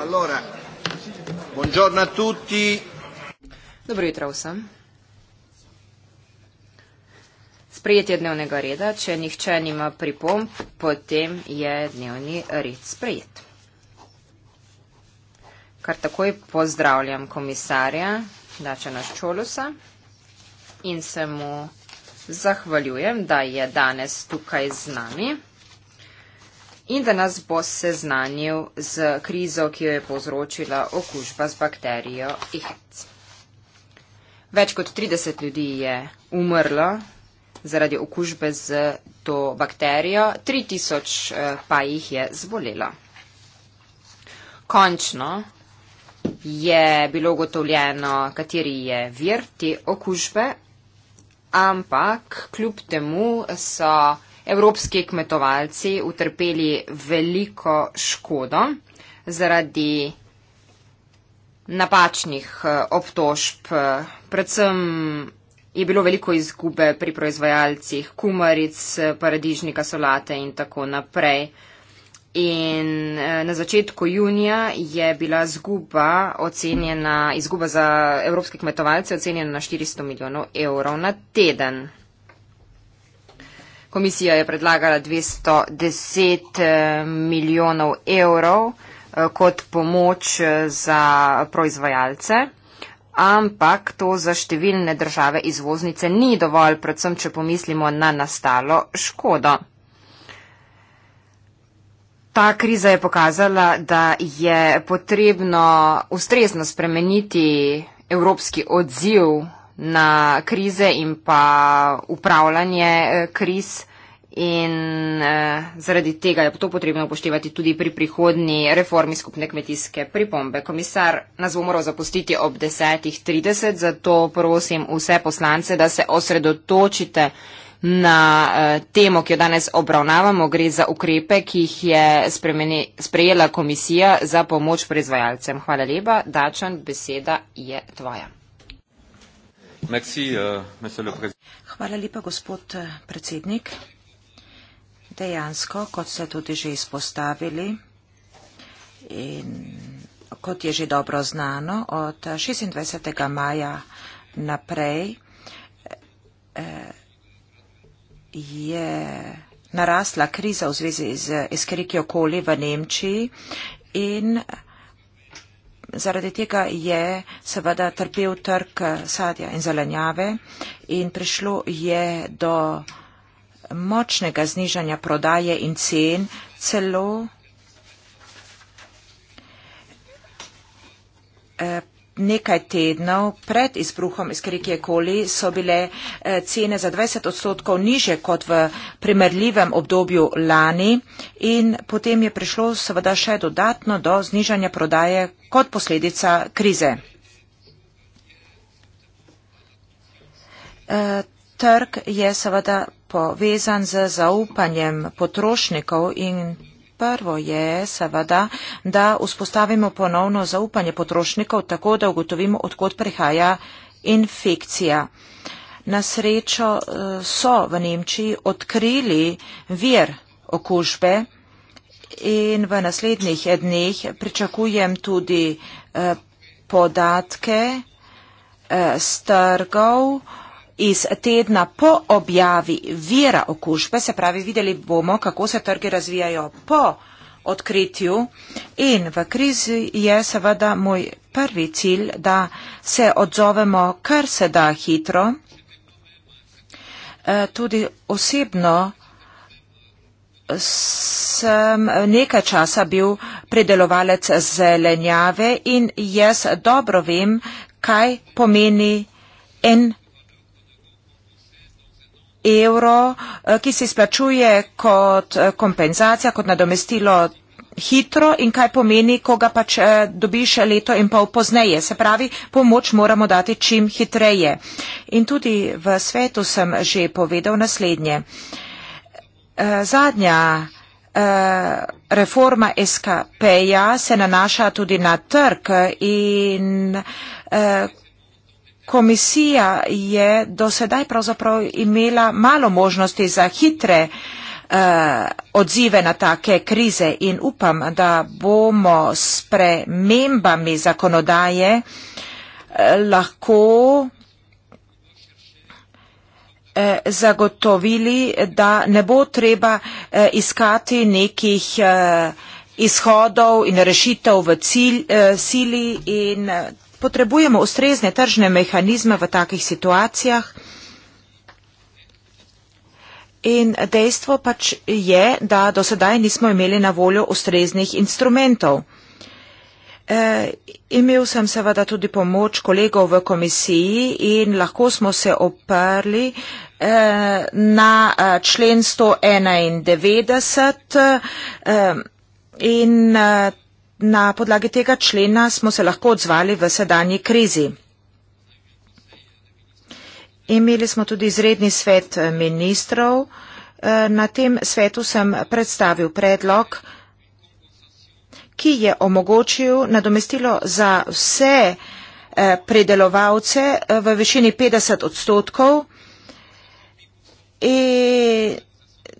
Allora, buongiorno a tutti. Dobro jutro vsem. Sprejetje dnevnega reda, če nihče nima pripomb, potem je dnevni red sprejet. Kar takoj pozdravljam komisarja Dačana Ščolusa in se mu zahvaljujem, da je danes tukaj z nami in da nas bo seznanil z krizo, ki jo je povzročila okužba z bakterijo IHEC. Več kot 30 ljudi je umrlo zaradi okužbe z to bakterijo, 3000 eh, pa jih je zbolelo. Končno je bilo ugotovljeno, kateri je vir te okužbe, ampak kljub temu so evropski kmetovalci utrpeli veliko škodo zaradi napačnih eh, obtožb. Predvsem je bilo veliko izgube pri proizvajalcih kumaric, paradižnika, solate in tako naprej. In eh, na začetku junija je bila zguba ocenjena, izguba za evropske kmetovalce ocenjena na 400 milijonov evrov na teden. Komisija je predlagala 210 eh, milijonov evrov eh, kot pomoč eh, za proizvajalce, ampak to za številne države izvoznice ni dovolj, predvsem če pomislimo na nastalo škodo. Ta kriza je pokazala, da je potrebno ustrezno spremeniti evropski odziv na krize in pa upravljanje eh, kriz in eh, zaradi tega je to potrebno upoštevati tudi pri prihodnji reformi skupne kmetijske pripombe. Komisar nas bo moral zapustiti ob 10.30, zato prosim vse poslance, da se osredotočite na eh, temo, ki jo danes obravnavamo. Gre za ukrepe, ki jih je sprejela komisija za pomoč proizvajalcem. Hvala lepa, Dačan, beseda je tvoja. Merci, euh, Hvala lepa, gospod eh, predsednik. Dejansko, kot ste tudi že izpostavili in kot je že dobro znano, od 26. Eh, maja naprej eh, je narasla kriza v zvezi z Eskerikijo koli v Nemčiji in zaradi tega je seveda trpel trg eh, sadja in zelenjave in prišlo je do močnega znižanja prodaje in cen, celo eh, nekaj tednov pred izbruhom iskrike koli so bile eh, cene za 20 odstotkov niže kot v primerljivem obdobju lani in potem je prišlo seveda še dodatno do znižanja prodaje kot posledica krize. Eh, trg je seveda povezan z zaupanjem potrošnikov in Prvo je seveda, da vzpostavimo ponovno zaupanje potrošnikov, tako da ugotovimo, odkot prihaja infekcija. Na srečo eh, so v Nemčiji odkrili vir okužbe in v naslednjih dneh pričakujem tudi eh, podatke eh, strgov, iz tedna po objavi vira okužbe, se pravi, videli bomo, kako se trgi razvijajo po odkritju in v krizi je seveda moj prvi cilj, da se odzovemo kar se da hitro. Eh, tudi osebno sem nekaj časa bil predelovalec zelenjave in jaz dobro vem, kaj pomeni en evro, eh, ki se izplačuje kot eh, kompenzacija, kot nadomestilo hitro in kaj pomeni, ko ga pač eh, dobiš leto in pol pozneje. Se pravi, pomoč moramo dati čim hitreje. In tudi v svetu sem že povedal naslednje. Zadnja reforma SKP-ja se nanaša tudi na trg in komisija je do sedaj pravzaprav imela malo možnosti za hitre eh, odzive na take krize in upam, da bomo s premembami zakonodaje eh, lahko eh, zagotovili, da ne bo treba iskati nekih izhodov in rešitev v sili in tudi potrebujemo ustrezne tržne mehanizme v takih situacijah. In dejstvo pač je, da do sedaj nismo imeli na voljo ustreznih instrumentov. E, imel sem seveda tudi pomoč kolegov v komisiji in lahko smo se oprli e, na e, člen 191 e, in e, na podlagi tega člena smo se lahko odzvali v sedanji krizi. Imeli smo tudi izredni svet eh, ministrov. Eh, na tem svetu sem predstavil predlog, ki je omogočil nadomestilo za vse eh, predelovalce v višini 50 odstotkov. In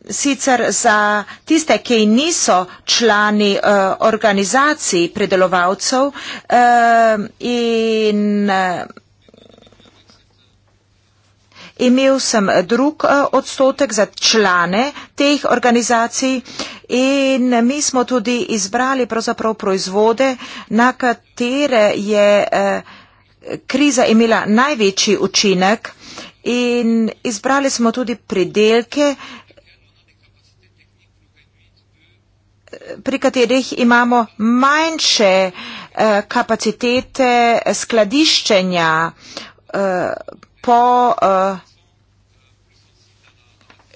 sicer za tiste, ki niso člani uh, organizacij predelovalcev uh, in uh, imel sem drug uh, odstotek za člane teh organizacij in mi smo tudi izbrali pravzaprav proizvode, na katere je uh, kriza imela največji učinek in izbrali smo tudi pridelke, uh, pri katerih imamo manjše eh, kapacitete skladiščenja eh, po eh,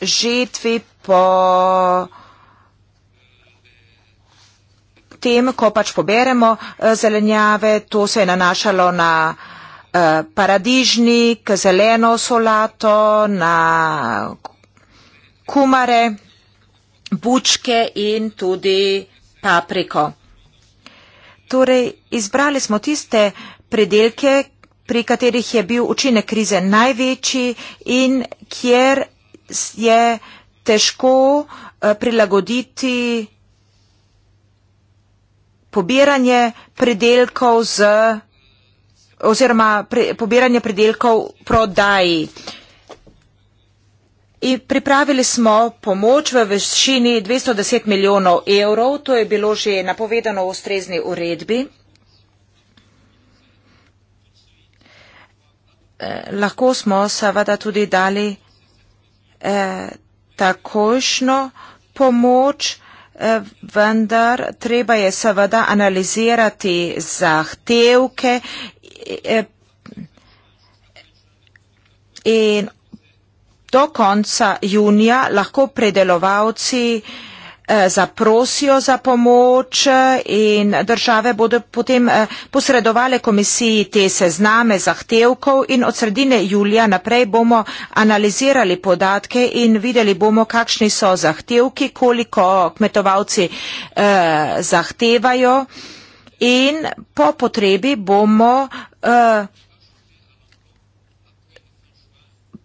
žetvi, po tem, ko pač poberemo zelenjave, to se je nanašalo na paradižnik, zeleno solato, na kumare bučke in tudi papriko. Torej, izbrali smo tiste predelke, pri katerih je bil učinek krize največji in kjer je težko eh, prilagoditi pobiranje predelkov z, oziroma pre, pobiranje predelkov prodaji. In pripravili smo pomoč v vešini 210 milijonov evrov, to je bilo že napovedano v ustrezni uredbi. Eh, lahko smo seveda tudi dali eh, takošno pomoč, eh, vendar treba je seveda analizirati zahtevke eh, eh in do konca junija lahko predelovalci eh, zaprosijo za pomoč eh, in države bodo potem eh, posredovale komisiji te sezname zahtevkov in od sredine julija naprej bomo analizirali podatke in videli bomo, kakšni so zahtevki, koliko kmetovalci zahtevajo in po potrebi bomo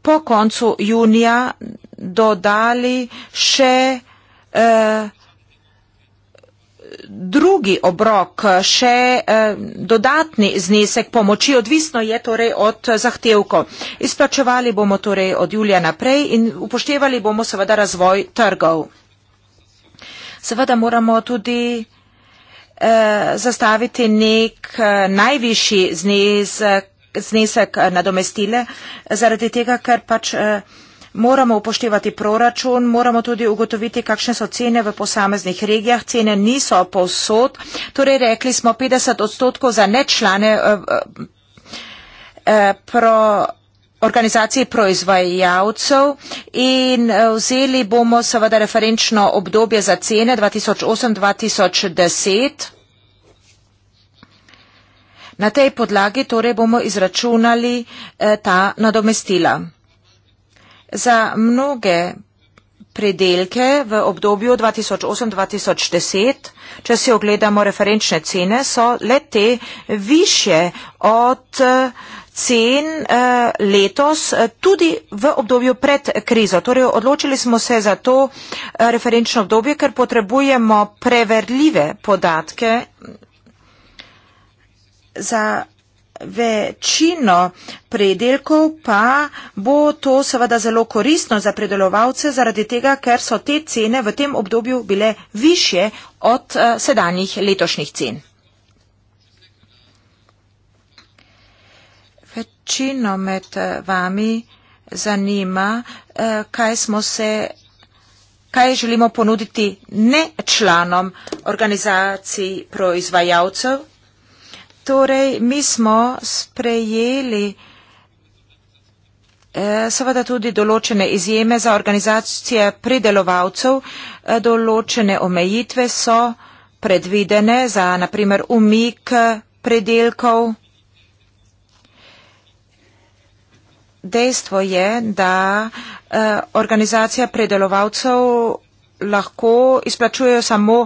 po koncu junija dodali še eh, drugi obrok, še eh, dodatni znesek pomoči, odvisno je torej od zahtevkov. Izplačevali bomo torej od julija naprej in upoštevali bomo seveda razvoj trgov. Seveda moramo tudi eh, zastaviti nek najvišji znesek znesek eh, nadomestile, zaradi tega, ker pač eh, moramo upoštevati proračun, moramo tudi ugotoviti, kakšne so cene v posameznih regijah. Cene niso povsod, torej rekli smo 50 odstotkov za nečlane eh, pro organizaciji proizvajalcev in vzeli bomo seveda referenčno obdobje za cene 2008-2010. Na tej podlagi torej bomo izračunali eh, ta nadomestila. Za mnoge predelke v obdobju 2008-2010, če si ogledamo referenčne cene, so le te više od eh, cen eh, letos tudi v obdobju pred krizo. Torej odločili smo se za to referenčno obdobje, ker potrebujemo preverljive podatke za večino predelkov pa bo to seveda zelo koristno za predelovalce zaradi tega, ker so te cene v tem obdobju bile više od eh, sedanjih letošnjih cen. Večino med eh, vami zanima, eh, kaj smo se kaj želimo ponuditi ne članom organizacij proizvajalcev, Torej, mi smo sprejeli eh, seveda tudi določene izjeme za organizacije pridelovalcev, eh, določene omejitve so predvidene za naprimer umik eh, predelkov. Dejstvo je, da organizacija predelovalcev lahko izplačujejo samo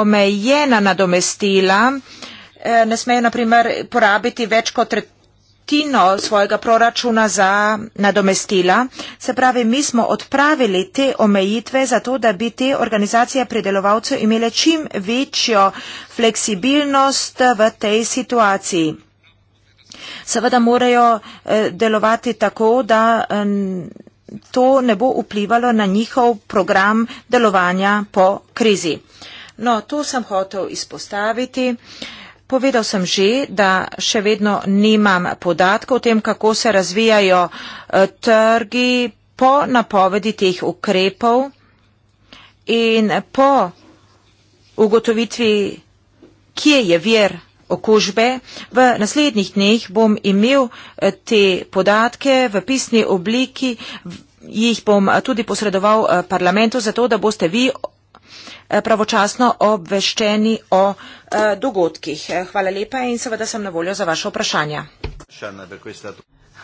omejena nadomestila, Eh, ne smejo naprimer porabiti več kot tretjino svojega proračuna za nadomestila. Se pravi, mi smo odpravili te omejitve zato, da bi te organizacije predelovalcev imele čim večjo fleksibilnost v tej situaciji. Seveda morajo eh, delovati tako, da to ne bo vplivalo na njihov program delovanja po krizi. No, to sem hotel izpostaviti. Uh, povedal sem že, da še vedno nimam podatkov o tem, kako se razvijajo e, trgi po napovedi teh ukrepov in po ugotovitvi, kje je vir okužbe. V naslednjih dneh bom imel e, te podatke v pisni obliki, jih bom e, tudi posredoval parlamentu, zato da boste vi Eh, pravočasno obveščeni o eh, dogodkih. Eh, hvala lepa in seveda sem na voljo za vaše vprašanja.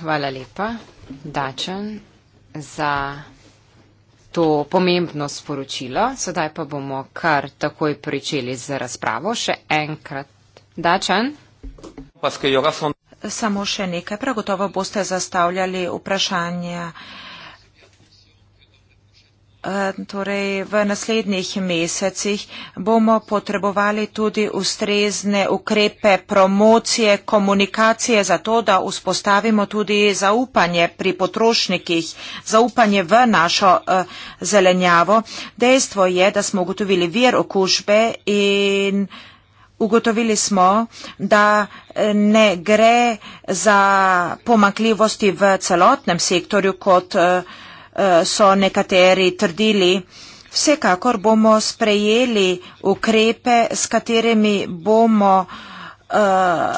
Hvala lepa, Dačan, za to pomembno sporočilo. Sedaj pa bomo kar takoj pričeli z razpravo. Še enkrat, Dačan. Samo še nekaj, pravgotovo boste zastavljali vprašanje. Eh, torej v naslednjih mesecih bomo potrebovali tudi ustrezne ukrepe promocije, komunikacije za to, da vzpostavimo tudi zaupanje pri potrošnikih, zaupanje v našo eh, zelenjavo. Dejstvo je, da smo ugotovili vir okužbe in ugotovili smo, da eh, ne gre za pomakljivosti v celotnem sektorju kot uh, Eh, so nekateri trdili. Vsekakor bomo sprejeli ukrepe, s katerimi bomo eh,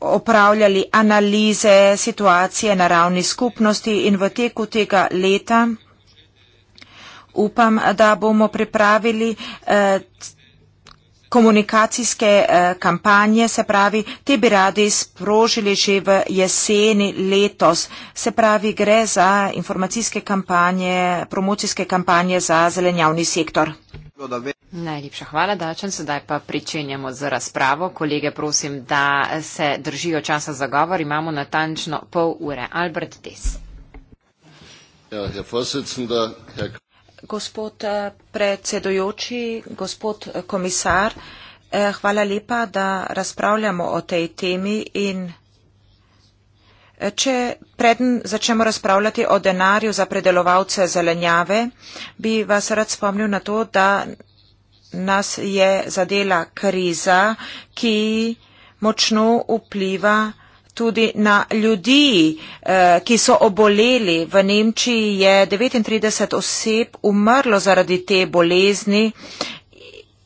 opravljali analize situacije na ravni skupnosti in v teku tega leta upam, da bomo pripravili eh, komunikacijske eh, kampanje, se pravi, te bi radi sprožili že v jeseni letos. Se pravi, gre za informacijske kampanje, promocijske kampanje za zelenjavni sektor. Najlepša hvala, Dačen. Sedaj pa pričenjamo z razpravo. Kolege, prosim, da se držijo časa za govor. Imamo natančno pol ure. Albert Tes. Ja, Gospod eh, predsedujoči, gospod eh, komisar, eh, hvala lepa, da razpravljamo o tej temi in če preden začnemo razpravljati o denarju za predelovalce zelenjave, bi vas rad spomnil na to, da nas je zadela kriza, ki močno vpliva tudi na ljudi, eh, ki so oboleli. V Nemčiji je 39 oseb umrlo zaradi te bolezni.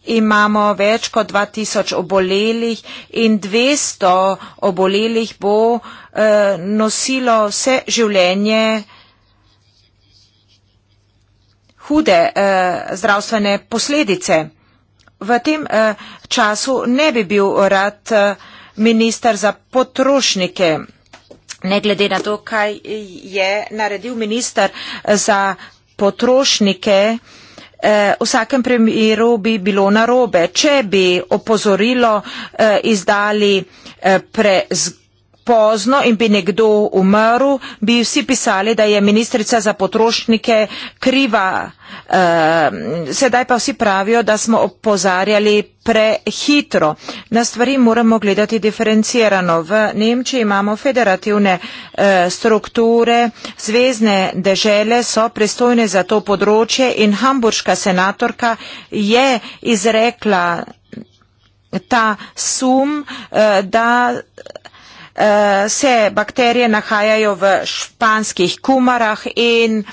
Imamo več kot 2000 obolelih in 200 obolelih bo eh, nosilo vse življenje hude eh, zdravstvene posledice. V tem času ne bi bil rad minister za potrošnike. Ne glede na to, kaj je naredil minister za potrošnike, eh, v vsakem primeru bi bilo narobe, če bi opozorilo eh, izdali eh, prezgodaj pozno in bi nekdo umrl, bi vsi pisali, da je ministrica za potrošnike kriva. Ehm, sedaj pa vsi pravijo, da smo opozarjali prehitro. Na stvari moramo gledati diferencirano. V Nemčiji imamo federativne eh, strukture, zvezdne dežele so pristojne za to področje in hamburška senatorka je izrekla ta sum, eh, da Eh, se bakterije nahajajo v španskih kumarah in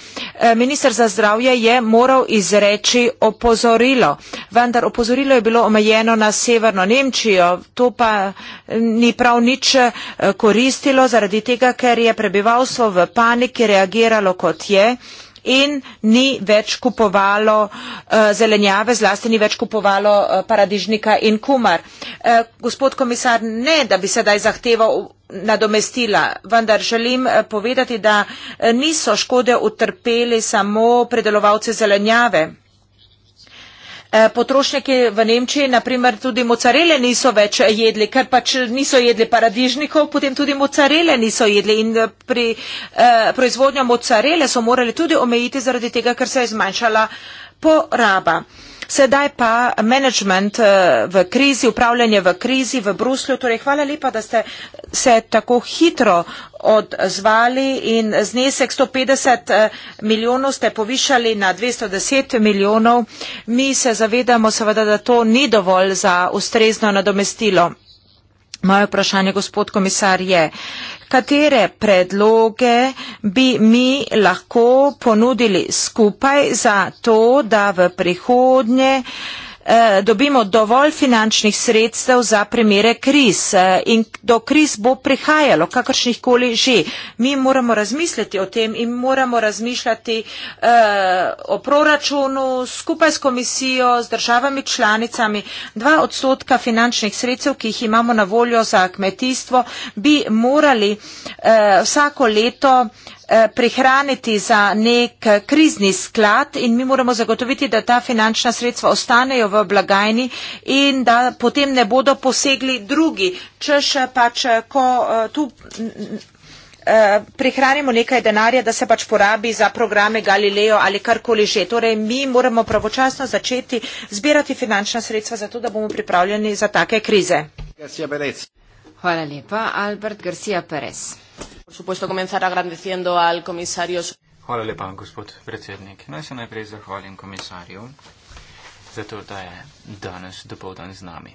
eh, minister za zdravje je moral izreči opozorilo. Vendar opozorilo je bilo omejeno na severno Nemčijo, to pa ni prav nič eh, koristilo zaradi tega, ker je prebivalstvo v paniki reagiralo kot je in ni več kupovalo uh, zelenjave, zlasti ni več kupovalo uh, paradižnika in kumar. Uh, gospod komisar, ne, da bi sedaj zahteval nadomestila, vendar želim uh, povedati, da niso škode utrpeli samo predelovalci zelenjave. Eh, potrošniki v Nemčiji naprimer tudi mocarele niso več jedli, ker pač niso jedli paradižnikov, potem tudi mocarele niso jedli in eh, pri eh, proizvodnju mocarele so morali tudi omejiti zaradi tega, ker se je zmanjšala poraba. Sedaj pa management eh, v krizi, upravljanje v krizi v Bruslju. Torej, hvala lepa, da ste se tako hitro odzvali in znesek 150 eh, milijonov ste povišali na 210 milijonov. Mi se zavedamo seveda, da to ni dovolj za ustrezno nadomestilo. Moje vprašanje, gospod komisar, je. Uh, katere predloge bi mi lahko ponudili skupaj za to, da v prihodnje eh, Eh, dobimo dovolj finančnih sredstev za primere kriz eh, in do kriz bo prihajalo, kakršnih koli že. Mi moramo razmisliti o tem in moramo razmišljati eh, o proračunu skupaj s komisijo, z državami članicami. Dva odstotka finančnih sredstev, ki jih imamo na voljo za kmetijstvo, bi morali vsako leto Eh, prihraniti za nek krizni sklad in mi moramo zagotoviti, da ta finančna sredstva ostanejo v blagajni in da potem ne bodo posegli drugi. Češ eh, pač, eh, ko tu prihranimo nekaj denarja, da se pač porabi za programe Galileo ali karkoli že. Torej, mi moramo pravočasno začeti zbirati finančna sredstva za to, da bomo pripravljeni za take krize. Hvala lepa, Albert Garcia Perez. Por supuesto, comenzar agradeciendo al comisario. Hvala lepa, gospod predsednik. Naj se najprej zahvalim komisarju za to, da je danes dopoldan z nami.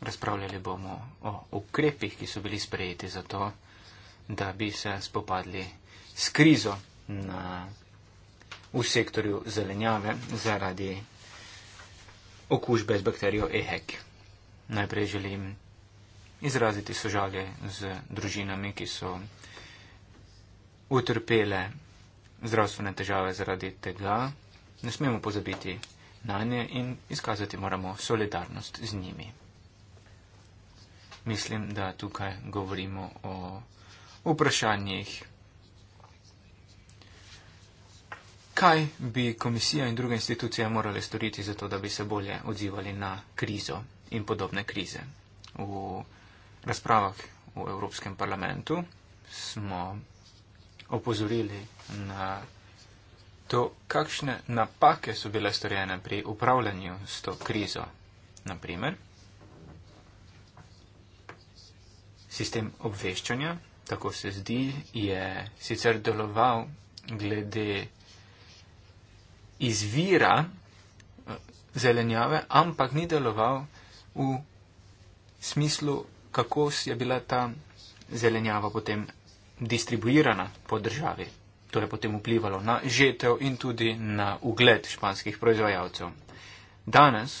Razpravljali bomo o ukrepih, ki so bili sprejeti za to, da bi se spopadli s krizo na, v sektorju zelenjave zaradi okužbe z bakterijo EHEC. Najprej želim izraziti sožalje z družinami, ki so utrpele zdravstvene težave zaradi tega. Ne smemo pozabiti na nje in izkazati moramo solidarnost z njimi. Mislim, da tukaj govorimo o vprašanjih, kaj bi komisija in druge institucije morale storiti, zato da bi se bolje odzivali na krizo in podobne krize. V razpravah v Evropskem parlamentu smo opozorili na to, kakšne napake so bile storjene pri upravljanju s to krizo. Naprimer, sistem obveščanja, tako se zdi, je sicer deloval glede izvira eh, zelenjave, ampak ni deloval v smislu kako je bila ta zelenjava potem distribuirana po državi. To je potem vplivalo na žetev in tudi na ugled španskih proizvajalcev. Danes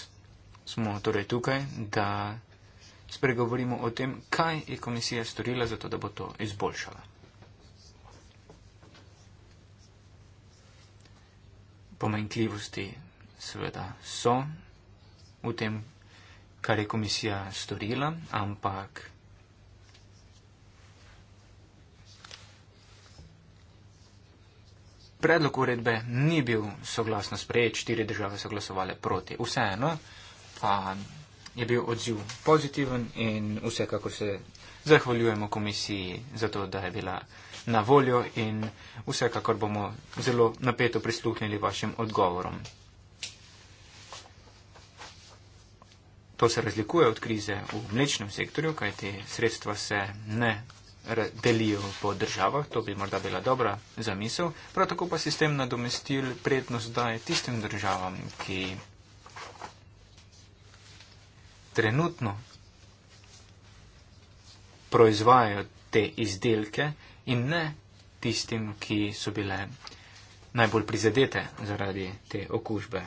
smo torej tukaj, da spregovorimo o tem, kaj je komisija storila za to, da bo to izboljšala. Pomenkljivosti seveda so v tem kar je komisija storila, ampak predlog uredbe ni bil soglasno sprejet, štiri države so glasovale proti. Vseeno pa je bil odziv pozitiven in vsekakor se zahvaljujemo komisiji za to, da je bila na voljo in vsekakor bomo zelo napeto prisluhnili vašim odgovorom. To se razlikuje od krize v mlečnem sektorju, kajti sredstva se ne delijo po državah, to bi morda bila dobra zamisel. Prav tako pa sistem nadomestil prednost daje tistim državam, ki trenutno proizvajajo te izdelke in ne tistim, ki so bile najbolj prizadete zaradi te okužbe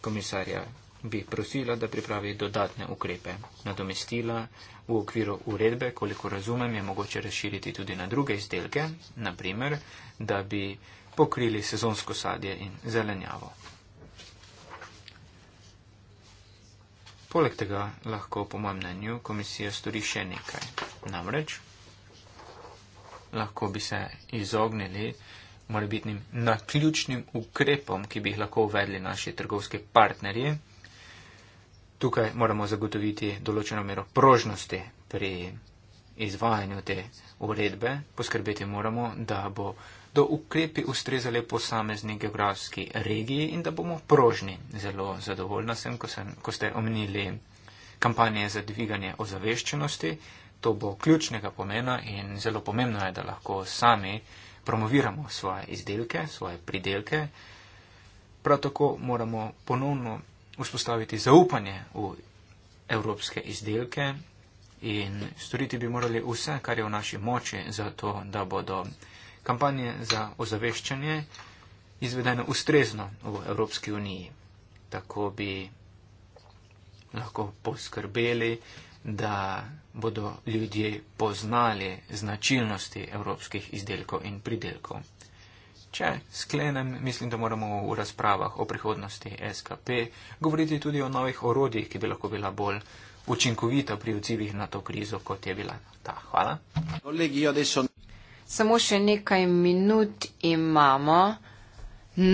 komisarja bi prosila, da pripravi dodatne ukrepe. Nadomestila v okviru uredbe, koliko razumem, je mogoče razširiti tudi na druge izdelke, naprimer, da bi pokrili sezonsko sadje in zelenjavo. Poleg tega lahko, po mojem mnenju, komisija stori še nekaj. Namreč, lahko bi se izognili morebitnim naključnim ukrepom, ki bi jih lahko uvedli naši trgovski partnerji, tukaj moramo zagotoviti določeno mero prožnosti pri izvajanju te uredbe. Poskrbeti moramo, da bo do ukrepi ustrezali posamezni geografski regiji in da bomo prožni. Zelo zadovoljna sem, ko, sem, ko ste omenili kampanje za dviganje ozaveščenosti. To bo ključnega pomena in zelo pomembno je, da lahko sami promoviramo svoje izdelke, svoje pridelke. Prav tako moramo ponovno vzpostaviti zaupanje v evropske izdelke in storiti bi morali vse, kar je v naši moči, zato da bodo kampanje za ozaveščanje izvedene ustrezno v Evropski uniji. Tako bi lahko poskrbeli, da bodo ljudje poznali značilnosti evropskih izdelkov in pridelkov. Če sklenem, mislim, da moramo v razpravah o prihodnosti SKP govoriti tudi o novih orodjih, ki bi lahko bila bolj učinkovita pri odzivih na to krizo, kot je bila ta. Hvala. Ja, Samo še nekaj minut imamo.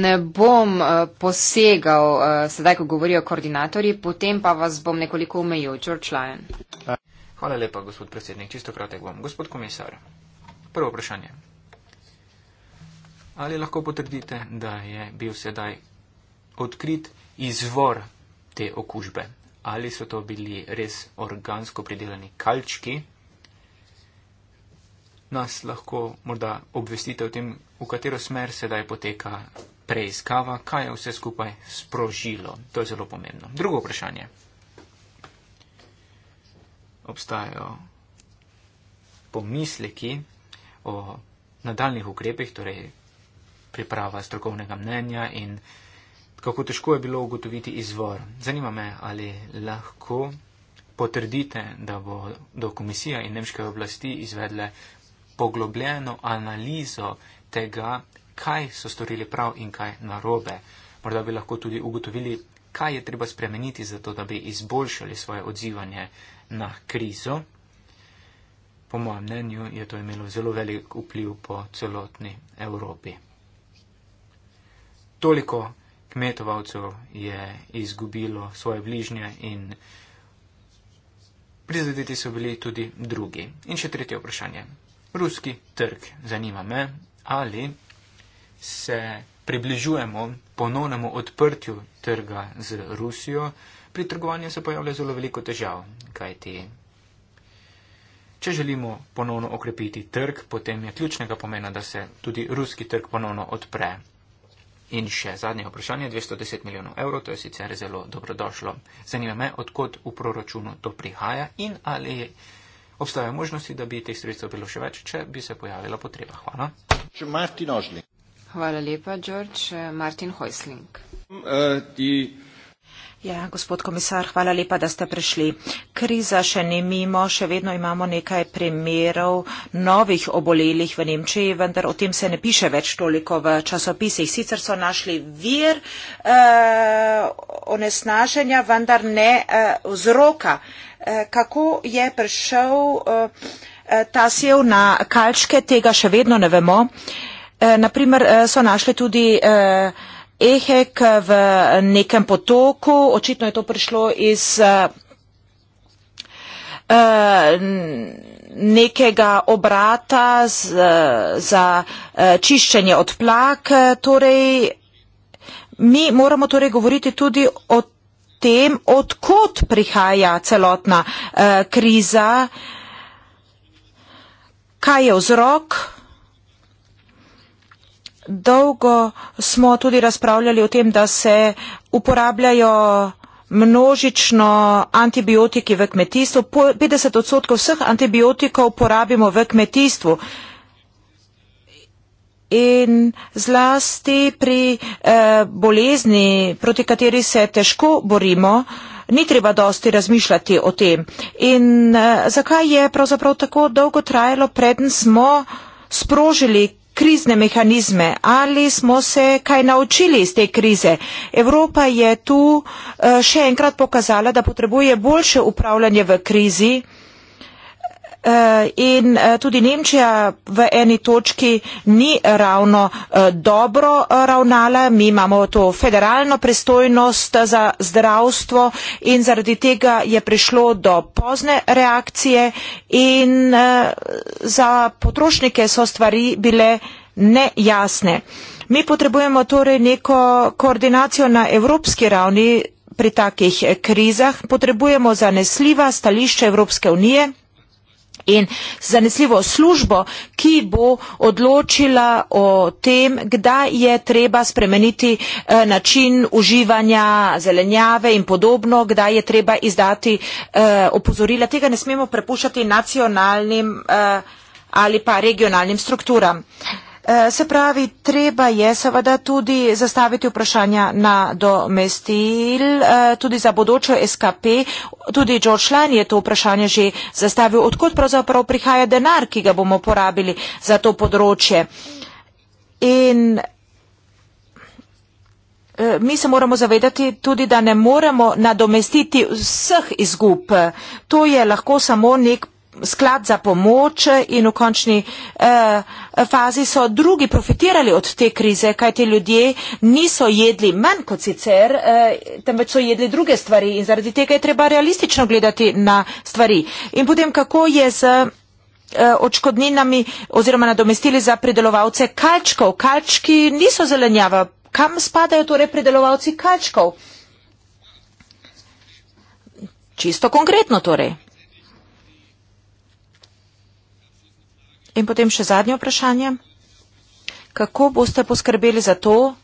Ne bom eh, posegal eh, sedaj, ko govorijo koordinatorji, potem pa vas bom nekoliko omejil, George Lyon. Hvala lepa, gospod predsednik. Čisto kratek bom. Gospod komisar, prvo vprašanje ali lahko potrdite, da je bil sedaj odkrit izvor te okužbe. Ali so to bili res organsko pridelani kalčki, nas lahko morda obvestite o tem, v katero smer sedaj poteka preiskava, kaj je vse skupaj sprožilo. To je zelo pomembno. Drugo vprašanje. Obstajajo pomisleki o nadaljnih ukrepih, torej priprava strokovnega mnenja in kako težko je bilo ugotoviti izvor. Zanima me, ali lahko potrdite, da bo do komisija in nemške oblasti izvedle poglobljeno analizo tega, kaj so storili prav in kaj narobe. Morda bi lahko tudi ugotovili, kaj je treba spremeniti za to, da bi izboljšali svoje odzivanje na krizo. Po mojem mnenju je to imelo zelo velik vpliv po celotni Evropi toliko kmetovalcev je izgubilo svoje bližnje in prizadeti so bili tudi drugi. In še tretje vprašanje. Ruski trg zanima me, ali se približujemo ponovnemu odprtju trga z Rusijo. Pri trgovanju se pojavlja zelo veliko težav, kajti če želimo ponovno okrepiti trg, potem je ključnega pomena, da se tudi ruski trg ponovno odpre. In še zadnje vprašanje, 210 milijonov evrov, to je sicer zelo dobrodošlo. Zanima me, odkot v proračunu to prihaja in ali obstajajo možnosti, da bi teh sredstev bilo še več, če bi se pojavila potreba. Hvala. Hvala lepa, George. Martin Hoisling. Uh, eh, Ja, gospod komisar, hvala lepa, da ste prišli. Kriza še ni mimo, še vedno imamo nekaj primerov novih obolelih v Nemčiji, vendar o tem se ne piše več toliko v časopisih. Sicer so našli vir uh, onesnaženja, vendar ne uh, vzroka. Uh, kako je prišel uh, ta sev na kalčke, tega še vedno ne vemo. Uh, naprimer uh, so našli tudi. Uh, Ehek v nekem potoku, očitno je to prišlo iz uh, nekega obrata z, za uh, čiščenje odplak. Torej, mi moramo torej govoriti tudi o tem, odkot prihaja celotna uh, kriza, kaj je vzrok, uh, Dolgo smo tudi razpravljali o tem, da se uporabljajo množično antibiotiki v kmetijstvu. 50 odstotkov vseh antibiotikov porabimo v kmetijstvu. In zlasti pri eh, bolezni, proti kateri se težko borimo, ni treba dosti razmišljati o tem. In eh, zakaj je pravzaprav tako dolgo trajalo, preden smo sprožili krizne mehanizme, ali smo se kaj naučili iz te krize. Evropa je tu eh, še enkrat pokazala, da potrebuje boljše upravljanje v krizi. Eh, in eh, tudi Nemčija v eni točki ni ravno eh, dobro ravnala. Mi imamo to federalno pristojnost za zdravstvo in zaradi tega je prišlo do pozne reakcije in za potrošnike so stvari bile nejasne. Mi potrebujemo torej neko koordinacijo na evropski ravni pri takih krizah, potrebujemo zanesljiva stališča Evropske unije, in zanesljivo službo, ki bo odločila o tem, kdaj je treba spremeniti eh, način uživanja zelenjave in podobno, kdaj je treba izdati eh, opozorila. Tega ne smemo prepuščati nacionalnim eh, ali pa regionalnim strukturam. Eh, se pravi, treba je seveda tudi zastaviti vprašanja na domestil, eh, tudi za bodočo SKP. Tudi George Lane je to vprašanje že zastavil, odkot pravzaprav prihaja denar, ki ga bomo porabili za to področje. In eh, Mi se moramo zavedati tudi, da ne moremo nadomestiti vseh izgub. To je lahko samo nek sklad za pomoč in v končni eh, fazi so drugi profitirali od te krize, kaj te ljudje niso jedli manj kot sicer, eh, temveč so jedli druge stvari in zaradi tega je treba realistično gledati na stvari. In potem kako je z eh, očkodninami oziroma nadomestili za pridelovalce kalčkov. Kalčki niso zelenjava. Kam spadajo torej pridelovalci kalčkov? Čisto konkretno torej. In potem še zadnje vprašanje. Kako boste poskrbeli za to,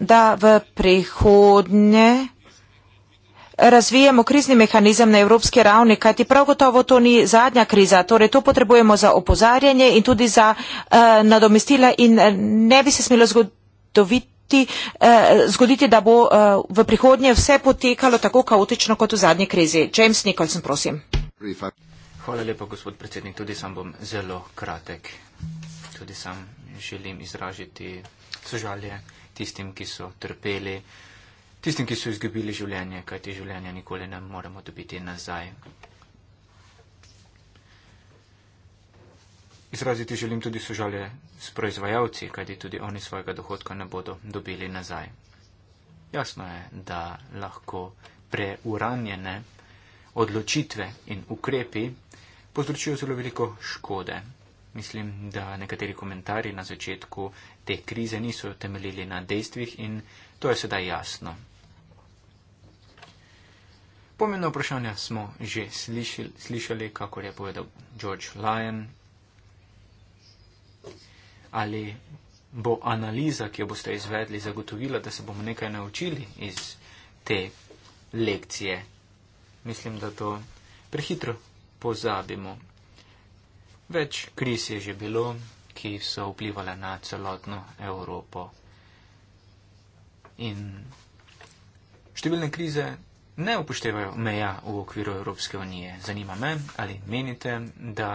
da v prihodnje razvijemo krizni mehanizem na evropski ravni, kajti prav gotovo to ni zadnja kriza. Torej, to potrebujemo za opozarjanje in tudi za uh, nadomestila in eh, ne bi se smelo zgoditi, uh, eh, zgoditi da bo uh, v prihodnje vse potekalo tako kaotično kot v zadnji krizi. James Nicholson, prosim. Refund. Hvala lepa, gospod predsednik. Tudi sam bom zelo kratek. Tudi sam želim izražiti sožalje tistim, ki so trpeli, tistim, ki so izgubili življenje, kajti življenja nikoli ne moremo dobiti nazaj. Izraziti želim tudi sožalje s proizvajalci, kajti tudi oni svojega dohodka ne bodo dobili nazaj. Jasno je, da lahko preuranjene odločitve in ukrepi povzročil zelo veliko škode. Mislim, da nekateri komentarji na začetku te krize niso temeljili na dejstvih in to je sedaj jasno. Pomembno vprašanje smo že slišali, slišali, kakor je povedal George Lyon, ali bo analiza, ki jo boste izvedli, zagotovila, da se bomo nekaj naučili iz te lekcije. Mislim, da to prehitro pozabimo. Več kriz je že bilo, ki so vplivali na celotno Evropo. In številne krize ne upoštevajo meja v okviru Evropske unije. Zanima me, ali menite, da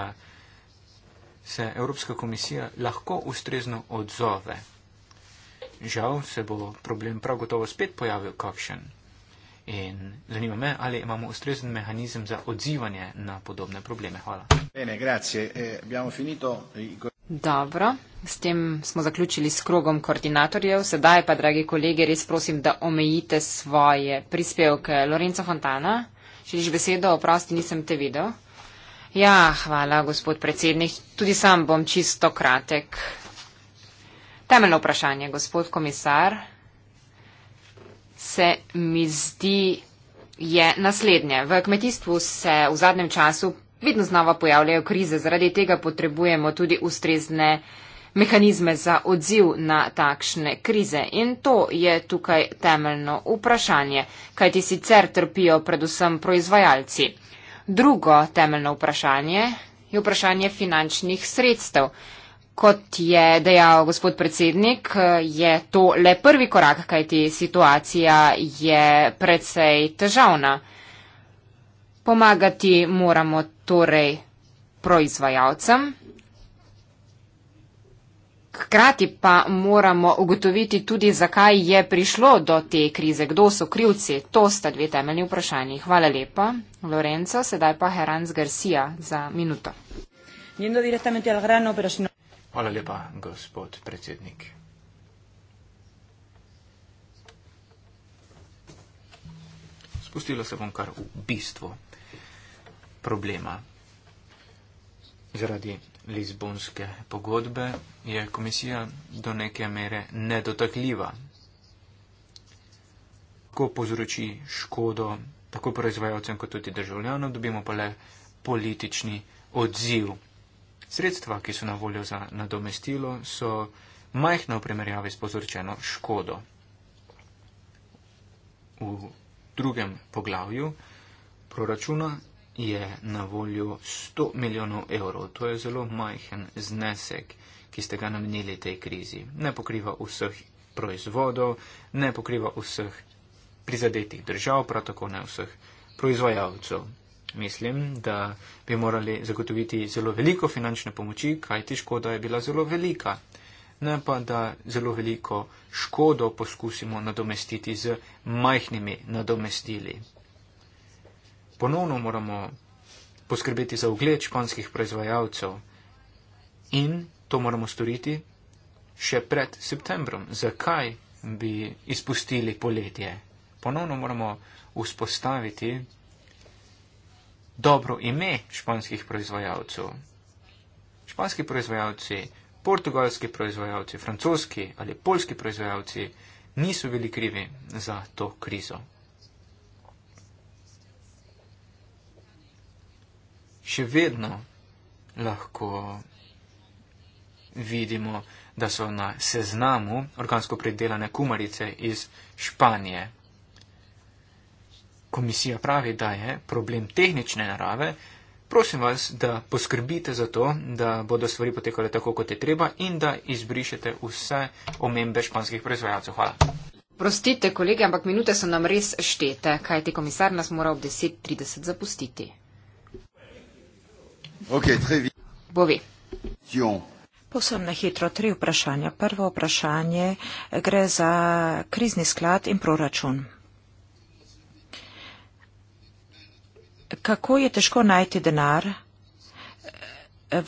se Evropska komisija lahko ustrezno odzove. Žal se bo problem prav gotovo spet pojavil kakšen. In zanima me, ali imamo ustrezen mehanizem za odzivanje na podobne probleme. Hvala. Bene, grazie. Eh, abbiamo finito. Dobro, s tem smo zaključili s krogom koordinatorjev. Sedaj pa, dragi kolegi, res prosim, da omejite svoje prispevke. Lorenzo Fontana, želiš besedo? Oprosti, nisem te videl. Ja, hvala, gospod predsednik. Tudi sam bom čisto kratek. Temeljno vprašanje, gospod komisar se mi zdi, je naslednje. V kmetijstvu se v zadnjem času vedno znova pojavljajo krize, zaradi tega potrebujemo tudi ustrezne mehanizme za odziv na takšne krize. In to je tukaj temeljno vprašanje, kajti sicer trpijo predvsem proizvajalci. Drugo temeljno vprašanje je vprašanje finančnih sredstev. Kot je dejal gospod predsednik, je to le prvi korak, kajti situacija je predvsej težavna. Pomagati moramo torej proizvajalcem. Hkrati pa moramo ugotoviti tudi, zakaj je prišlo do te krize, kdo so krivci. To sta dve temeljni vprašanji. Hvala lepa, Lorenzo. Sedaj pa Herans Garcia za minuto. Hvala lepa, gospod predsednik. Spustila se bom kar v bistvo problema. Zaradi Lizbonske pogodbe je komisija do neke mere nedotakljiva. Ko povzroči škodo tako proizvajalcem kot tudi državljanom, dobimo pa le politični odziv. Sredstva, ki so na voljo za nadomestilo, so majhna v primerjavi s povzročeno škodo. V drugem poglavju proračuna je na voljo 100 milijonov evrov. To je zelo majhen znesek, ki ste ga namenili tej krizi. Ne pokriva vseh proizvodov, ne pokriva vseh prizadetih držav, prav tako ne vseh proizvajalcev mislim, da bi morali zagotoviti zelo veliko finančne pomoči, kajti škoda je bila zelo velika. Ne pa, da zelo veliko škodo poskusimo nadomestiti z majhnimi nadomestili. Ponovno moramo poskrbeti za ugled španskih proizvajalcev in to moramo storiti še pred septembrom. Zakaj bi izpustili poletje? Ponovno moramo vzpostaviti dobro ime španskih proizvajalcev. Španski proizvajalci, portugalski proizvajalci, francoski ali polski proizvajalci niso bili krivi za to krizo. Še vedno lahko vidimo, da so na seznamu organsko predelane kumarice iz Španije komisija pravi, da je problem tehnične narave, prosim vas, da poskrbite za to, da bodo stvari potekale tako, kot je treba in da izbrišete vse omembe španskih proizvajalcev. Hvala. Prostite, kolege, ampak minute so nam res štete, kaj ti komisar nas mora ob 10.30 zapustiti. Okay, Bovi. Posem na hitro tri vprašanja. Prvo vprašanje gre za krizni sklad in proračun. kako je težko najti denar.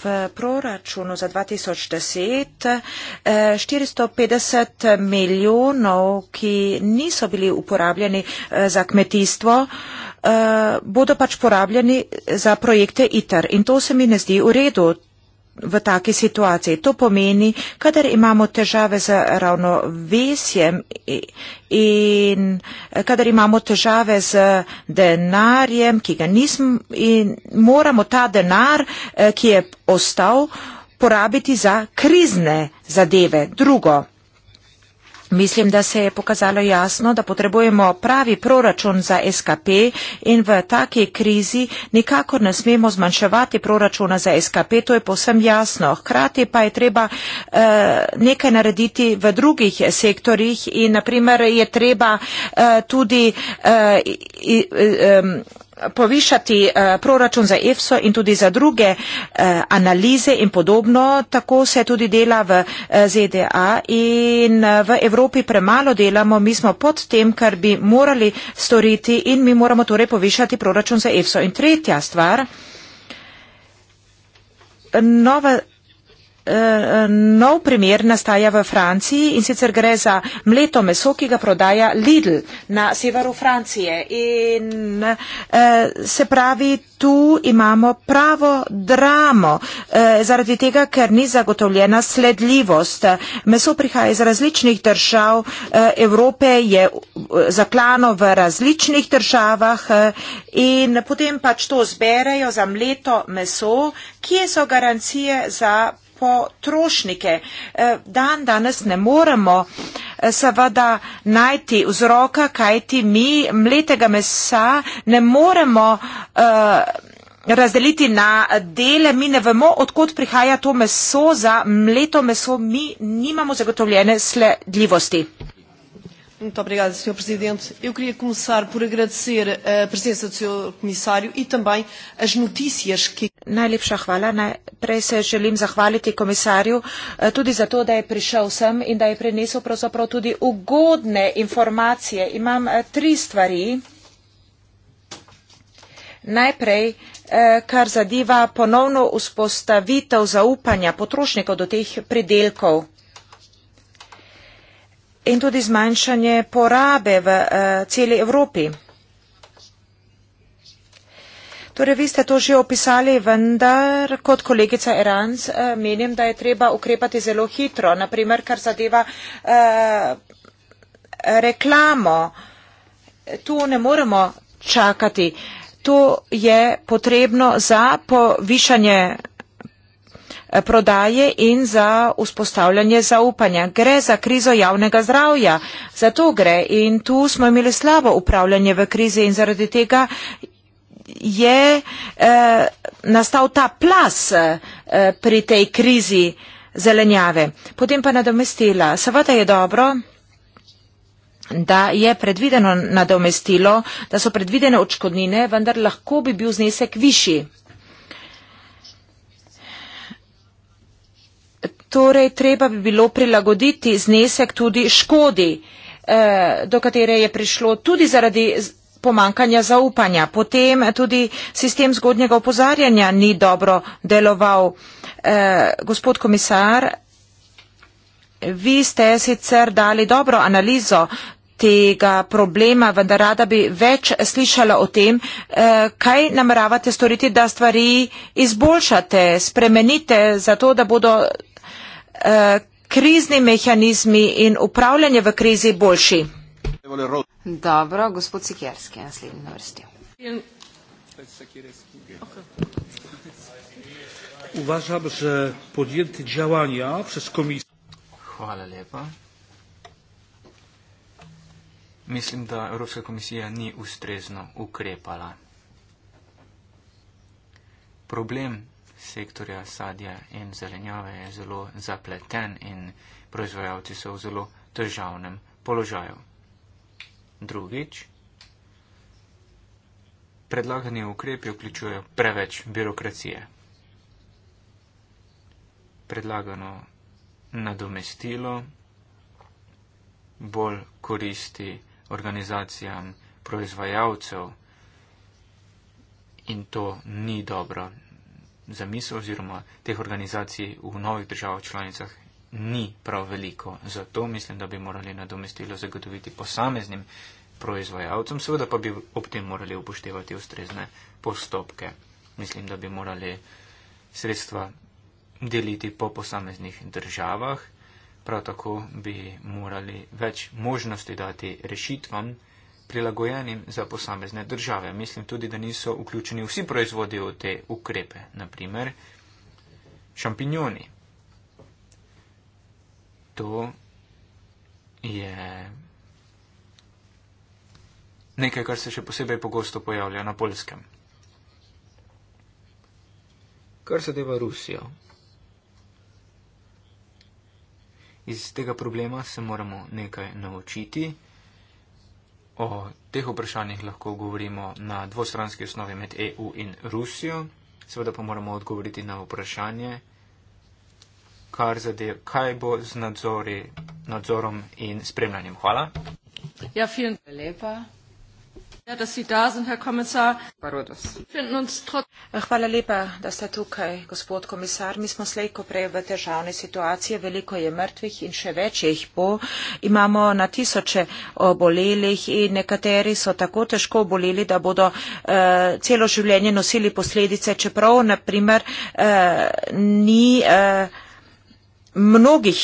V proračunu za 2010 450 eh, milijonov, ki niso bili uporabljeni eh, za kmetijstvo, eh, bodo pač porabljeni za projekte ITER. In to se mi ne zdi v redu v taki situaciji. To pomeni, kadar imamo težave z ravnovesjem in kadar imamo težave z denarjem, ki ga nismo in moramo ta denar, eh, ki je ostal, porabiti za krizne zadeve. Drugo. Mislim, da se je pokazalo jasno, da potrebujemo pravi proračun za SKP in v taki krizi nikakor ne smemo zmanjševati proračuna za SKP, to je posem jasno. Hkrati pa je treba uh, nekaj narediti v drugih sektorjih in naprimer je treba uh, tudi uh, i, um, povišati eh, proračun za EFSO in tudi za druge eh, analize in podobno. Tako se tudi dela v eh, ZDA in v Evropi premalo delamo. Mi smo pod tem, kar bi morali storiti in mi moramo torej povišati proračun za EFSO. In tretja stvar. Nova Eh, nov primer nastaja v Franciji in sicer gre za mleto meso, ki ga prodaja Lidl na severu Francije. In eh, se pravi, tu imamo pravo dramo eh, zaradi tega, ker ni zagotovljena sledljivost. Meso prihaja iz različnih držav Evrope, je zaklano v različnih državah in potem pač to zberejo za mleto meso, kje so garancije za potrošnike. Eh, dan danes ne moremo eh, seveda najti vzroka, kajti mi mletega mesa ne moremo uh, razdeliti na dele, mi ne vemo, odkot prihaja to meso za mleto meso, mi nimamo zagotovljene sledljivosti. Muito obrigada, Sr. Presidente. Eu queria começar por agradecer a presença do Sr. Comissário e também as notícias que. Najlepša hvala. Najprej se želim zahvaliti komisarju eh, tudi za to, da je prišel sem in da je prinesel pravzaprav tudi ugodne informacije. Imam eh, tri stvari. Najprej, eh, kar zadeva ponovno vzpostavitev zaupanja potrošnikov do teh predelkov in tudi zmanjšanje porabe v uh, celi Evropi. Torej, vi ste to že opisali, vendar kot kolegica Erans uh, eh, menim, da je treba ukrepati zelo hitro, naprimer, kar zadeva uh, reklamo. Tu ne moremo čakati. To je potrebno za povišanje Eh, prodaje in za vzpostavljanje zaupanja. Gre za krizo javnega zdravja, za to gre in tu smo imeli slabo upravljanje v krizi in zaradi tega je eh, nastal ta plas eh, pri tej krizi zelenjave. Potem pa nadomestila. Seveda je dobro, da je predvideno nadomestilo, da so predvidene očkodnine, vendar lahko bi bil znesek višji. torej treba bi bilo prilagoditi znesek tudi škodi, eh, do katere je prišlo tudi zaradi pomankanja zaupanja. Potem tudi sistem zgodnjega opozarjanja ni dobro deloval. Eh, gospod komisar, vi ste sicer dali dobro analizo tega problema, vendar rada bi več slišala o tem, eh, kaj nameravate storiti, da stvari izboljšate, spremenite, zato da bodo Eh, krizni mehanizmi in upravljanje v krizi boljši. Dobro, gospod Sikerski, naslednji na vrsti. Uvažam, že podjeti djavanja čez komisijo. Hvala lepa. Mislim, da Evropska komisija ni ustrezno ukrepala. Problem sektorja sadja in zelenjave je zelo zapleten in proizvajalci so v zelo težavnem položaju. Drugič, predlagani ukrepi vključujejo preveč birokracije. Predlagano nadomestilo bolj koristi organizacijam proizvajalcev in to ni dobro zamisel oziroma teh organizacij v novih državah članicah ni prav veliko. Zato mislim, da bi morali nadomestilo zagotoviti posameznim proizvajalcem, seveda pa bi ob tem morali upoštevati ustrezne postopke. Mislim, da bi morali sredstva deliti po posameznih državah, prav tako bi morali več možnosti dati rešitvam, prilagojeni za posamezne države. Mislim tudi, da niso vključeni vsi proizvodi v te ukrepe, naprimer šampinjoni. To je nekaj, kar se še posebej pogosto pojavlja na polskem. Kar se deva Rusijo. Iz tega problema se moramo nekaj naučiti o teh vprašanjih lahko govorimo na dvostranski osnovi med EU in Rusijo. Seveda pa moramo odgovoriti na vprašanje, kar zadev, kaj bo z nadzori, nadzorom in spremljanjem. Hvala. Ja, Ja, Hvala lepa, da ste tukaj, gospod komisar. Mi smo slej, ko prej v težavne situacije, veliko je mrtvih in še več jih bo. Imamo na tisoče obolelih in nekateri so tako težko oboleli, da bodo uh, celo življenje nosili posledice, čeprav, na primer, uh, ni. Uh, mnogih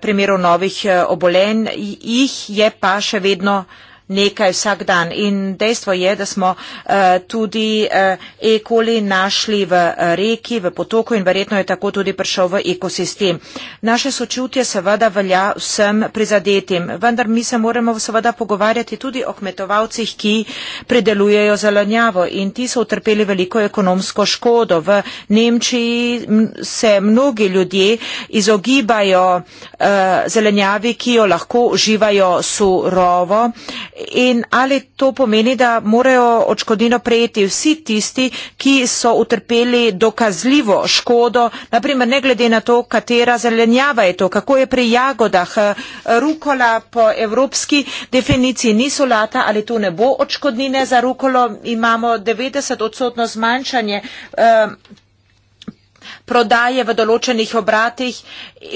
primerov novih obolenj, jih je pa še vedno nekaj vsak dan. In dejstvo je, da smo uh, tudi uh, eh, ekoli našli v uh, reki, v potoku in verjetno je tako tudi prišel v ekosistem. Naše sočutje seveda velja vsem prizadetim, vendar mi se moramo seveda pogovarjati tudi o kmetovalcih, ki predelujejo zelenjavo in ti so utrpeli veliko ekonomsko škodo. V Nemčiji se mnogi ljudje izogibajo uh, zelenjavi, ki jo lahko uživajo surovo in ali to pomeni, da morajo očkodino prejeti vsi tisti, ki so utrpeli dokazljivo škodo, naprimer ne glede na to, katera zelenjava je to, kako je pri jagodah, eh, rukola po evropski definiciji ni solata, ali tu ne bo očkodnine za rukolo, imamo 90 odstotno zmanjšanje. Uh, prodaje v določenih obratih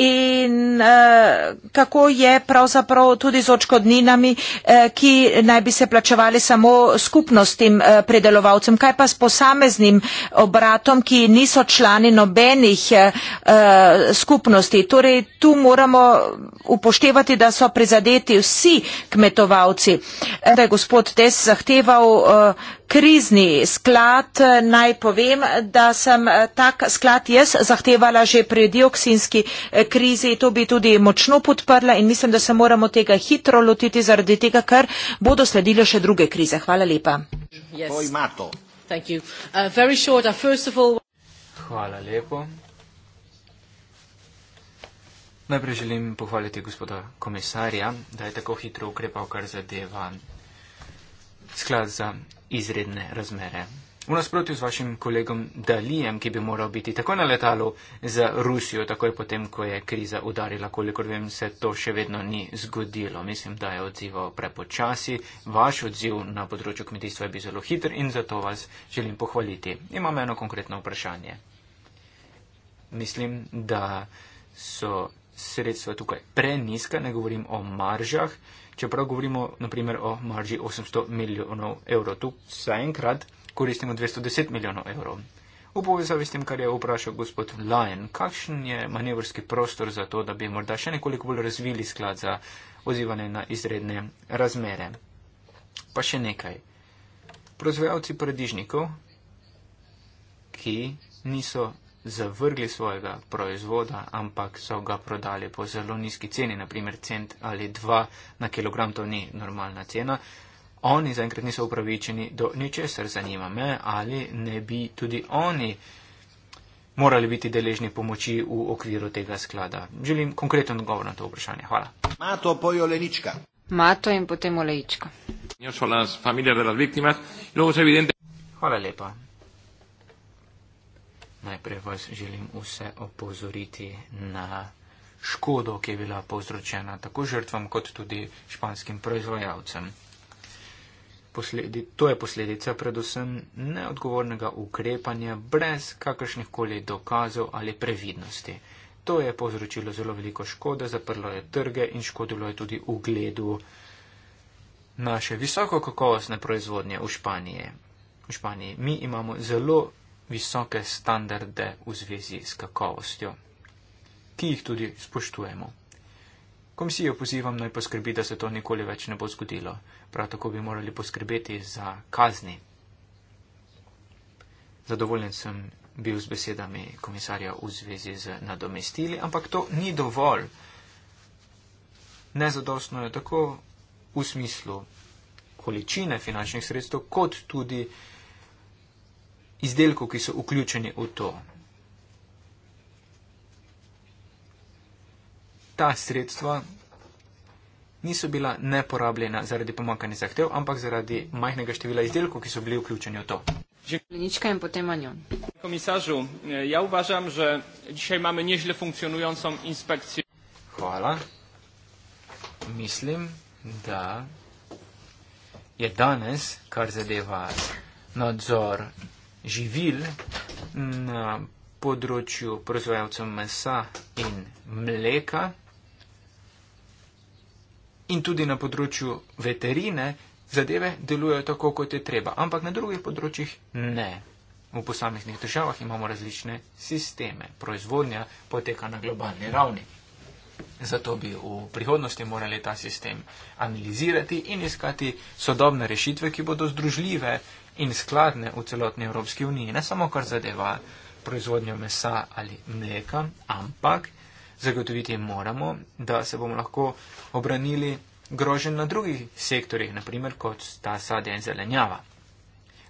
in uh, kako je pravzaprav tudi z očkodninami, uh, eh, ki naj bi se plačevali samo skupnostim uh, predelovalcem. Kaj pa s posameznim obratom, ki niso člani nobenih uh, skupnosti? Torej, tu moramo upoštevati, da so prizadeti vsi kmetovalci. Da je gospod Tes zahteval uh, krizni sklad, naj povem, da sem tak sklad je jaz zahtevala že pri dioksinski eh, krizi, to bi tudi močno podprla in mislim, da se moramo tega hitro lotiti zaradi tega, ker bodo sledile še druge krize. Hvala lepa. Yes. Uh, uh, Hvala lepo. Najprej želim pohvaliti gospoda komisarja, da je tako hitro ukrepal, kar zadeva sklad za izredne razmere. V nasprotju z vašim kolegom Dalijem, ki bi moral biti takoj na letalu za Rusijo, takoj potem, ko je kriza udarila, kolikor vem, se to še vedno ni zgodilo. Mislim, da je odzival prepočasi. Vaš odziv na področju kmetijstva je bil zelo hiter in zato vas želim pohvaliti. Imam eno konkretno vprašanje. Mislim, da so sredstva tukaj preniska, ne govorim o maržah, čeprav govorimo naprimer o marži 800 milijonov evrov. Tu zaenkrat koristimo 210 milijonov evrov. V povezavi s tem, kar je vprašal gospod Lyon, kakšen je manevrski prostor za to, da bi morda še nekoliko bolj razvili sklad za odzivanje na izredne razmere. Pa še nekaj. Proizvajalci paradižnikov, ki niso zavrgli svojega proizvoda, ampak so ga prodali po zelo nizki ceni, naprimer cent ali dva na kilogram, to ni normalna cena, oni zaenkrat niso upravičeni do ničesar, zanima me, ali ne bi tudi oni morali biti deležni pomoči v okviru tega sklada. Želim konkreten odgovor na to vprašanje. Hvala. Mato pojo lenička. Mato in potem olejička. Hvala lepa. Najprej vas želim vse opozoriti na škodo, ki je bila povzročena tako žrtvam kot tudi španskim proizvajalcem posledi, to je posledica predvsem neodgovornega ukrepanja brez kakršnih koli dokazov ali previdnosti. To je povzročilo zelo veliko škode, zaprlo je trge in škodilo je tudi ugledu naše visoko kakovostne proizvodnje v Španiji. V Španiji mi imamo zelo visoke standarde v zvezi s kakovostjo, ki jih tudi spoštujemo. Komisijo pozivam naj poskrbi, da se to nikoli več ne bo zgodilo. Prav tako bi morali poskrbeti za kazni. Zadovoljen sem bil z besedami komisarja v zvezi z nadomestili, ampak to ni dovolj. Nezadostno je tako v smislu količine finančnih sredstev, kot tudi izdelkov, ki so vključeni v to. ta sredstva niso bila neporabljena zaradi pomankanja zahtev, ampak zaradi majhnega števila izdelkov, ki so bili vključeni v to. Klinička in potem Anjon. Komisarju, ja uvažam, že dišaj imamo nižle funkcionujoco inspekcijo. Hvala. Mislim, da je danes, kar zadeva nadzor živil na področju proizvajalcev mesa in mleka, in tudi na področju veterine zadeve delujejo tako, kot je treba, ampak na drugih področjih ne. V posameznih državah imamo različne sisteme, proizvodnja poteka na globalni ravni. Zato bi v prihodnosti morali ta sistem analizirati in iskati sodobne rešitve, ki bodo združljive in skladne v celotni Evropski uniji, ne samo kar zadeva proizvodnjo mesa ali mleka, ampak zagotoviti moramo, da se bomo lahko obranili grožen na drugih sektorjih, naprimer kot sta sadje in zelenjava.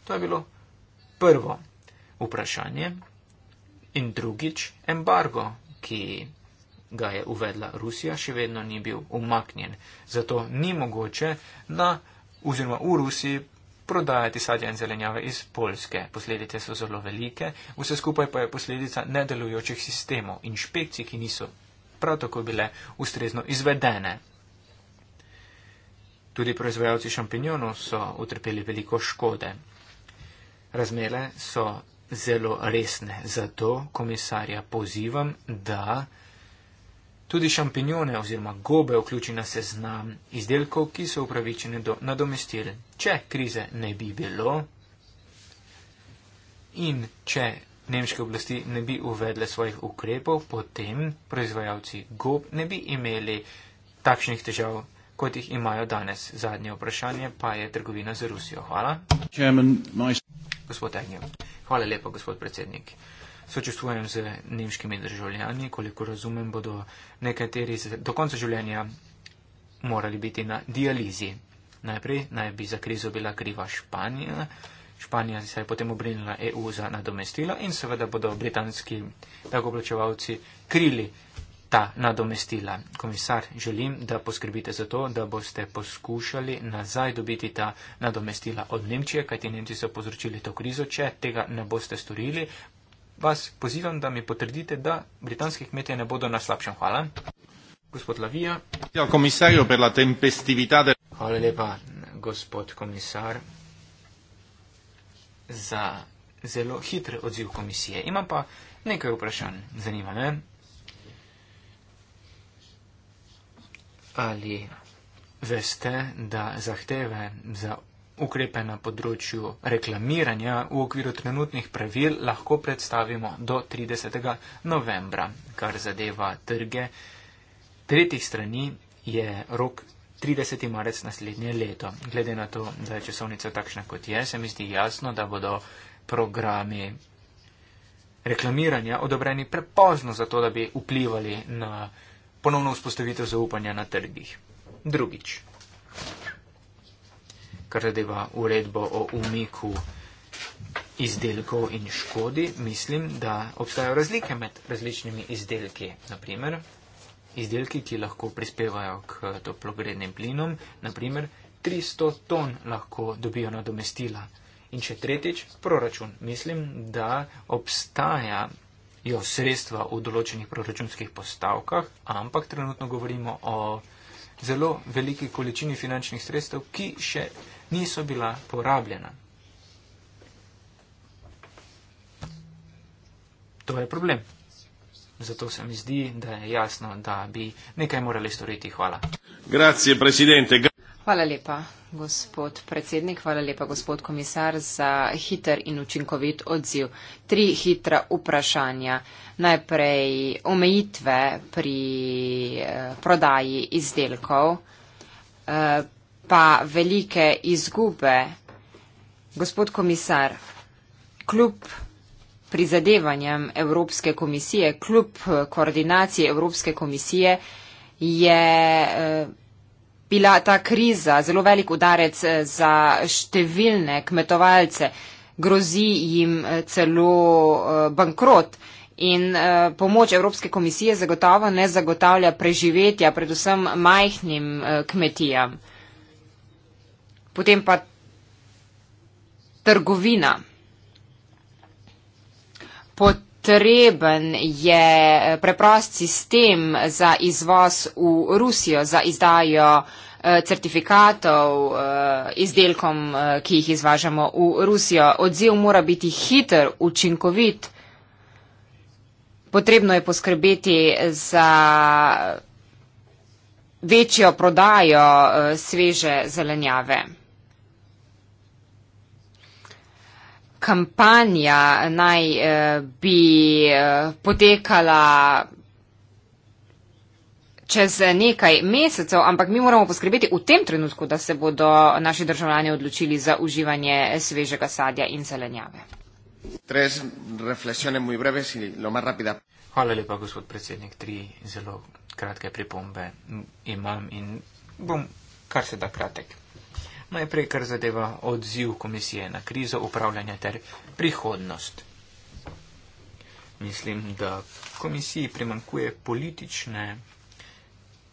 To je bilo prvo vprašanje in drugič embargo, ki ga je uvedla Rusija, še vedno ni bil umaknjen. Zato ni mogoče na oziroma v Rusiji prodajati sadje in zelenjave iz Polske. Posledice so zelo velike, vse skupaj pa je posledica nedelujočih sistemov, inšpekcij, ki niso prav tako bile ustrezno izvedene. Tudi proizvajalci šampinjonov so utrpeli veliko škode. Razmere so zelo resne, zato komisarja pozivam, da tudi šampinjone oziroma gobe vključi na seznam izdelkov, ki so upravičene do nadomestil, če krize ne bi bilo in če nemške oblasti ne bi uvedle svojih ukrepov, potem proizvajalci gob ne bi imeli takšnih težav, kot jih imajo danes. Zadnje vprašanje pa je trgovina z Rusijo. Hvala. German, my... Gospod Agnew. Hvala lepa, gospod predsednik. Sočustvujem z nemškimi državljani, koliko razumem, bodo nekateri do konca življenja morali biti na dializi. Najprej naj bi za krizo bila kriva Španija. Španija se je potem obrnila EU za nadomestila in seveda bodo britanski dagoplačevalci krili ta nadomestila. Komisar, želim, da poskrbite za to, da boste poskušali nazaj dobiti ta nadomestila od Nemčije, kajti Nemci so povzročili to krizo, če tega ne boste storili. Vas pozivam, da mi potrdite, da britanskih kmetje ne bodo na slabšem. Hvala. Gospod Lavija. Hvala lepa, gospod komisar za zelo hitre odziv komisije. Imam pa nekaj vprašanj, zanima me. Ali veste, da zahteve za ukrepe na področju reklamiranja v okviru trenutnih pravil lahko predstavimo do 30. novembra, kar zadeva trge tretjih strani, je rok 30. marec naslednje leto. Glede na to, da je časovnica takšna, kot je, se mi zdi jasno, da bodo programi reklamiranja odobreni prepozno za to, da bi vplivali na ponovno vzpostavitev zaupanja na trgih. Drugič, kar zadeva uredbo o umiku izdelkov in škodi, mislim, da obstajajo razlike med različnimi izdelki. Naprimer, Izdelki, ki lahko prispevajo k toplogrednim plinom, naprimer 300 ton lahko dobijo nadomestila. In še tretjič, proračun. Mislim, da obstajajo sredstva v določenih proračunskih postavkah, ampak trenutno govorimo o zelo veliki količini finančnih sredstev, ki še niso bila porabljena. To je problem. Zato se mi zdi, da je jasno, da bi nekaj morali storiti. Hvala. Grazie, hvala lepa, gospod predsednik, hvala lepa, gospod komisar, za hiter in učinkovit odziv. Tri hitra vprašanja. Najprej omejitve pri eh, prodaji izdelkov, eh, pa velike izgube. Gospod komisar, kljub prizadevanjem Evropske komisije, kljub eh, koordinaciji Evropske komisije, je eh, bila ta kriza zelo velik udarec eh, za številne kmetovalce, grozi jim celo bankrot. In pomoč Evropske komisije zagotovo ne zagotavlja preživetja predvsem majhnim kmetijam. Potem pa trgovina potreben je eh, preprost sistem za izvoz v Rusijo, za izdajo eh, certifikatov eh, izdelkom, ki jih izvažamo v Rusijo. Odziv mora biti hiter, učinkovit. Potrebno je poskrbeti za večjo prodajo sveže zelenjave. kampanja naj eh, bi eh, potekala čez nekaj mesecev, ampak mi moramo poskrbeti v tem trenutku, da se bodo naši državljani odločili za uživanje svežega sadja in zelenjave. Hvala lepa, gospod predsednik. Tri zelo kratke pripombe imam in bom kar se da kratek najprej kar zadeva odziv komisije na krizo upravljanja ter prihodnost. Mislim, da komisiji primankuje politične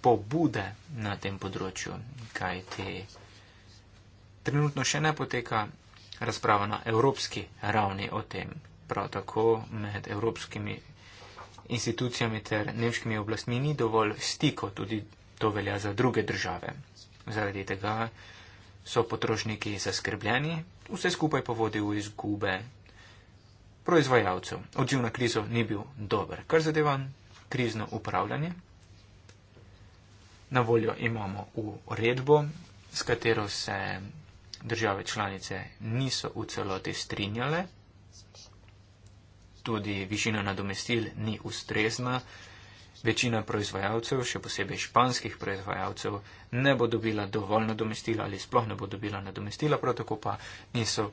pobude na tem področju, kaj te trenutno še ne poteka razprava na evropski ravni o tem. Prav tako med evropskimi institucijami ter nemškimi oblastmi ni dovolj stiko, tudi to velja za druge države. Zaradi tega so potrošniki zaskrbljeni, vse skupaj pa vodi v izgube proizvajalcev. Odziv na krizo ni bil dober, kar zadeva krizno upravljanje. Na voljo imamo uredbo, s katero se države članice niso v celoti strinjale. Tudi višina nadomestil ni ustrezna, Večina proizvajalcev, še posebej španskih proizvajalcev, ne bo dobila dovolj nadomestila ali sploh ne bo dobila nadomestila, prav tako pa niso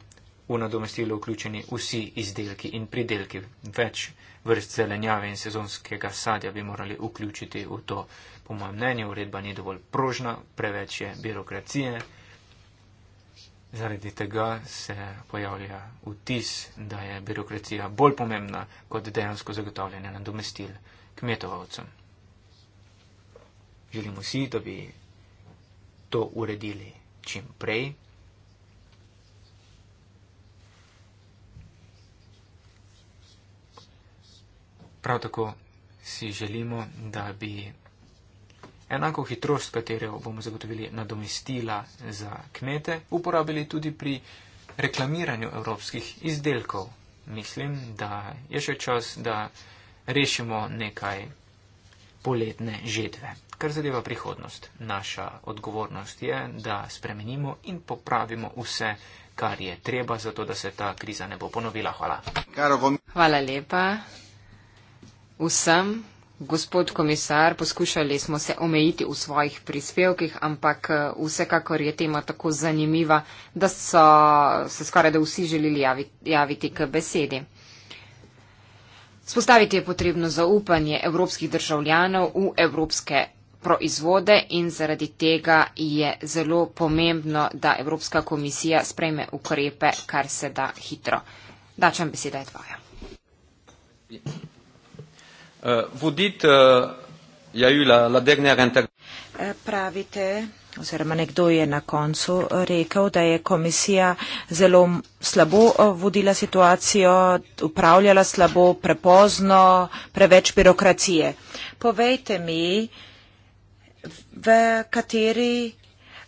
v nadomestilo vključeni vsi izdelki in pridelki. Več vrst zelenjave in sezonskega sadja bi morali vključiti v to. Po mojem mnenju uredba ni dovolj prožna, preveč je birokracije. Zaradi tega se pojavlja vtis, da je birokracija bolj pomembna kot dejansko zagotavljanje nadomestila kmetovalcem. Želimo si, da bi to uredili čim prej. Prav tako si želimo, da bi enako hitrost, katero bomo zagotovili nadomestila za kmete, uporabili tudi pri reklamiranju evropskih izdelkov. Mislim, da je še čas, da rešimo nekaj poletne žetve. Kar zadeva prihodnost, naša odgovornost je, da spremenimo in popravimo vse, kar je treba, zato da se ta kriza ne bo ponovila. Hvala. Hvala lepa vsem. Gospod komisar, poskušali smo se omejiti v svojih prispevkih, ampak eh, vsekakor je tema tako zanimiva, da so se skoraj da vsi želeli javiti, javiti k besedi. Spostaviti je potrebno zaupanje evropskih državljanov v evropske proizvode in zaradi tega je zelo pomembno, da Evropska komisija sprejme ukrepe, kar se da hitro. Dačem beseda je tvoja. Eh, Vodit, uh, eh, ja, Jula, la dernière integracija. Eh, pravite, oziroma nekdo je na koncu rekel, da je komisija zelo slabo eh, vodila situacijo, upravljala slabo, prepozno, preveč birokracije. Povejte mi, v kateri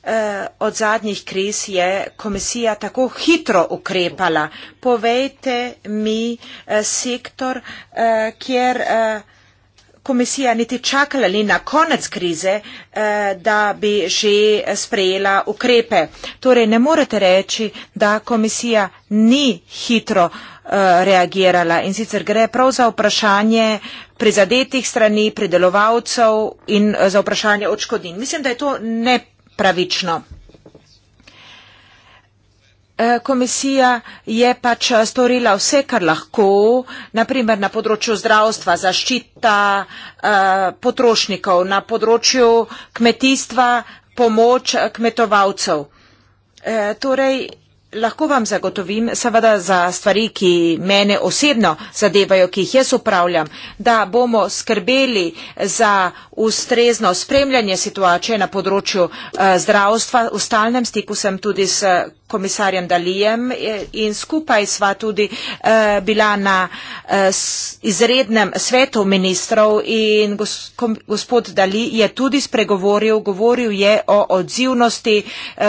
eh, od zadnjih kriz je komisija tako hitro ukrepala. Povejte mi eh, sektor, eh, kjer. Eh, komisija niti čakala ni na konec krize, eh, da bi že sprejela ukrepe. Torej, ne morete reči, da komisija ni hitro eh, reagirala in sicer gre prav za vprašanje prizadetih strani, pridelovalcev in eh, za vprašanje odškodin. Mislim, da je to nepravično. Eh, komisija je pač eh, storila vse, kar lahko, naprimer na področju zdravstva, zaščita eh, potrošnikov, na področju kmetijstva, pomoč kmetovalcev. Torej, lahko vam zagotovim, seveda za stvari, ki mene osebno zadevajo, ki jih jaz upravljam, da bomo skrbeli za ustrezno spremljanje situacije na področju zdravstva. V stalnem stiku sem tudi s komisarjem Dalijem eh, in skupaj sva tudi eh, bila na eh, izrednem svetu ministrov in gospod Dali je tudi spregovoril, govoril je o odzivnosti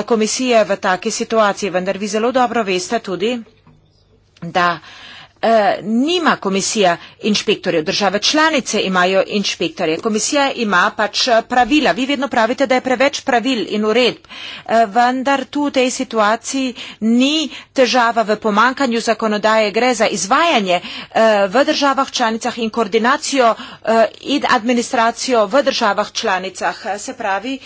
komisije v taki situaciji, vendar vi zelo dobro veste tudi, da Eh, nima komisija inšpektorjev, države članice imajo inšpektorje. Komisija ima pač eh, pravila. Vi vedno pravite, da je preveč pravil in uredb, eh, vendar tu v tej situaciji ni težava v pomankanju zakonodaje, gre za izvajanje v državah članicah in koordinacijo in administracijo v državah članicah. Se pravi,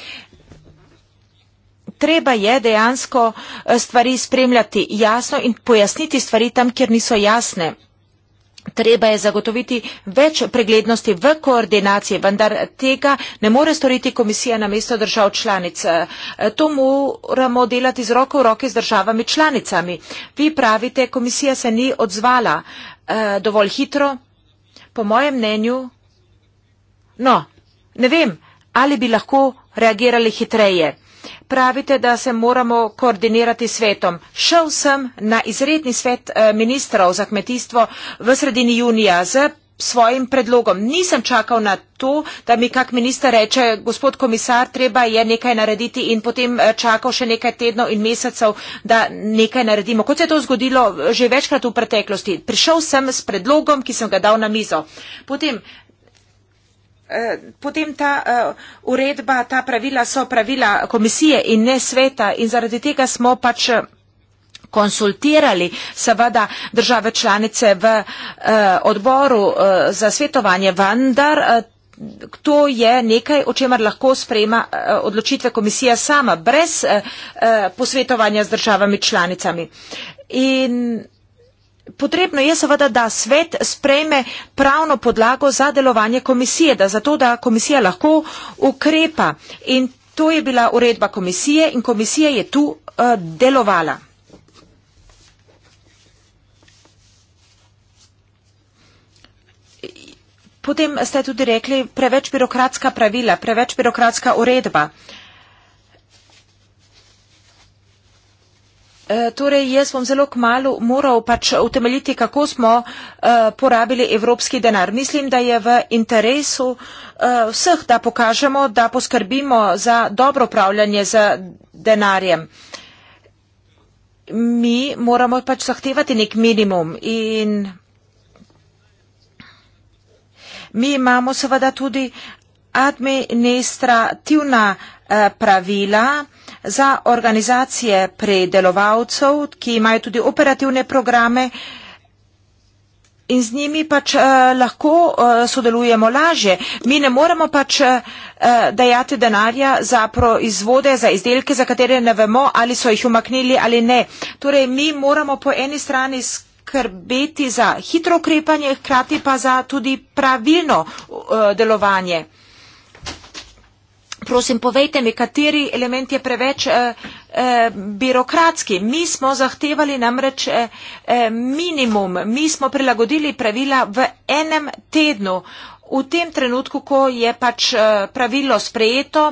treba je dejansko eh, stvari spremljati jasno in pojasniti stvari tam, kjer niso jasne. Treba je zagotoviti več preglednosti v koordinaciji, vendar tega ne more storiti komisija na mesto držav članic. Eh, to moramo delati z roko v roke z državami članicami. Vi pravite, komisija se ni odzvala eh, dovolj hitro. Po mojem mnenju, no, ne vem, ali bi lahko reagirali hitreje pravite, da se moramo koordinirati svetom. Šel sem na izredni svet eh, ministrov za kmetijstvo v sredini junija z svojim predlogom. Nisem čakal na to, da mi kak minister reče, gospod komisar, treba je nekaj narediti in potem eh, čakal še nekaj tednov in mesecev, da nekaj naredimo. Kot se je to zgodilo eh, že večkrat v preteklosti. Prišel sem s predlogom, ki sem ga dal na mizo. Potem potem ta eh, uredba, ta pravila so pravila komisije in ne sveta in zaradi tega smo pač eh, konsultirali seveda države članice v eh, odboru za svetovanje, vendar. To je nekaj, o čemer lahko sprejema odločitve komisija sama, brez posvetovanja z državami članicami. In Potrebno je seveda, da svet sprejme pravno podlago za delovanje komisije, da zato, da komisija lahko ukrepa. In to je bila uredba komisije in komisija je tu uh, delovala. Potem ste tudi rekli, preveč birokratska pravila, preveč birokratska uredba. Uh, E, torej, jaz bom zelo k malu moral pač utemeljiti, kako smo uh, porabili evropski denar. Mislim, da je v interesu uh, vseh, da pokažemo, da poskrbimo za dobro upravljanje z denarjem. Mi moramo pač zahtevati nek minimum in mi imamo seveda tudi administrativna uh, pravila za organizacije predelovalcev, ki imajo tudi operativne programe in z njimi pač uh, lahko uh, sodelujemo laže. Mi ne moremo pač uh, dajati denarja za proizvode, za izdelke, za katere ne vemo, ali so jih umaknili ali ne. Torej, mi moramo po eni strani skrbeti za hitro ukrepanje, hkrati pa za tudi pravilno uh, delovanje. Prosim, povejte mi, kateri element je preveč eh, eh, birokratski. Mi smo zahtevali namreč eh, eh, minimum, mi smo prilagodili pravila v enem tednu. V tem trenutku, ko je pač eh, pravilo sprejeto,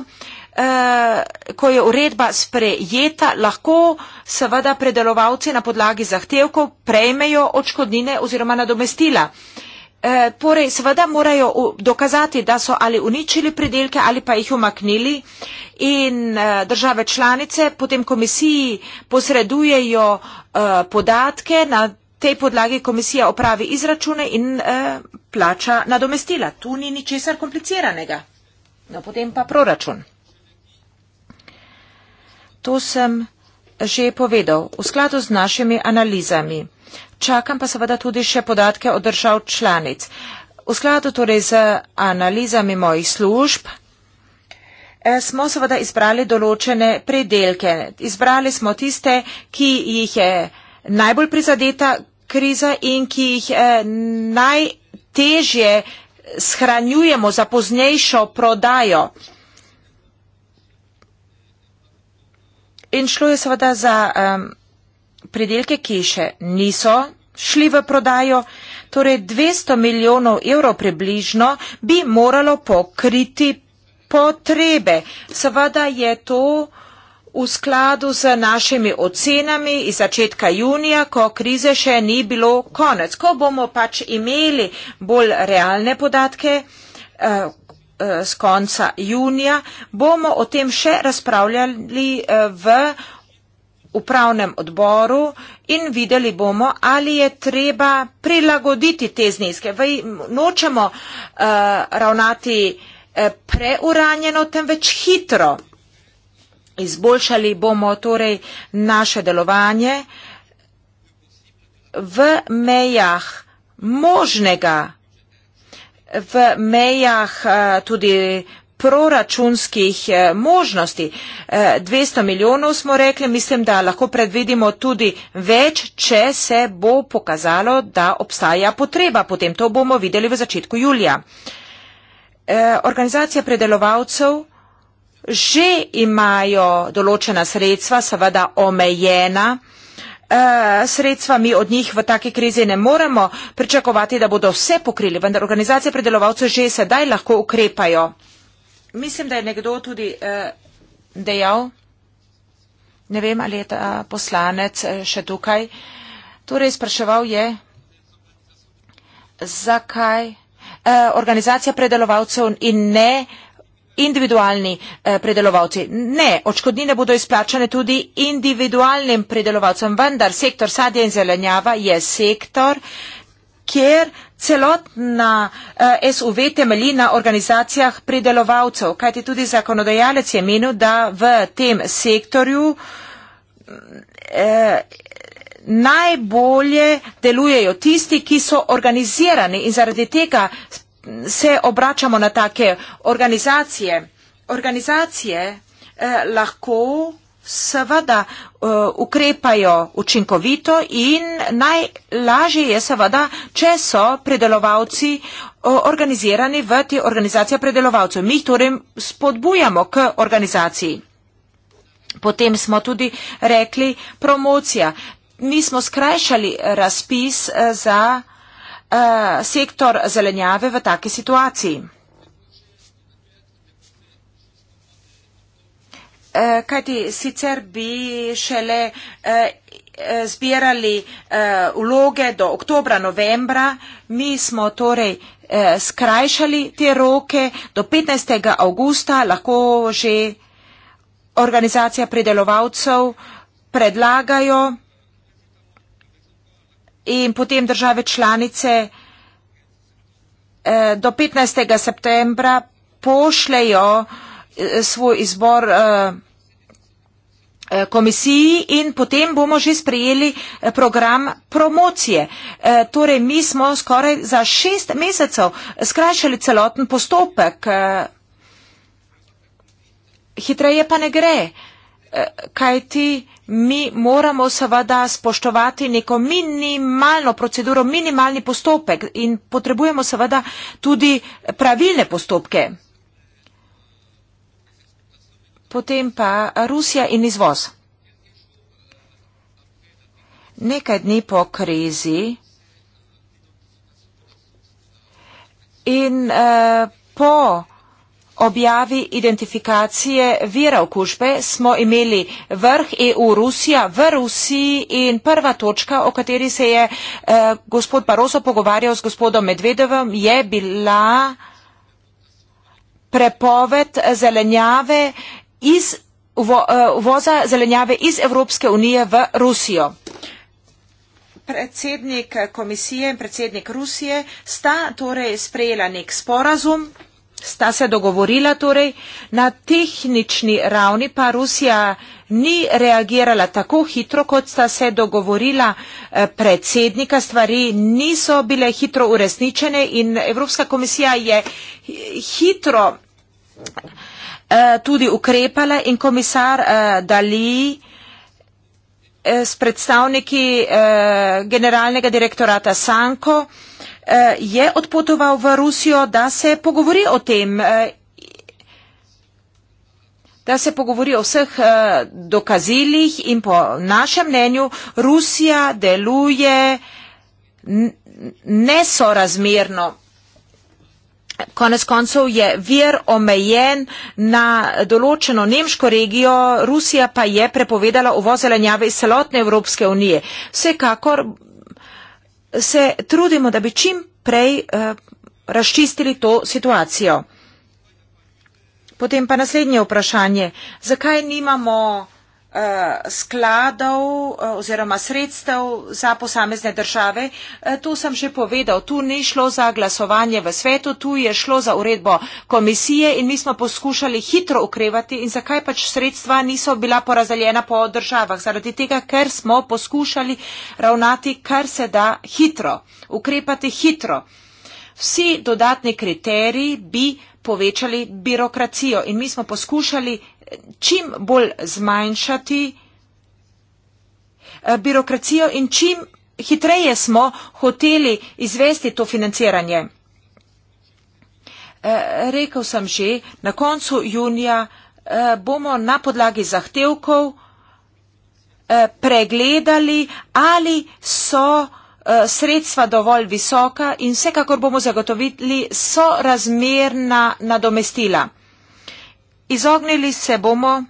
eh, ko je uredba sprejeta, lahko seveda predelovalci na podlagi zahtevkov prejmejo očkodnine oziroma nadomestila. Eh, Eh, torej, seveda morajo dokazati, da so ali uničili pridelke ali pa jih umaknili in eh, države članice potem komisiji posredujejo eh, podatke, na tej podlagi komisija opravi izračune in plača nadomestila. Tu ni ničesar kompliciranega. No, potem pa proračun. To sem že povedal. V skladu z našimi analizami čakam pa seveda tudi še podatke od držav članic. V skladu torej z analizami mojih služb eh, smo seveda izbrali določene predelke. Izbrali smo tiste, ki jih je najbolj prizadeta kriza in ki jih eh, najtežje shranjujemo za poznejšo prodajo. In šlo je seveda za um, pridelke keše niso šli v prodajo, torej 200 milijonov evrov približno bi moralo pokriti potrebe. Seveda je to v skladu z našimi ocenami iz začetka junija, ko krize še ni bilo konec. Ko bomo pač imeli bolj realne podatke eh, z eh, konca junija, bomo o tem še razpravljali eh, v upravnem odboru in videli bomo, ali je treba prilagoditi te zneske. Vaj, nočemo uh, ravnati eh, preuranjeno, temveč hitro. Izboljšali bomo torej naše delovanje v mejah možnega, v mejah eh, tudi proračunskih eh, možnosti. 200 eh, milijonov smo rekli, mislim, da lahko predvidimo tudi več, če se bo pokazalo, da obstaja potreba. Potem to bomo videli v začetku julija. Eh, Organizacija predelovalcev že imajo določena sredstva, seveda omejena. Sredstva mi od njih v take krizi ne moremo pričakovati, da bodo vse pokrili, vendar organizacije predelovalcev že sedaj lahko ukrepajo. Mislim, da je nekdo tudi uh, dejal, ne vem, ali je ta poslanec eh, še tukaj. Torej, spraševal je, zakaj uh, organizacija predelovalcev in ne individualni eh, predelovalci. Ne, očkodnine bodo izplačane tudi individualnim predelovalcem, vendar sektor sadja in zelenjava je sektor, kjer celotna eh, SUV temelji na organizacijah pridelovalcev, kajti tudi zakonodajalec je menil, da v tem sektorju eh, najbolje delujejo tisti, ki so organizirani in zaradi tega se obračamo na take organizacije. Organizacije eh, lahko eh, seveda eh, ukrepajo učinkovito in najlažje je seveda, če so predelovalci eh, organizirani v te organizacije predelovalcev. Mi jih torej spodbujamo k organizaciji. Potem smo tudi rekli promocija. Mi smo skrajšali razpis eh, za uh, sektor zelenjave v taki situaciji. Eh, kajti sicer bi šele eh, zbirali eh, vloge do oktobra, novembra, mi smo torej skrajšali te roke, do 15. augusta lahko že organizacija pridelovalcev predlagajo in potem države članice do 15. septembra pošlejo svoj izbor eh, eh, komisiji in potem bomo že sprejeli eh, program promocije. Torej, mi smo skoraj za šest mesecev skrajšali celoten postopek. Hitreje pa ne gre, kaj ti mi moramo seveda spoštovati neko minimalno proceduro, minimalni postopek in potrebujemo seveda tudi pravilne postopke. Potem pa Rusija in izvoz. Nekaj dni po krizi in uh, po objavi identifikacije vira okužbe smo imeli vrh EU-Rusija v Rusiji in prva točka, o kateri se je uh, gospod Barroso pogovarjal z gospodom Medvedovem, je bila prepoved zelenjave uh, iz eh, uvoza zelenjave iz Evropske unije v Rusijo. Predsednik eh, komisije in predsednik Rusije sta torej sprejela nek sporazum, sta se dogovorila torej na tehnični ravni, pa Rusija ni reagirala tako hitro, kot sta se dogovorila eh, predsednika. Stvari niso bile hitro uresničene in Evropska komisija je hitro Eh, tudi ukrepala in komisar uh, Dali eh, s predstavniki eh, generalnega direktorata Sanko eh, je odpotoval v Rusijo, da se pogovori o tem, eh, da se pogovori o vseh eh, dokazilih in po našem mnenju Rusija deluje nesorazmerno konec koncev je vir omejen na določeno nemško regijo, Rusija pa je prepovedala uvoz zelenjave iz celotne Evropske unije. Vsekakor se trudimo, da bi čim prej uh, razčistili to situacijo. Potem pa naslednje vprašanje. Zakaj nimamo. Eh, skladov eh, oziroma sredstev za posamezne države. Eh, to sem že povedal. Tu ni šlo za glasovanje v svetu, tu je šlo za uredbo komisije in mi smo poskušali hitro ukrevati in zakaj pač sredstva niso bila porazdeljena po državah. Zaradi tega, ker smo poskušali ravnati kar se da hitro, ukrepati hitro. Vsi dodatni kriteriji bi povečali birokracijo in mi smo poskušali čim bolj zmanjšati eh, birokracijo in čim hitreje smo hoteli izvesti to financiranje. Eh, rekel sem že, na koncu junija eh, bomo na podlagi zahtevkov pregledali, ali so sredstva dovolj visoka in vsekakor bomo zagotovili sorazmerna nadomestila. Izognili se bomo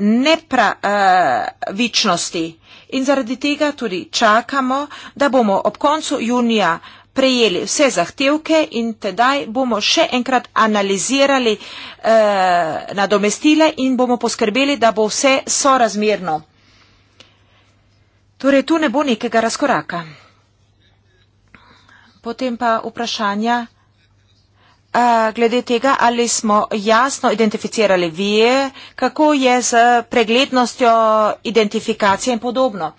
nepravičnosti in zaradi tega tudi čakamo, da bomo ob koncu junija prejeli vse zahtevke in tedaj bomo še enkrat analizirali eh, nadomestile in bomo poskrbeli, da bo vse sorazmerno. Torej, tu ne bo nekega razkoraka. Potem pa vprašanja. Eh, glede tega, ali smo jasno identificirali vije, kako je z preglednostjo identifikacije in podobno.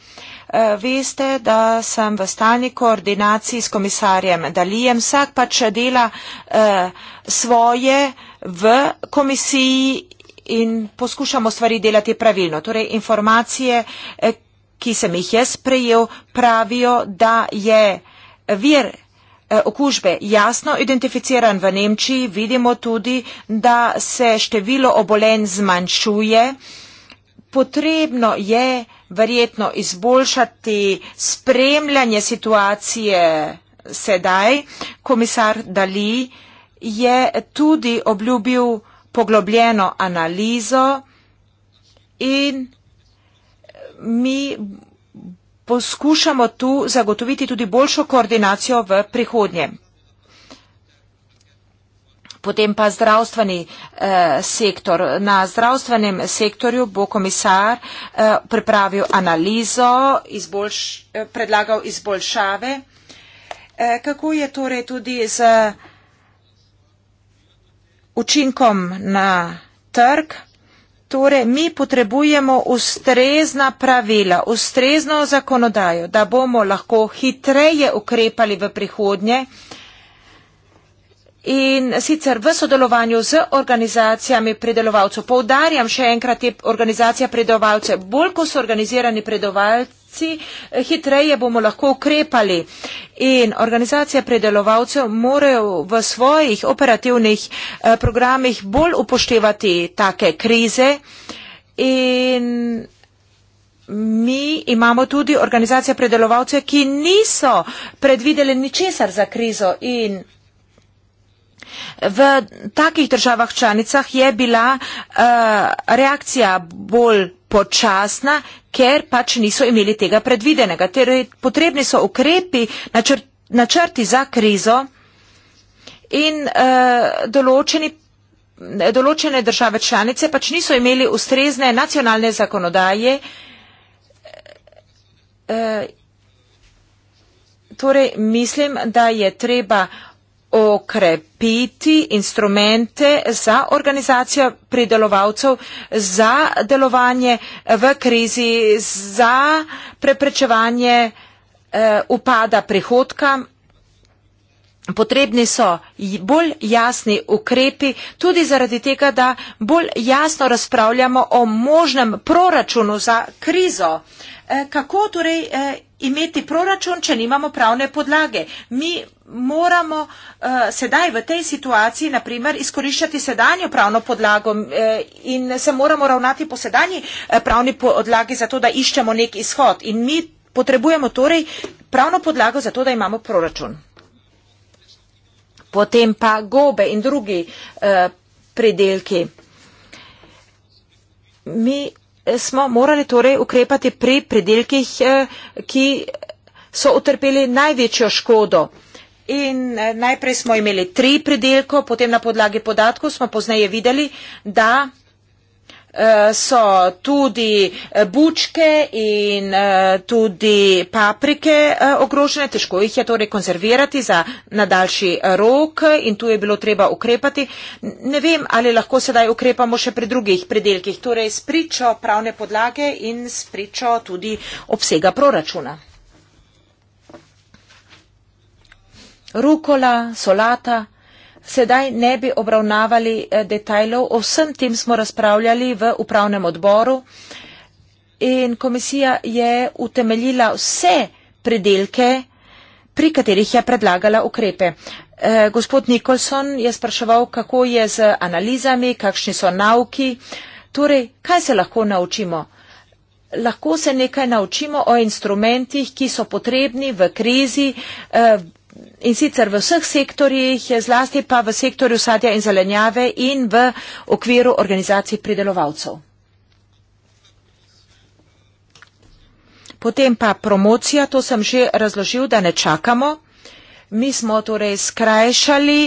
Eh, veste, da sem v stalni koordinaciji s komisarjem Dalijem, vsak pač dela eh, svoje v komisiji in poskušamo stvari delati pravilno. Torej, informacije, ki sem jih jaz prejel, pravijo, da je vir Eh, okužbe jasno identificiran v Nemčiji, vidimo tudi, da se število obolenj zmanjšuje. Potrebno je verjetno izboljšati spremljanje situacije sedaj. Komisar Dali je tudi obljubil poglobljeno analizo in mi poskušamo tu zagotoviti tudi boljšo koordinacijo v prihodnje. Potem pa zdravstveni eh, sektor. Na zdravstvenem sektorju bo komisar eh, pripravil analizo, izboljš, eh, predlagal izboljšave. Eh, kako je torej tudi z učinkom na trg? Torej, mi potrebujemo ustrezna pravila, ustrezno zakonodajo, da bomo lahko hitreje ukrepali v prihodnje in sicer v sodelovanju z organizacijami predelovalcev. Poudarjam še enkrat te organizacije predelovalce. Bolj, ko so organizirani predelovalci, meseci, eh, hitreje bomo lahko ukrepali. In organizacije predelovalcev morajo v svojih operativnih eh, programih bolj upoštevati take krize. In mi imamo tudi organizacije predelovalcev, ki niso predvideli ničesar za krizo. In v takih državah članicah je bila uh, reakcija bolj počasna, ker pač niso imeli tega predvidenega. Torej, potrebni so ukrepi, načr, načrti za krizo in uh, določeni. Določene države članice pač niso imeli ustrezne nacionalne zakonodaje, eh, torej mislim, da je treba okrepiti instrumente za organizacijo pridelovalcev, za delovanje v krizi, za preprečevanje eh, upada prihodka Potrebni so bolj jasni ukrepi, tudi zaradi tega, da bolj jasno razpravljamo o možnem proračunu za krizo. E, kako torej e, imeti proračun, če nimamo pravne podlage? Mi moramo e, sedaj v tej situaciji, na primer, izkoriščati sedanjo pravno podlago in se moramo ravnati po sedanji pravni podlagi, zato da iščemo nek izhod. In mi potrebujemo torej pravno podlago za to, da imamo proračun potem pa gobe in drugi eh, predelki. Mi eh, smo morali torej ukrepati pri predelkih, eh, ki so utrpeli največjo škodo. In najprej smo imeli tri predelko, potem na podlagi podatkov smo pozneje videli, da Eh, so tudi eh, bučke in eh, tudi paprike ogrožene, težko jih je torej konzervirati za nadaljši rok in tu je bilo treba ukrepati. Ne vem, ali lahko sedaj ukrepamo še pri drugih predelkih, torej s pričo pravne podlage in s pričo tudi obsega proračuna. Rukola, solata sedaj ne bi obravnavali eh, detajlov. O vsem tem smo razpravljali v upravnem odboru in komisija je utemeljila vse predelke, pri katerih je predlagala ukrepe. Eh, gospod Nikolson je spraševal, kako je z analizami, kakšni so nauki, torej kaj se lahko naučimo. Lahko se nekaj naučimo o instrumentih, ki so potrebni v krizi, eh, in sicer v vseh sektorjih, zlasti pa v sektorju sadja in zelenjave in v okviru organizacij pridelovalcev. Potem pa promocija, to sem že razložil, da ne čakamo. Mi smo torej skrajšali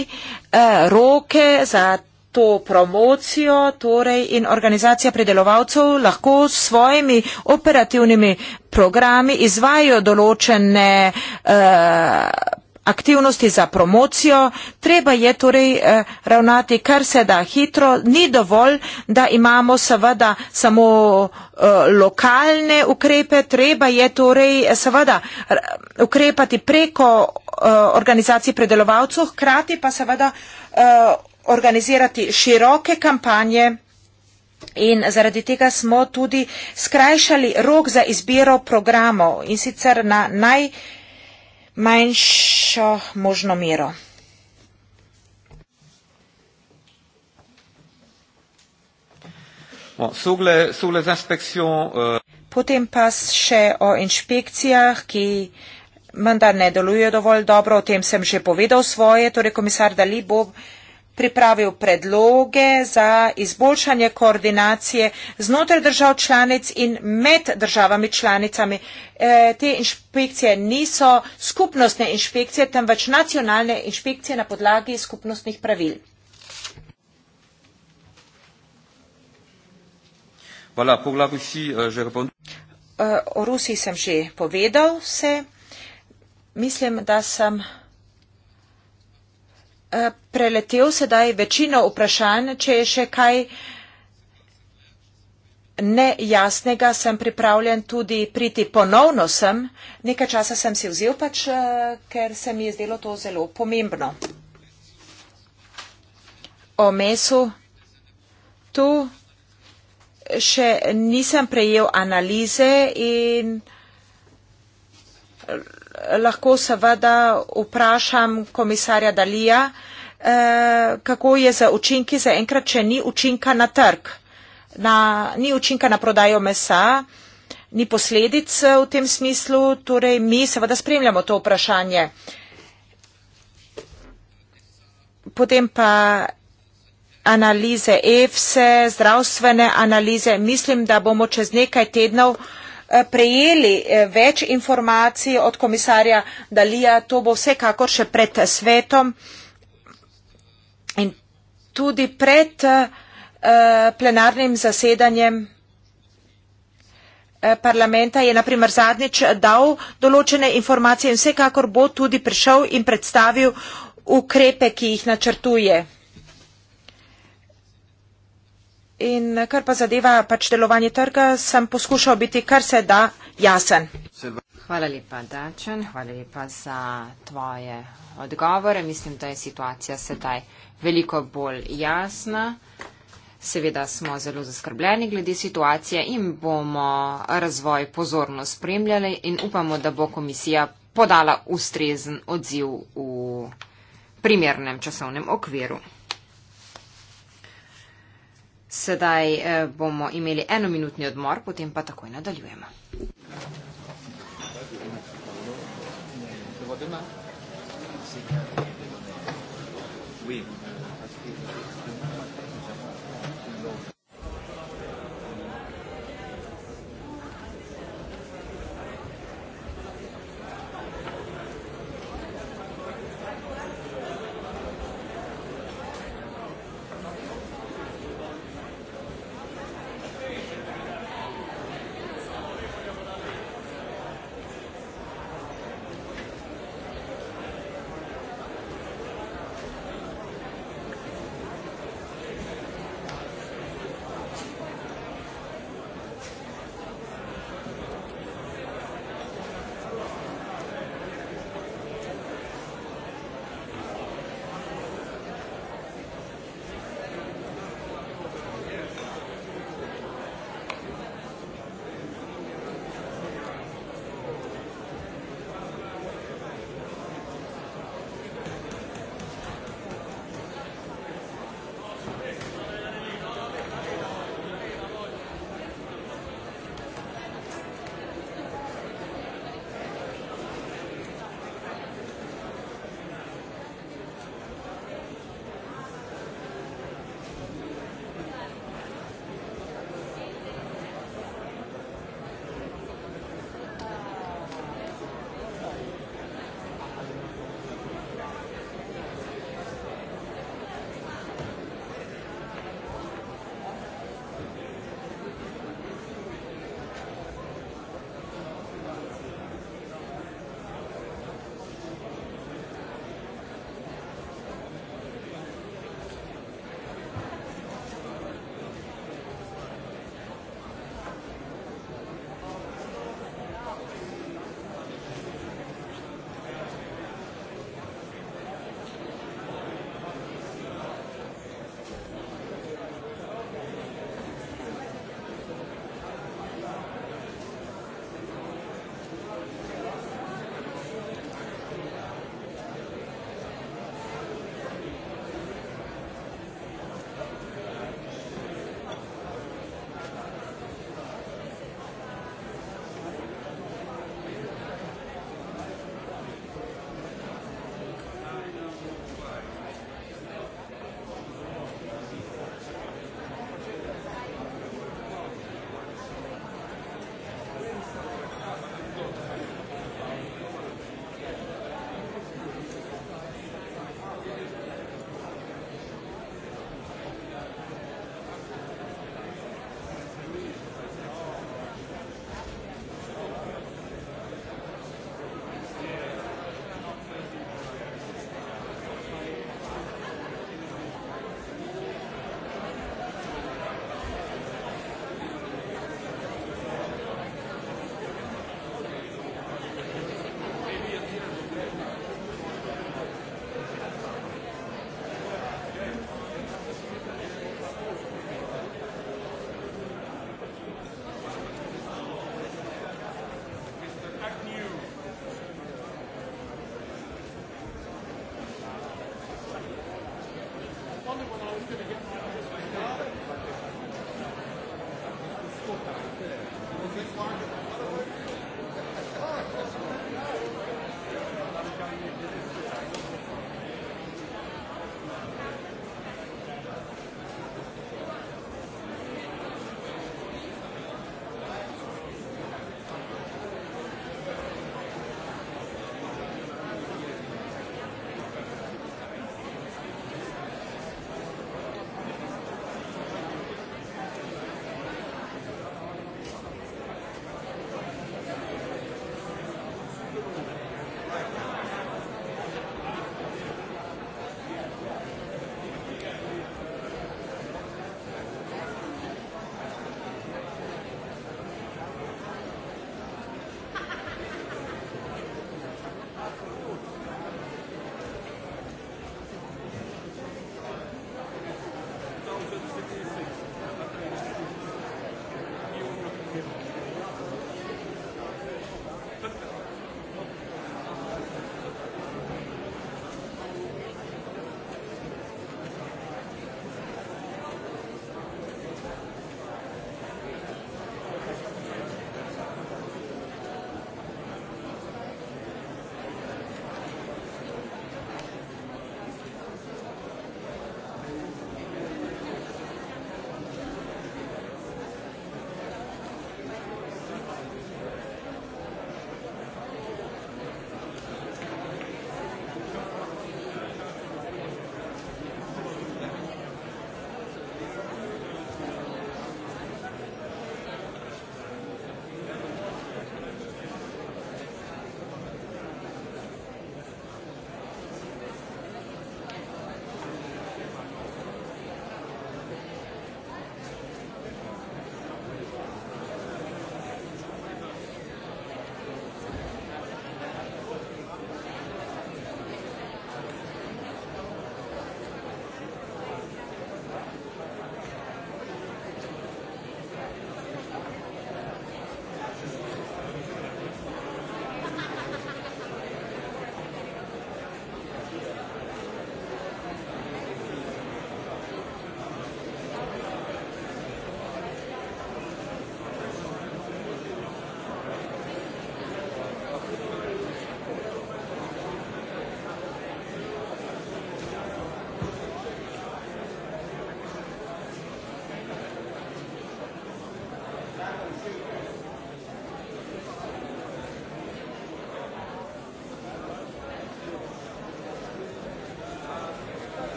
eh, roke za to promocijo torej in organizacija predelovalcev lahko s svojimi operativnimi programi izvajo določene eh, aktivnosti za promocijo, treba je torej eh, ravnati kar se da hitro, ni dovolj, da imamo seveda samo eh, lokalne ukrepe, treba je torej eh, seveda ukrepati preko organizacij predelovalcev, hkrati pa seveda organizirati široke kampanje. In zaradi tega smo tudi skrajšali rok za izbiro programov in sicer na najbolj manjšo možno mero. Euh, Potem pa še o inšpekcijah, ki vendar ne delujejo dovolj dobro, o tem sem že povedal svoje, torej komisar Dali bo pripravil predloge za izboljšanje koordinacije znotraj držav članic in med državami članicami. E, te inšpekcije niso skupnostne inšpekcije, temveč nacionalne inšpekcije na podlagi skupnostnih pravil. Voilà, aussi, uh, uh, o Rusiji sem že povedal vse. Mislim, da sem. Eh, preletel sedaj večino vprašanj, če je še kaj nejasnega, sem pripravljen tudi priti ponovno sem. Nekaj časa sem si vzel pač, eh, ker se mi je zdelo to zelo pomembno. O mesu tu še nisem prejel analize in lahko seveda vprašam komisarja Dalija, eh, kako je za učinki zaenkrat, če ni učinka na trg, na, ni učinka na prodajo mesa, ni posledic eh, v tem smislu, torej mi seveda spremljamo to vprašanje. Potem pa analize EFSE, zdravstvene analize, mislim, da bomo čez nekaj tednov uh, prejeli eh, več informacij od komisarja Dalija, to bo vsekakor še pred svetom in tudi pred eh, plenarnim zasedanjem eh, parlamenta je naprimer zadnjič dal določene informacije in vsekakor bo tudi prišel in predstavil ukrepe, ki jih načrtuje. In kar pa zadeva pač delovanje trga, sem poskušal biti kar se da jasen. Hvala lepa, Dačen. Hvala lepa za tvoje odgovore. Mislim, da je situacija sedaj veliko bolj jasna. Seveda smo zelo zaskrbljeni glede situacije in bomo razvoj pozorno spremljali in upamo, da bo komisija podala ustrezen odziv v primernem časovnem okviru. Sedaj eh, bomo imeli enominutni odmor, potem pa takoj nadaljujemo. Thank you.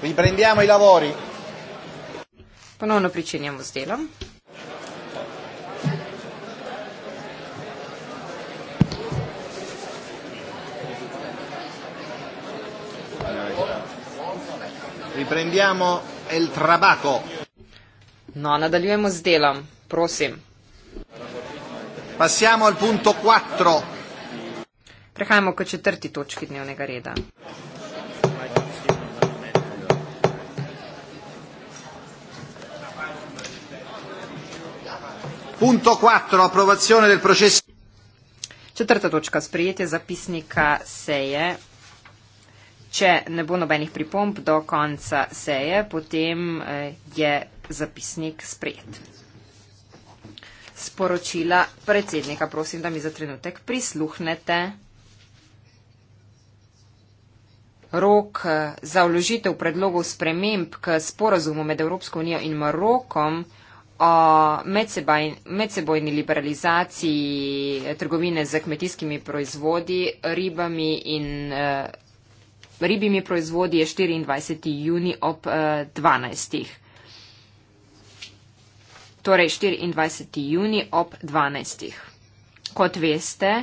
Riprendiamo i lavori. Ponovno pričenjamo s delom. Riprendiamo il trabaco. No, nadaljujemo s delom, prosim. Passiamo al punto 4. Prehajamo k četrti točki dnevnega reda. Punto 4, approvazione del processo. Četrta točka, sprejetje zapisnika seje. Če ne bo nobenih pripomp do konca seje, potem eh, je zapisnik sprejet. Sporočila predsednika, prosim, da mi za trenutek prisluhnete. Rok eh, za vložitev predlogov sprememb k sporazumu med Evropsko unijo in Marokom o medsebojni liberalizaciji eh, trgovine z kmetijskimi proizvodi, ribami in eh, ribimi proizvodi je 24. juni ob eh, 12. Torej 24. juni ob 12. Kot veste,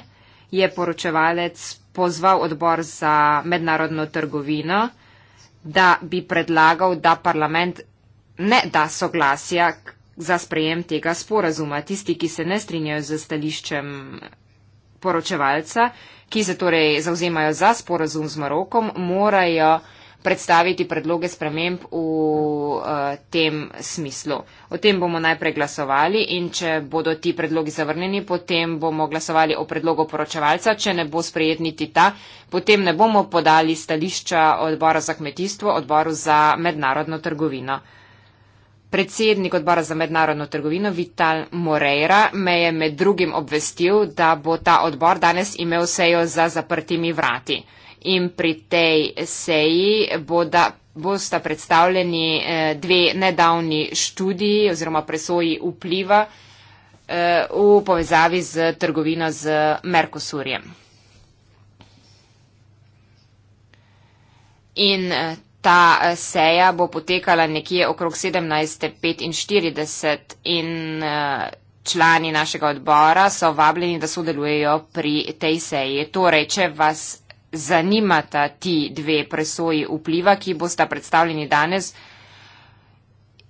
je poročevalec pozval odbor za mednarodno trgovino, da bi predlagal, da parlament ne da soglasja k za sprejem tega sporazuma. Tisti, ki se ne strinjajo z stališčem poročevalca, ki se torej zauzemajo za sporazum z Marokom, morajo predstaviti predloge sprememb v uh, tem smislu. O tem bomo najprej glasovali in če bodo ti predlogi zavrnjeni, potem bomo glasovali o predlogu poročevalca, če ne bo sprejet niti ta, potem ne bomo podali stališča odbora za kmetijstvo, odboru za mednarodno trgovino. Predsednik odbora za mednarodno trgovino Vital Moreira me je med drugim obvestil, da bo ta odbor danes imel sejo za zaprtimi vrati. In pri tej seji boda, bosta predstavljeni eh, dve nedavni študiji oziroma presoji vpliva eh, v povezavi z trgovino z Merkosurjem. In eh, ta eh, seja bo potekala nekje okrog 17.45 in eh, člani našega odbora so vabljeni, da sodelujejo pri tej seji. Torej, če vas zanimata ti dve presoji vpliva, ki bosta predstavljeni danes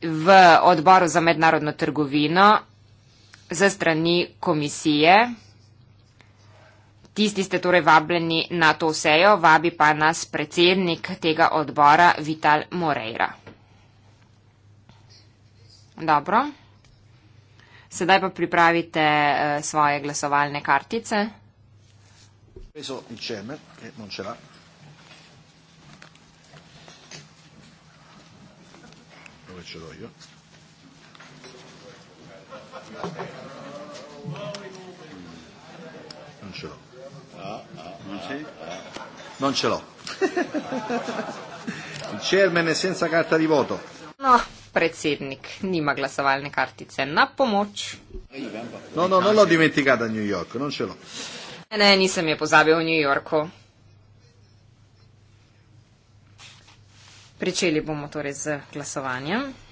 v odboru za mednarodno trgovino za strani komisije, Tisti ste torej vabljeni na to sejo, vabi pa nas predsednik tega odbora Vital Moreira. Dobro. Sedaj pa pripravite eh, svoje glasovalne kartice. Preso il čemer, ki non ce l'ha. Dove ce l'ho io? Non ce l'ho dice? Non ce l'ho. Il chairman è senza carta di voto. No, predsednik, nima glasovalne kartice. Na pomoč. No, no, non l'ho dimenticata a New York, non ce l'ho. E ne, nisem je pozabil v New Yorku. Pričeli bomo torej z glasovanjem.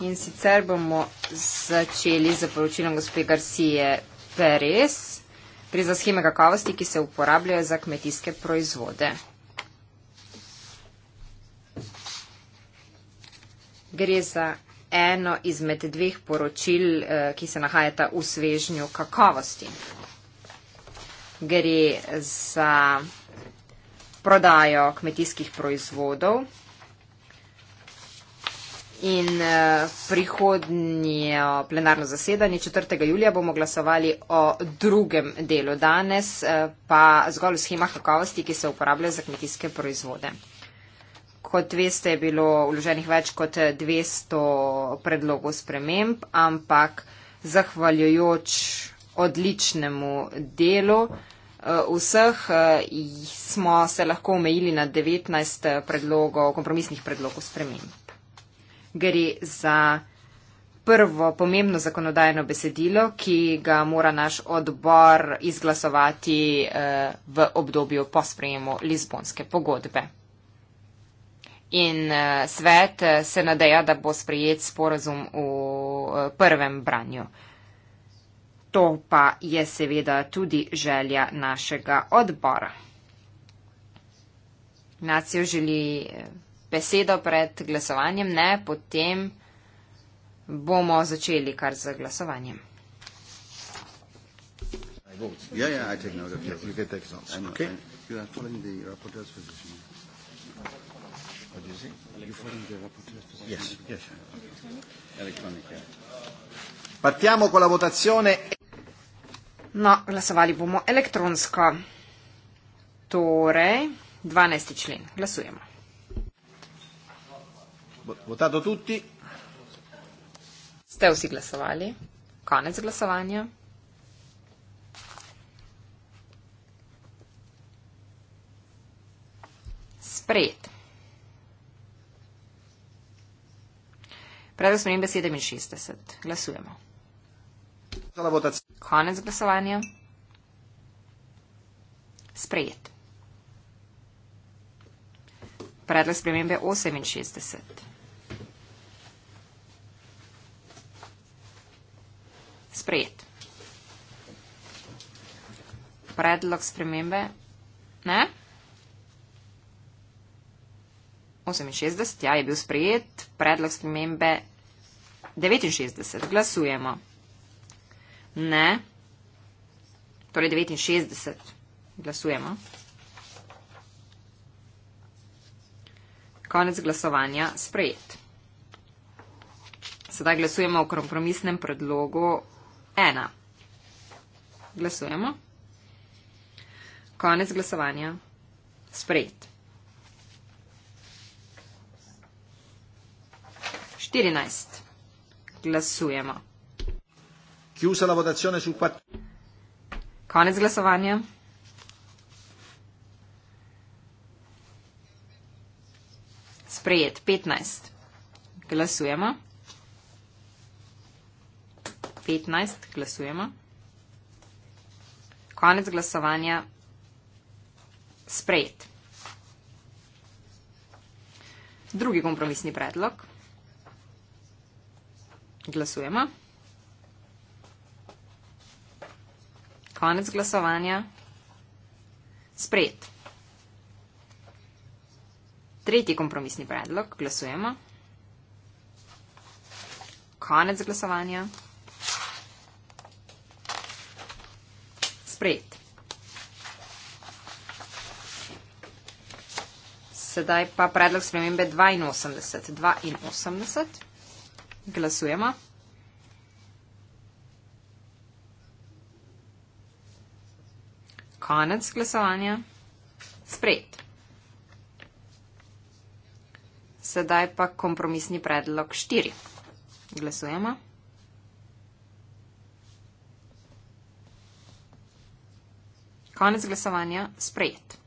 In sicer bomo začeli z poročilom gospe Garcije Perez pri za scheme kakovosti, ki se uporabljajo za kmetijske proizvode. Gre za eno izmed dveh poročil, eh, ki se nahajata v svežnju kakovosti. Gre za prodajo kmetijskih proizvodov, In eh, prihodnje plenarno zasedanje 4. julija bomo glasovali o drugem delu danes, eh, pa zgolj o schemah kakovosti, ki se uporabljajo za kmetijske proizvode. Kot veste, je bilo vloženih več kot 200 predlogov sprememb, ampak zahvaljujoč odličnemu delu eh, vseh smo se lahko omejili na 19 predlogov, kompromisnih predlogov sprememb gre za prvo pomembno zakonodajno besedilo, ki ga mora naš odbor izglasovati eh, v obdobju po sprejemu Lizbonske pogodbe. In eh, svet eh, se nadeja, da bo sprejet sporazum v prvem branju. To pa je seveda tudi želja našega odbora. Nacijo želi besedo pred glasovanjem, ne, potem bomo začeli kar z glasovanjem. Partiamo con la votazione. No, glasovali bomo elektronsko. Torej, 12. člen. Glasujemo. Votato tutti. Ste vsi glasovali? Konec glasovanja. Sprejet. Predlog smo imeli 67. Glasujemo. Konec glasovanja. Sprejet. Predlog spremembe 68. sprejet. Predlog spremembe? Ne? 68, ja, je bil sprejet. Predlog spremembe 69, glasujemo. Ne? Torej 69, glasujemo. Konec glasovanja, sprejet. Sedaj glasujemo o kompromisnem predlogu ena. Glasujemo. Konec glasovanja. Sprejet. 14. Glasujemo. Chiusa la votazione sul 4. Konec glasovanja. Sprejet 15. Glasujemo. 15 glasujemo. Konec glasovanja. Sprejet. Drugi kompromisni predlog. Glasujemo. Konec glasovanja. Sprejet. Tretji kompromisni predlog. Glasujemo. Konec glasovanja. sprejet. Sedaj pa predlog spremembe 82. 82. Glasujemo. Konec glasovanja. Sprejet. Sedaj pa kompromisni predlog 4. Glasujemo. Konec glasovanja, sprejet.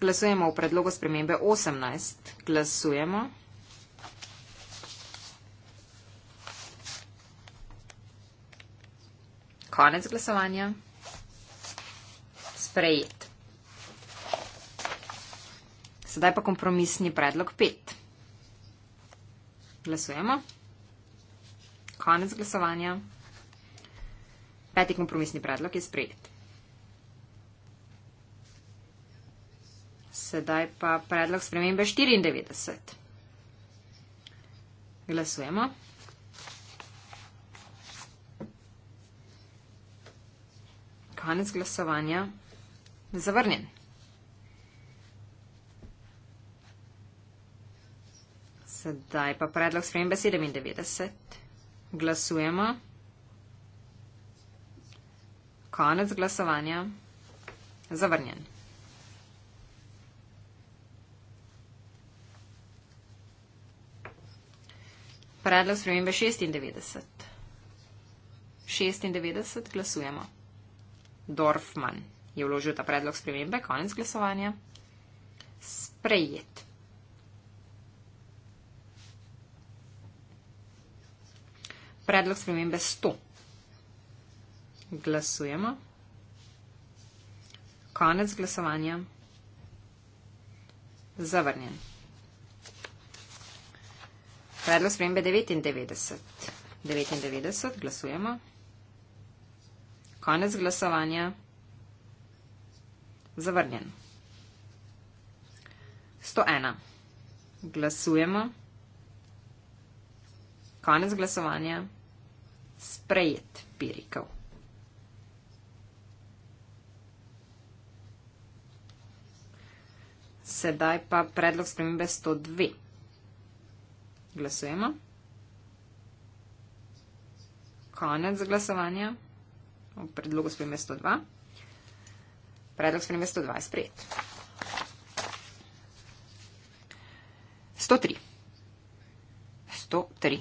Glasujemo v predlogu spremembe 18. Glasujemo. Konec glasovanja. Sprejet. Sedaj pa kompromisni predlog 5. Glasujemo. Konec glasovanja. Peti kompromisni predlog je sprejet. Sedaj pa predlog spremembe 94. Glasujemo. Konec glasovanja. Zavrnjen. Sedaj pa predlog spremembe 97. Glasujemo. Konec glasovanja. Zavrnjen. Predlog spremembe 96. 96 glasujemo. Dorfman je vložil ta predlog spremembe. Konec glasovanja. Sprejet. Predlog spremembe 100 glasujemo. Konec glasovanja. Zavrnjen. Predlog spremembe 99. 99. Glasujemo. Konec glasovanja. Zavrnjen. 101. Glasujemo. Konec glasovanja. Sprejet bi rekel. Sedaj pa predlog spremembe 102. Glasujemo. Konec glasovanja o predlogu spremembe 102. Predlog spremembe 102 je sprejet. 103. 103.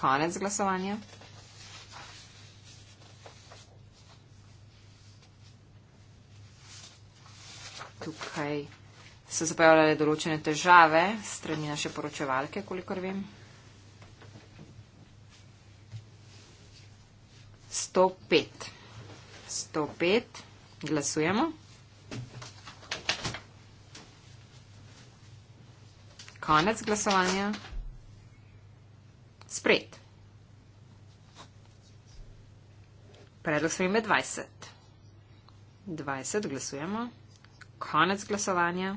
Konec glasovanja. tukaj se zapojavljale določene težave strani naše poročevalke, kolikor vem. Sto pet. Sto pet. Glasujemo. Konec glasovanja. Spred. Predlog sprejme 20. 20 glasujemo. Konec glasovanja.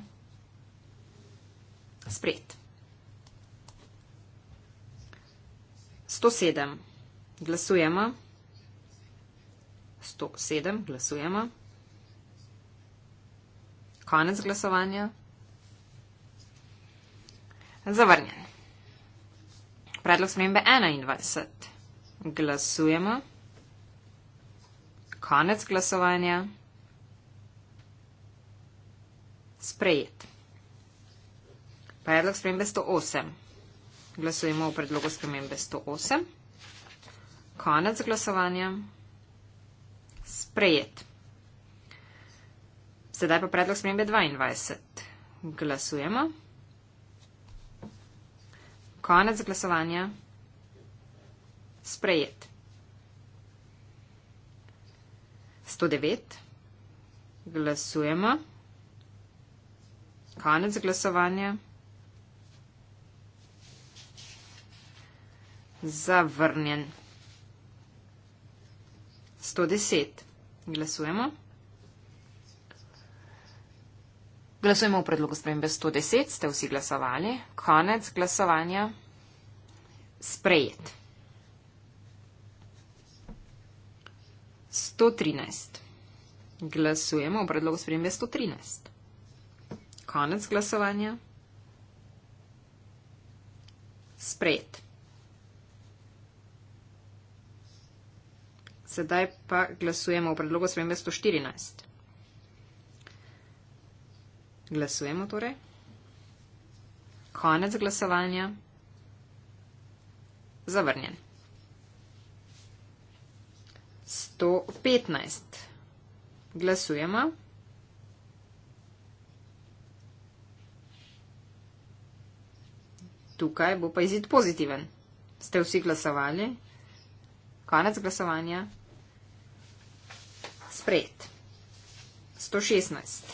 Spret. 107. Glasujemo. 107. Glasujemo. Konec glasovanja. Zavrnjen. Predlog spremembe 21. Glasujemo. Konec glasovanja. Sprejet. Predlog spremembe 108. Glasujemo o predlogu spremembe 108. Konec glasovanja. Sprejet. Sedaj pa predlog spremembe 22. Glasujemo. Konec glasovanja. Sprejet. 109. Glasujemo. Konec glasovanja. Zavrnjen. 110. Glasujemo. Glasujemo v predlogu spremembe 110. Ste vsi glasovali? Konec glasovanja. Sprejet. 113. Glasujemo v predlogu spremembe 113 konec glasovanja. Sprejet. Sedaj pa glasujemo o predlogu spremembe 114. Glasujemo torej. Konec glasovanja. Zavrnjen. 115. Glasujemo. tukaj bo pa izid pozitiven. Ste vsi glasovali? Konec glasovanja. Sprejet. 116.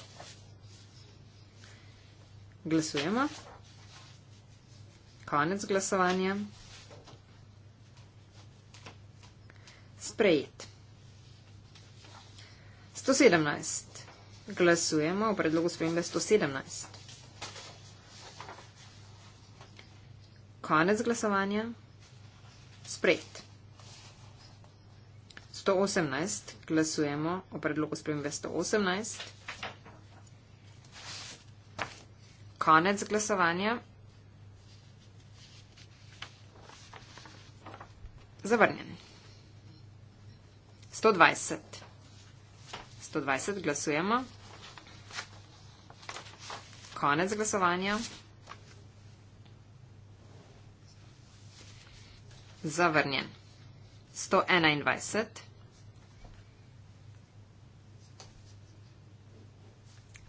Glasujemo. Konec glasovanja. Sprejet. 117. Glasujemo o predlogu spremembe 117. konec glasovanja. Sprejet. 118. Glasujemo o predlogu spremembe 118. Konec glasovanja. Zavrnjen. 120. 120 glasujemo. Konec glasovanja. Zavrnjen. 121.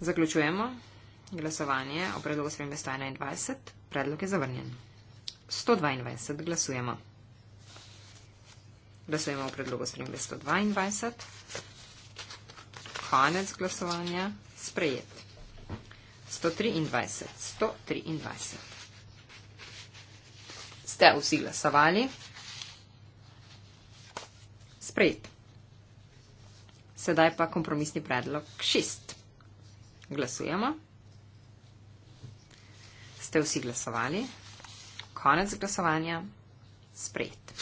Zaključujemo glasovanje o predlogu spremembe 121. Predlog je zavrnjen. 122. Glasujemo. Glasujemo o predlogu spremembe 122. Konec glasovanja. Sprejet. 123. 123. Ste vsi glasovali? sprejet. Sedaj pa kompromisni predlog šest. Glasujemo. Ste vsi glasovali? Konec glasovanja. Sprejet.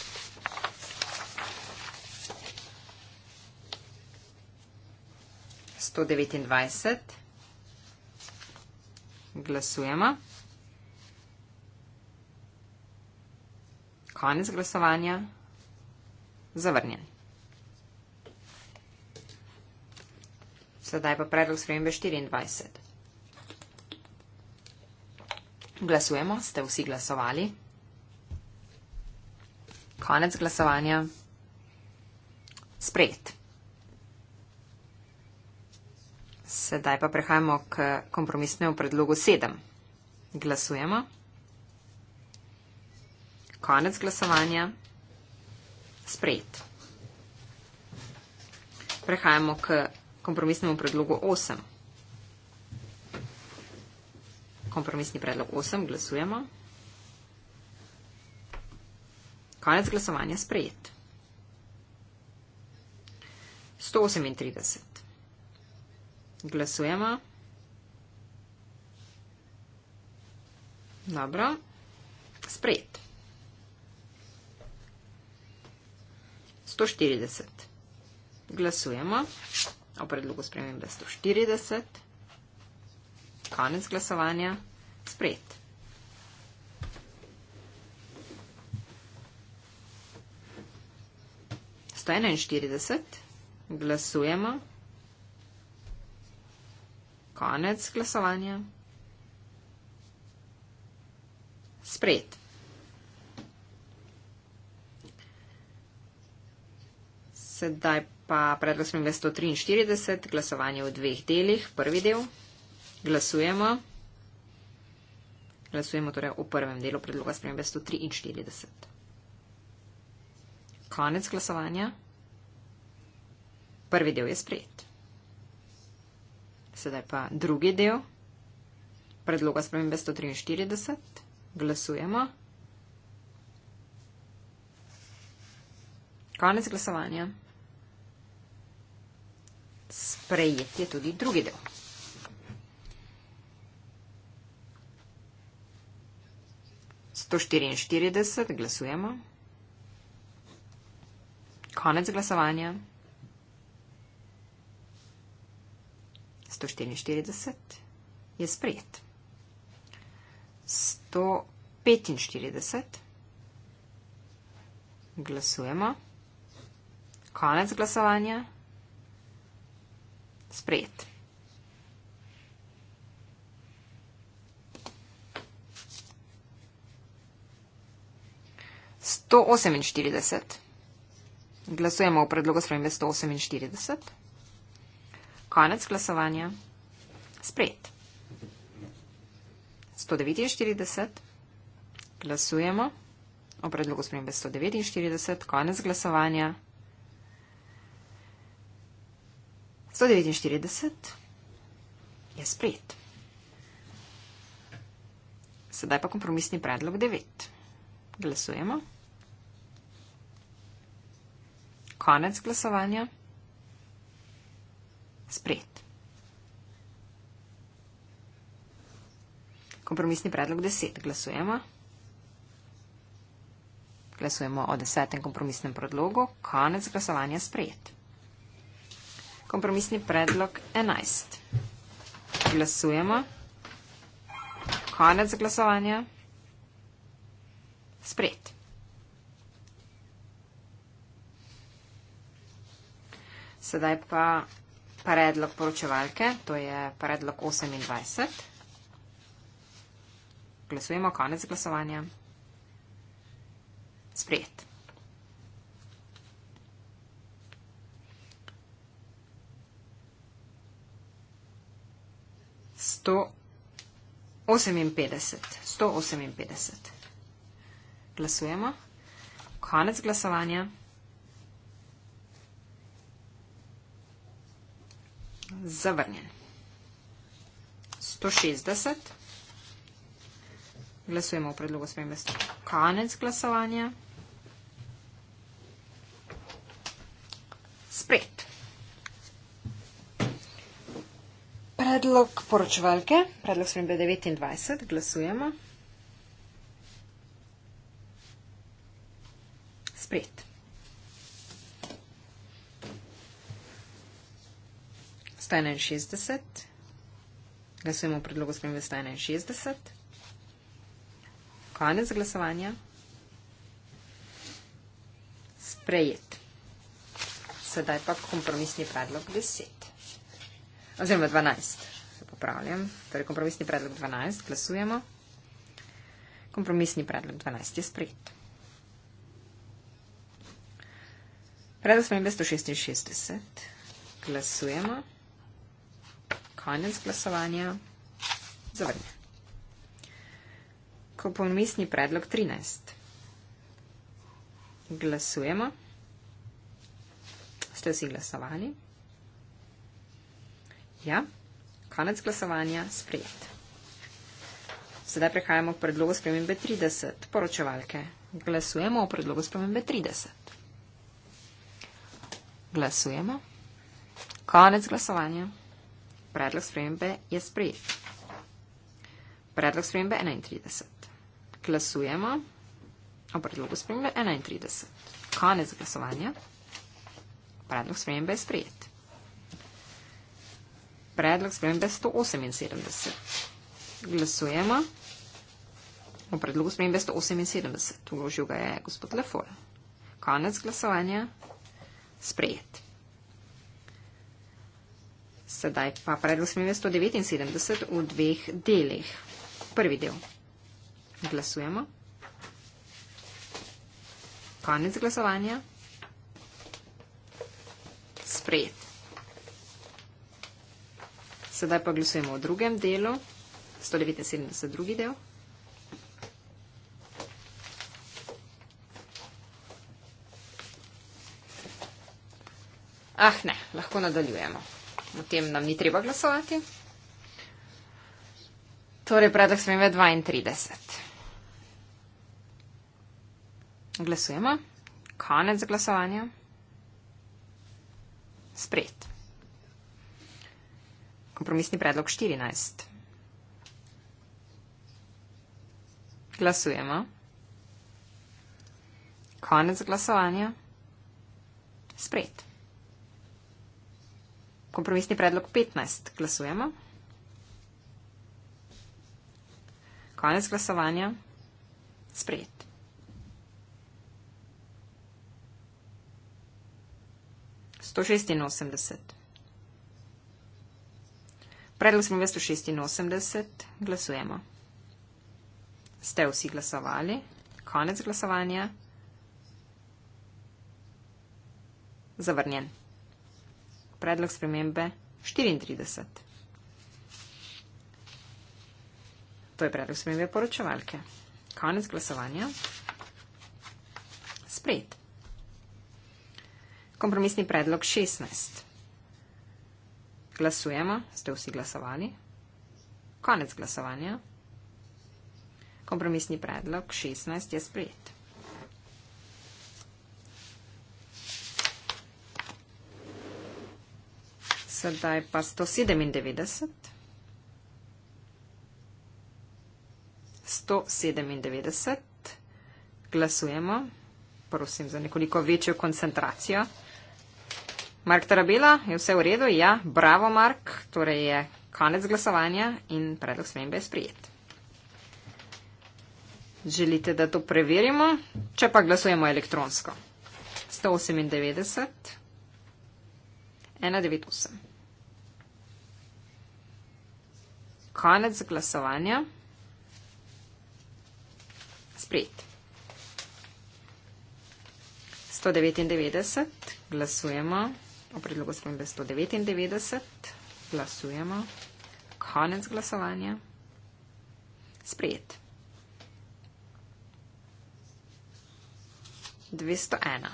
Sto devetindvajset. Glasujemo. Konec glasovanja. Zavrnjen. Sedaj pa predlog spremembe 24. Glasujemo, ste vsi glasovali. Konec glasovanja. Sprejet. Sedaj pa prehajamo k kompromisnemu predlogu 7. Glasujemo. Konec glasovanja. Sprejet. Prehajamo k kompromisnemu predlogu 8. Kompromisni predlog 8, glasujemo. Konec glasovanja sprejet. 138. Glasujemo. Dobro. Sprejet. 140. Glasujemo o predlogu spremembe 140. Konec glasovanja. Sprejet. Glasujemo. Konec glasovanja. Sprejet. Sedaj pa predlog smo 143, glasovanje v dveh delih, prvi del. Glasujemo. Glasujemo torej v prvem delu predloga spremembe 143. Konec glasovanja. Prvi del je sprejet. Sedaj pa drugi del predloga spremembe 143. Glasujemo. Konec glasovanja sprejeti je tudi drugi del. Sto štiriinštirideset, glasujemo. Konec glasovanja. Sto štiriinštirideset je sprejet. Sto petinštirideset, glasujemo. Konec glasovanja sprejet. Sto oseminštirideset. Glasujemo v predlogu spremembe sto oseminštirideset. Konec glasovanja. Sprejet. Sto devetinštirideset. Glasujemo v predlogu spremembe sto devetinštirideset. Konec glasovanja. 149 je sprejet. Sedaj pa kompromisni predlog 9. Glasujemo. Konec glasovanja. Sprejet. Kompromisni predlog 10. Glasujemo. Glasujemo o desetem kompromisnem predlogu. Konec glasovanja sprejet kompromisni predlog 11. Glasujemo. Konec glasovanja. Spred. Sedaj pa predlog poročevalke, to je predlog 28. Glasujemo konec glasovanja. Spred. 158. 158. Glasujemo. Konec glasovanja. Zavrnjen. 160. Glasujemo v predlogu spremembe. Konec glasovanja. predlog poročevalke, predlog spremembe 29, glasujemo. Sprejet. Stane 60. Glasujemo o predlogu spremembe stane 60. Konec glasovanja. Sprejet. Sedaj pa kompromisni predlog 10 oziroma 12. Se popravljam. Torej, kompromisni predlog 12, glasujemo. Kompromisni predlog 12 je sprejet. Predlog smo imeli 166. Glasujemo. Konec glasovanja. Zavrnjen. Kompromisni predlog 13. Glasujemo. Ste vsi glasovali? Ja, konec glasovanja sprejet. Sedaj prehajamo k predlogu spremembe 30, poročevalke. Glasujemo o predlogu spremembe 30. Glasujemo. Konec glasovanja. Predlog spremembe je sprejet. Predlog spremembe 31. Glasujemo o predlogu spremembe 31. Konec glasovanja. Predlog spremembe je sprejet predlog spremembe 178. Glasujemo o predlogu spremembe 178. Vložil ga je gospod Lefol. Konec glasovanja. Sprejet. Sedaj pa predlog spremembe 179 v dveh delih. Prvi del. Glasujemo. Konec glasovanja. Sprejet. Sedaj pa glasujemo o drugem delu, 179. drugi del. Ah, ne, lahko nadaljujemo. O tem nam ni treba glasovati. Torej, predlog smo imeli 32. Glasujemo. Konec glasovanja. Sprejet. Kompromisni predlog 14. Glasujemo. Konec glasovanja. Spred. Kompromisni predlog 15. Glasujemo. Konec glasovanja. Spred. 186. Predlog sem 286, glasujemo. Ste vsi glasovali? Konec glasovanja. Zavrnjen. Predlog spremembe 34. To je predlog spremembe poročevalke. Konec glasovanja. Sprejet. Kompromisni predlog 16. Glasujemo, ste vsi glasovali. Konec glasovanja. Kompromisni predlog 16 je sprejet. Sedaj pa 197. 197. Glasujemo. Prosim za nekoliko večjo koncentracijo. Mark Tarabela, je vse v redu? Ja, bravo, Mark. Torej je konec glasovanja in predlog spremembe je sprijet. Želite, da to preverimo? Če pa glasujemo elektronsko. 198. 198. Konec glasovanja. Sprijet. 199. Glasujemo o predlogu spremembe 199. Glasujemo. Konec glasovanja. Sprejet. 201.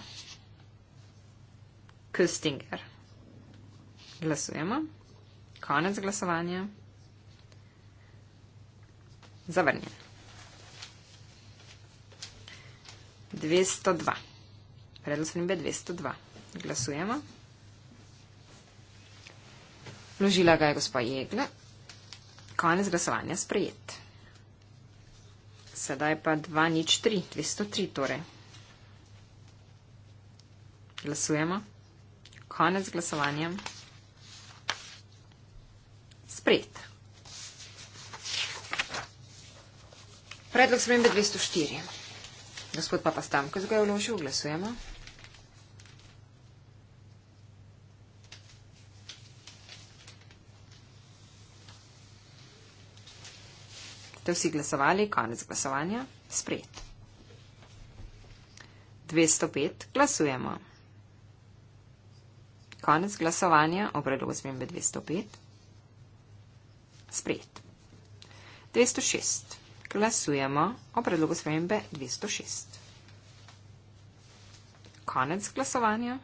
Kustinger. Glasujemo. Konec glasovanja. Zavrnjen. 202. Predlog spremembe 202. Glasujemo. Vložila ga je gospa Jegle. Konec glasovanja sprejet. Sedaj pa 2 nič 3, 203 torej. Glasujemo. Konec glasovanja. Sprejet. Predlog spremembe 204. Gospod Papa Stamko je zgolj vložil, glasujemo. ste vsi glasovali, konec glasovanja, sprejet. 205, glasujemo. Konec glasovanja o predlogu spremembe 205, sprejet. 206, glasujemo o predlogu spremembe 206. Konec glasovanja.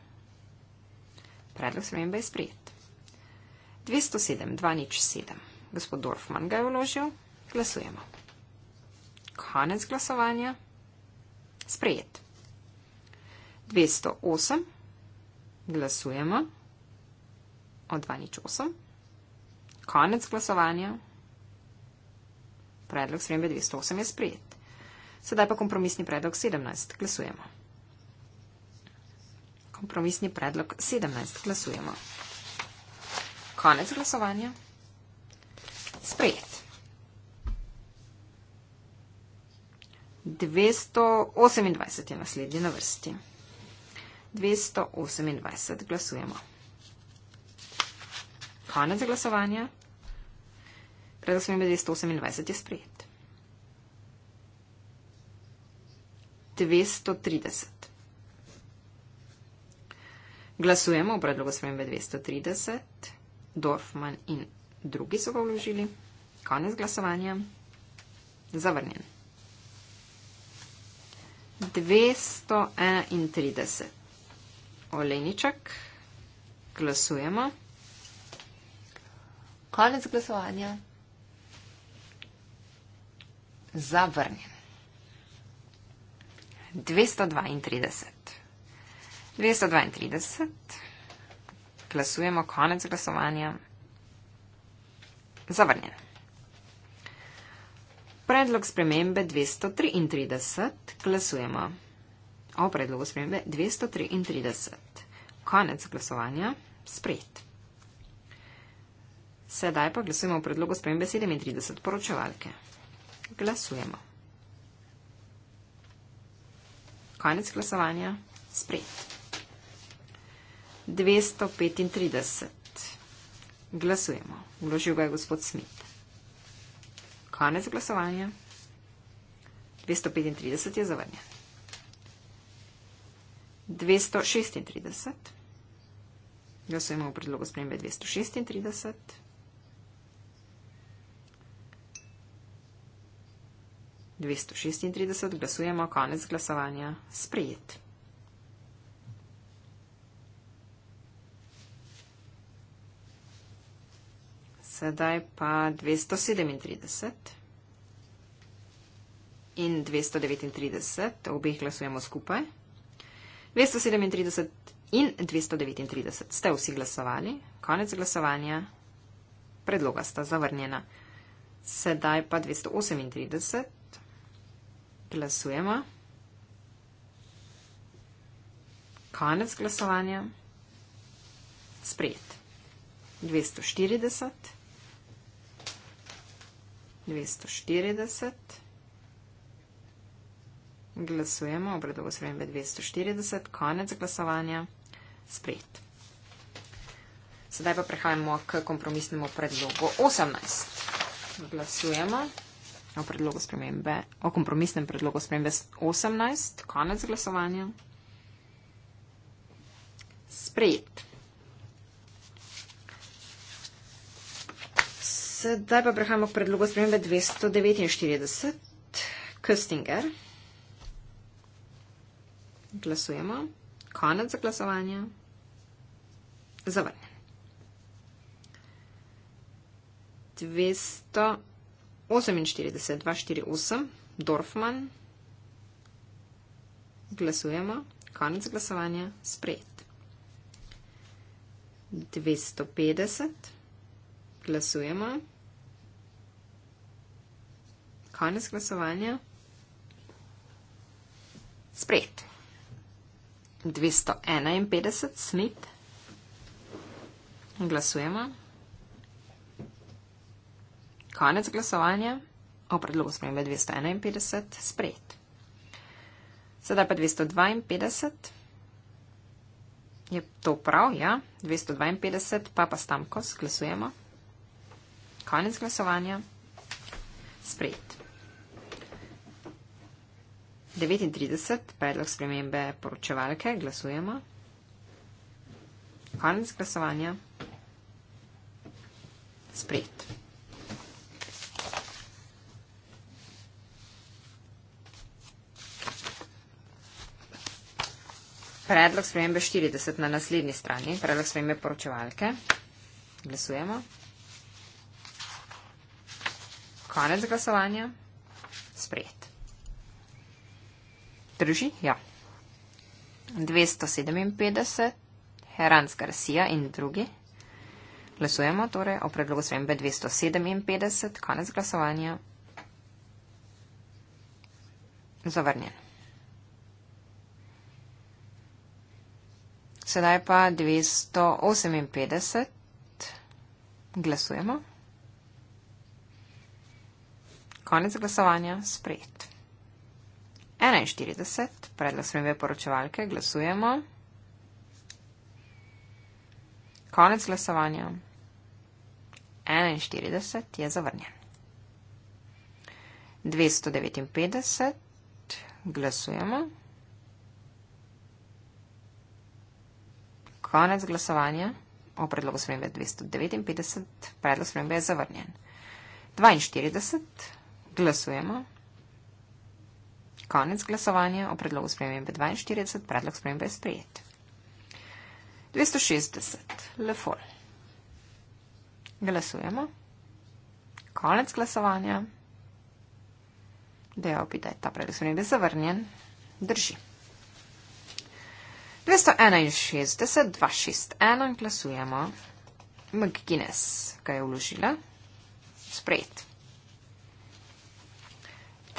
Predlog spremembe je sprejet. 207, 207. Gospod Dorfman ga je vložil. Glasujemo. Konec glasovanja. Sprejet. 208. Glasujemo. Od 208. Konec glasovanja. Predlog spremembe 208 je sprejet. Sedaj pa kompromisni predlog 17. Glasujemo. Kompromisni predlog 17. Glasujemo. Konec glasovanja. Sprejet. 228 je naslednji na vrsti. 228 glasujemo. Konec glasovanja. Predlog sprememba 228 je sprejet. 230. Glasujemo o predlogu sprememba 230. Dorfman in drugi so ga vložili. Konec glasovanja. Zavrnjen. 231. Oleniček, glasujemo. Konec glasovanja. Zavrnjen. 232. 232. Glasujemo. Konec glasovanja. Zavrnjen predlog spremembe 233, glasujemo. O predlogu spremembe 233. Konec glasovanja, sprejet. Sedaj pa glasujemo o predlogu spremembe 37 poročevalke. Glasujemo. Konec glasovanja, sprejet. 235. Glasujemo. Vložil ga je gospod Smith. Konec glasovanja. 235 je zavrnjen. 236. Glasujemo v predlogu spremembe 236. 236 glasujemo, konec glasovanja, sprejet. Sedaj pa 237 in 239, obeh glasujemo skupaj. 237 in 239 ste vsi glasovali, konec glasovanja, predloga sta zavrnjena. Sedaj pa 238, glasujemo. Konec glasovanja, sprejet. 240. 240. Glasujemo, obredo bo srednje 240, konec glasovanja, sprejet. Sedaj pa prehajamo k kompromisnemu predlogu 18. Glasujemo o, predlogu spremembe, o kompromisnem predlogu spremembe 18, konec glasovanja, sprejet. Sedaj pa prehajamo k predlogu spremembe 249. Köstinger. Glasujemo. Konec zaglasovanja. Zavrnjen. 248, 248, Dorfman. Glasujemo. Konec glasovanja. Sprejet. 250 glasujemo. Konec glasovanja. Spred. 251 smit. Glasujemo. Konec glasovanja. O predlogu smo imeli 251 spred. Sedaj pa 252. Je to prav? Ja. 252 pa pa stamkos. Glasujemo. Konec glasovanja. Sprejet. 39, predlog spremembe poročevalke, glasujemo. Konec glasovanja. Sprejet. 40 na naslednji strani, predlog spremembe poročevalke. Glasujemo konec glasovanja. Sprejet. Drži? Ja. 257, Herans Garcia in drugi. Glasujemo torej o predlogu svembe 257, konec glasovanja. Zavrnjen. Sedaj pa 258. Glasujemo. Konec glasovanja, sprejet. 41, predlog spremembe poročevalke, glasujemo. Konec glasovanja. 41 je zavrnjen. 259, glasujemo. Konec glasovanja o predlogu spremembe 259, predlog spremembe je zavrnjen. 42. Glasujemo. Konec glasovanja o predlogu spremembe 42, predlog spremembe je sprejet. 260. Lefol. Glasujemo. Konec glasovanja. Dejal bi, da je ta predlog spremembe zavrnjen. Drži. 261, 261 glasujemo. McGuinness ga je vložila. Sprejet.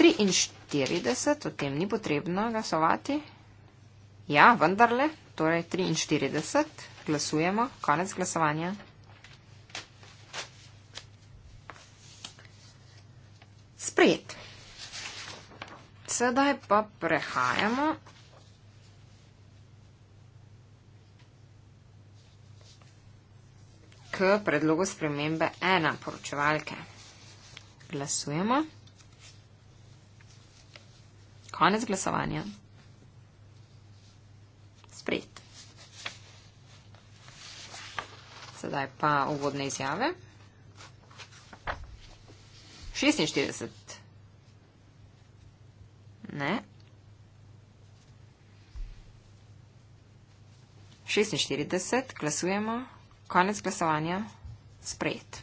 43, o tem ni potrebno glasovati. Ja, vendarle, torej 43, glasujemo, konec glasovanja. Sprejet. Sedaj pa prehajamo. K predlogu spremembe ena poročevalke. Glasujemo. Konec glasovanja. Sprejet. Sedaj pa uvodne izjave. 46. Ne. 46. Glasujemo. Konec glasovanja. Sprejet.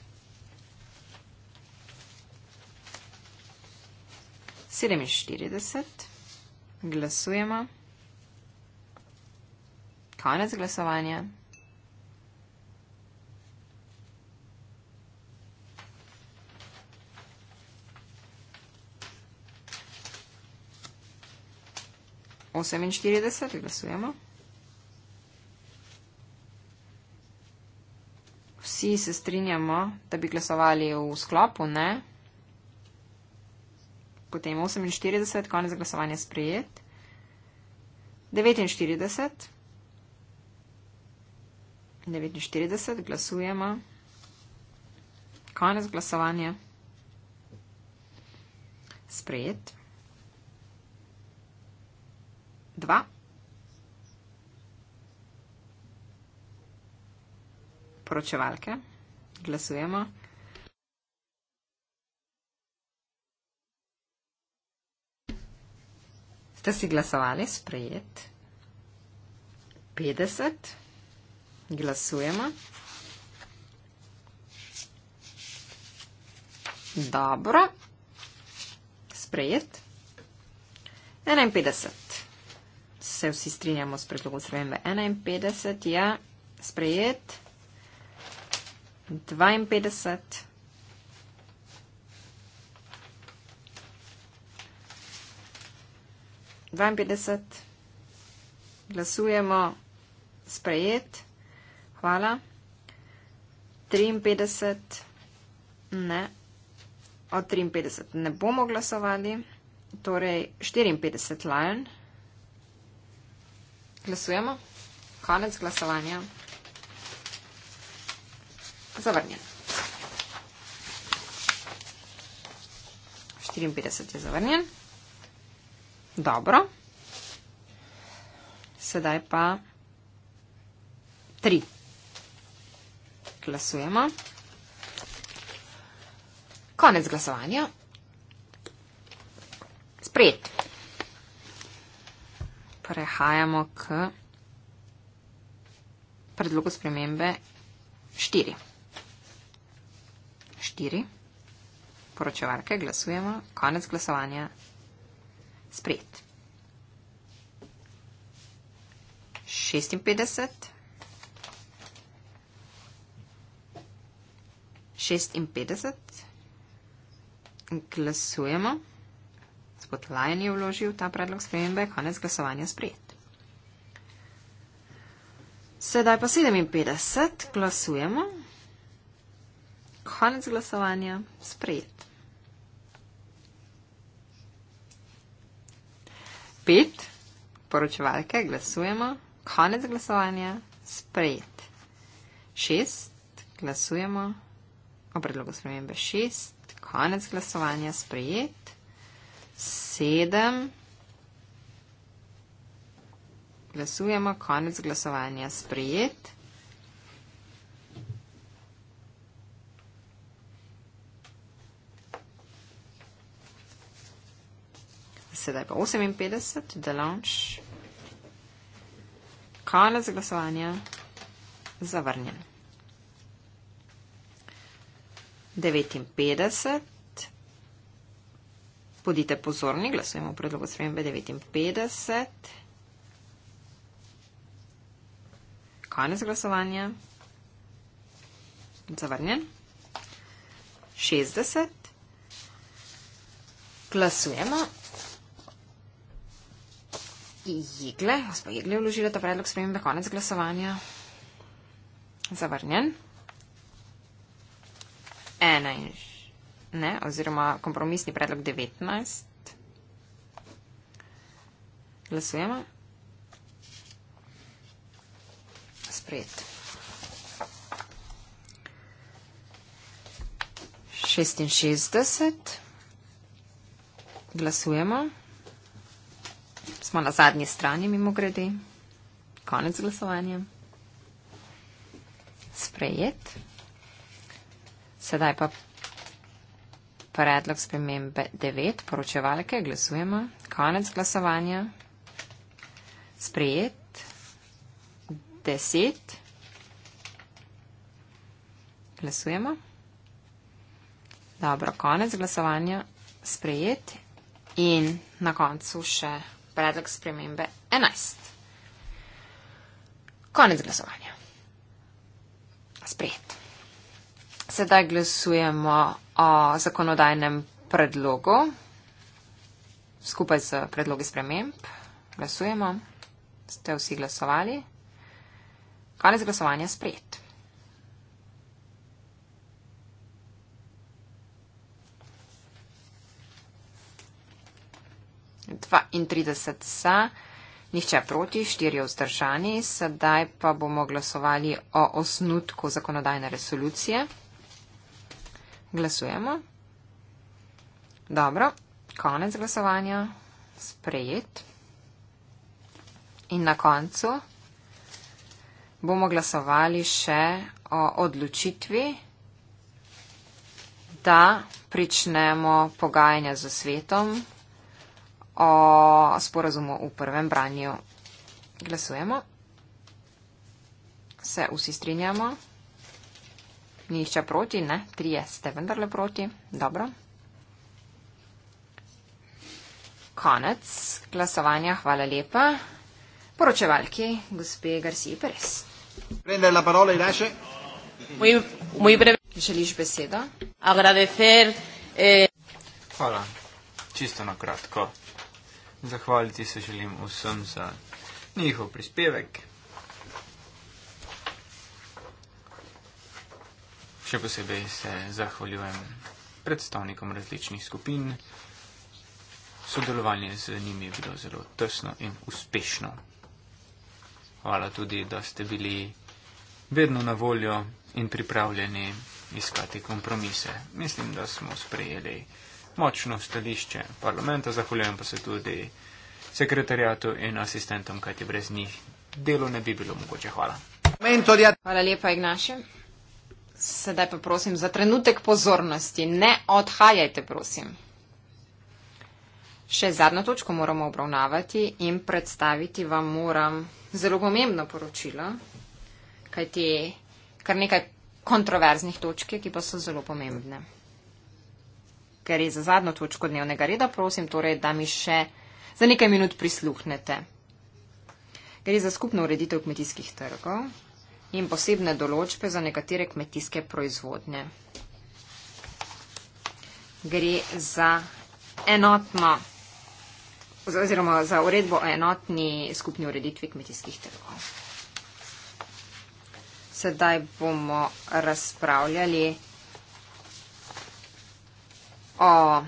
47. Glasujemo. Konec glasovanja. Oseminštirideset, glasujemo. Vsi se strinjamo, da bi glasovali v sklopu, ne? potem 48, konec glasovanja sprejet. 49. 49, glasujemo. Konec glasovanja. Sprejet. 2. Poročevalke, glasujemo. Ste si glasovali sprejet? 50. Glasujemo. Dobro. Sprejet. 51. Se vsi strinjamo s predlogom spremembe. 51 je ja. sprejet. 52. 52. Glasujemo sprejet. Hvala. 53. Ne. O 53 ne bomo glasovali. Torej 54 Lion. Glasujemo. Konec glasovanja. Zavrnjen. 54 je zavrnjen. Dobro. Sedaj pa tri. Glasujemo. Konec glasovanja. Sprejet. Prehajamo k predlogu spremembe 4. 4. Poročevarke glasujemo. Konec glasovanja spred. 56, 56, glasujemo. Gospod Lajen je vložil ta predlog spremembe, konec glasovanja spred. Sedaj pa 57, glasujemo. Konec glasovanja spred. spet, poročevalke, glasujemo, konec glasovanja, sprejet. Šest, glasujemo o predlogu spremembe. Šest, konec glasovanja, sprejet. Sedem, glasujemo, konec glasovanja, sprejet. sedaj pa 58, delanč. Konec glasovanja. Zavrnjen. 59. Bodite pozorni, glasujemo v predlogu spremembe 59. Konec glasovanja. Zavrnjen. 60. Glasujemo. Jegle, gospod Jegle je vložila ta predlog spremembe, konec glasovanja. Zavrnjen. Ena in š... ne, oziroma kompromisni predlog 19. Glasujemo. Sprejet. 66. Glasujemo smo na zadnji strani, mimo grede. Konec glasovanja. Sprejet. Sedaj pa predlog spremembe 9, poročevalke, glasujemo. Konec glasovanja. Sprejet. 10. Glasujemo. Dobro, konec glasovanja. Sprejet. In na koncu še predlog spremembe 11. Konec glasovanja. Sprejet. Sedaj glasujemo o zakonodajnem predlogu skupaj z predlogi sprememb. Glasujemo. Ste vsi glasovali? Konec glasovanja sprejet. 32 za, nihče proti, 4 vzdržani. Sedaj pa bomo glasovali o osnutku zakonodajne resolucije. Glasujemo. Dobro, konec glasovanja, sprejet. In na koncu bomo glasovali še o odločitvi, da pričnemo pogajanja z svetom, o sporazumu v prvem branju. Glasujemo. Se vsi strinjamo. Nišče proti, ne? Trije ste vendarle proti. Dobro. Konec glasovanja. Hvala lepa. Poročevalki, gospe Garci Peres. Prende la parola in reče. Muy, muy breve. Želiš besedo? Agradecer. Eh. Hvala. Čisto na kratko. Zahvaliti se želim vsem za njihov prispevek. Še posebej se zahvaljujem predstavnikom različnih skupin. Sodelovanje z njimi je bilo zelo tesno in uspešno. Hvala tudi, da ste bili vedno na voljo in pripravljeni iskati kompromise. Mislim, da smo sprejeli močno stališče parlamenta, zahvaljujem pa se tudi sekretarjatu in asistentom, kajti brez njih delo ne bi bilo mogoče. Hvala. Hvala lepa, Ignaše. Sedaj pa prosim za trenutek pozornosti. Ne odhajajte, prosim. Še zadnjo točko moramo obravnavati in predstaviti vam moram zelo pomembno poročilo, kajti kar nekaj kontroverznih točk, ki pa so zelo pomembne ker je za zadnjo točko dnevnega reda, prosim torej, da mi še za nekaj minut prisluhnete. Gre za skupno ureditev kmetijskih trgov in posebne določbe za nekatere kmetijske proizvodnje. Gre za enotno oziroma za uredbo o enotni skupni ureditvi kmetijskih trgov. Sedaj bomo razpravljali o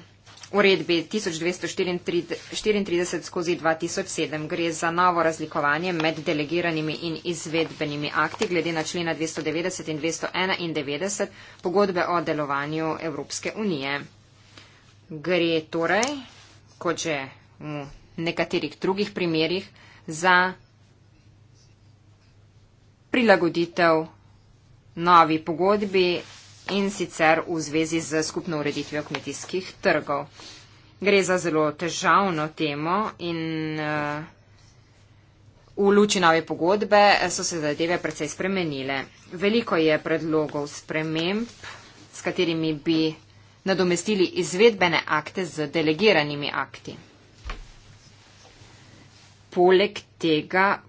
uredbi 1234 skozi 2007. Gre za novo razlikovanje med delegiranimi in izvedbenimi akti glede na člena 290 in 291 pogodbe o delovanju Evropske unije. Gre torej, kot že v nekaterih drugih primerjih, za prilagoditev novi pogodbi in sicer v zvezi z skupno ureditvijo kmetijskih trgov. Gre za zelo težavno temo in uh, v luči nove pogodbe eh, so se zadeve precej spremenile. Veliko je predlogov sprememb, s katerimi bi nadomestili izvedbene akte z delegiranimi akti. Poleg tega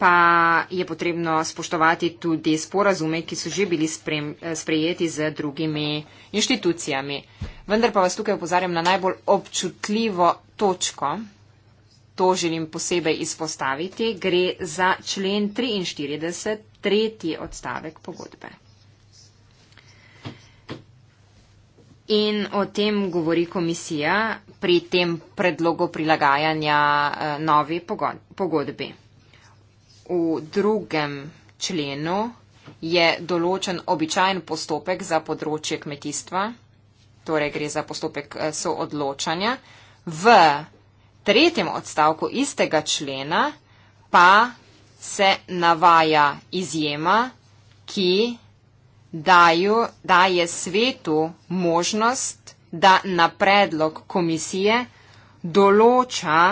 pa je potrebno spoštovati tudi sporazume, ki so že bili sprem, sprejeti z drugimi inštitucijami. Vendar pa vas tukaj upozarjam na najbolj občutljivo točko, to želim posebej izpostaviti, gre za člen 43, tretji odstavek pogodbe. In o tem govori komisija pri tem predlogu prilagajanja eh, novi pogodbi v drugem členu je določen običajen postopek za področje kmetijstva, torej gre za postopek eh, soodločanja. V tretjem odstavku istega člena pa se navaja izjema, ki daju, daje svetu možnost, da na predlog komisije določa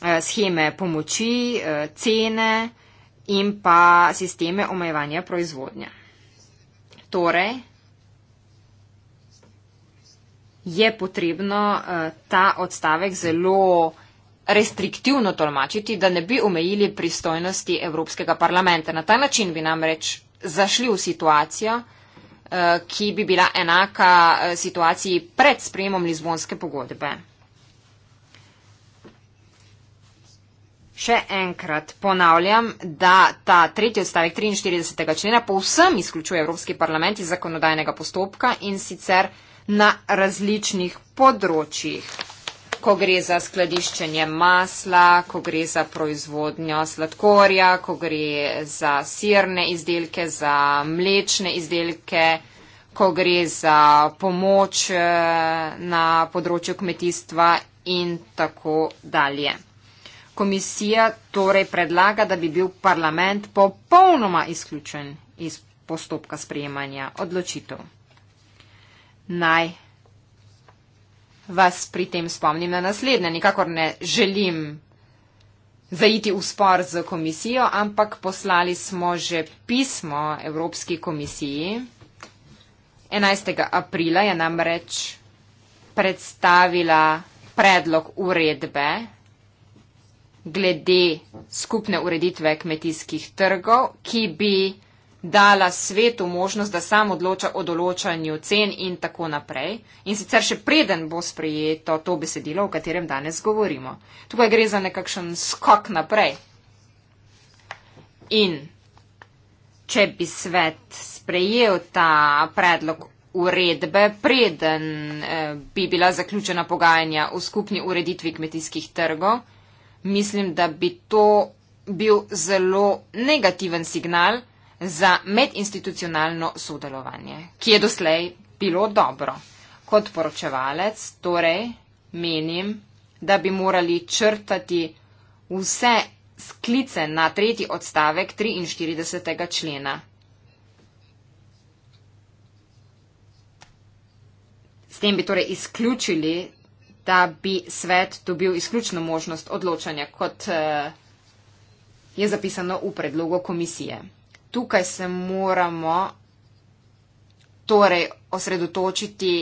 Eh, scheme pomoči, eh, cene in pa sisteme omejevanja proizvodnje. Torej, je potrebno eh, ta odstavek zelo restriktivno tolmačiti, da ne bi omejili pristojnosti Evropskega parlamenta. Na ta način bi namreč zašli v situacijo, ki bi bila enaka situaciji pred sprejemom Lizbonske pogodbe. Še enkrat ponavljam, da ta tretji odstavek 43. člena povsem izključuje Evropski parlament iz zakonodajnega postopka in sicer na različnih področjih. Ko gre za skladiščenje masla, ko gre za proizvodnjo sladkorja, ko gre za sirne izdelke, za mlečne izdelke, ko gre za pomoč eh, na področju kmetijstva in tako dalje. Komisija torej predlaga, da bi bil parlament popolnoma izključen iz postopka sprejemanja odločitev. Naj vas pri tem spomnim na naslednje. Nikakor ne želim zaiti v spor z komisijo, ampak poslali smo že pismo Evropski komisiji. 11. aprila je namreč predstavila predlog uredbe glede skupne ureditve kmetijskih trgov, ki bi dala svetu možnost, da sam odloča o določanju cen in tako naprej. In sicer še preden bo sprejeto to besedilo, o katerem danes govorimo. Tukaj gre za nekakšen skok naprej. In če bi svet sprejel ta predlog uredbe, preden eh, bi bila zaključena pogajanja o skupni ureditvi kmetijskih trgov, mislim, da bi to bil zelo negativen signal za medinstitucionalno sodelovanje, ki je doslej bilo dobro. Kot poročevalec torej menim, da bi morali črtati vse sklice na tretji odstavek 43. člena. S tem bi torej izključili da bi svet dobil izključno možnost odločanja, kot eh, je zapisano v predlogu komisije. Tukaj se moramo torej osredotočiti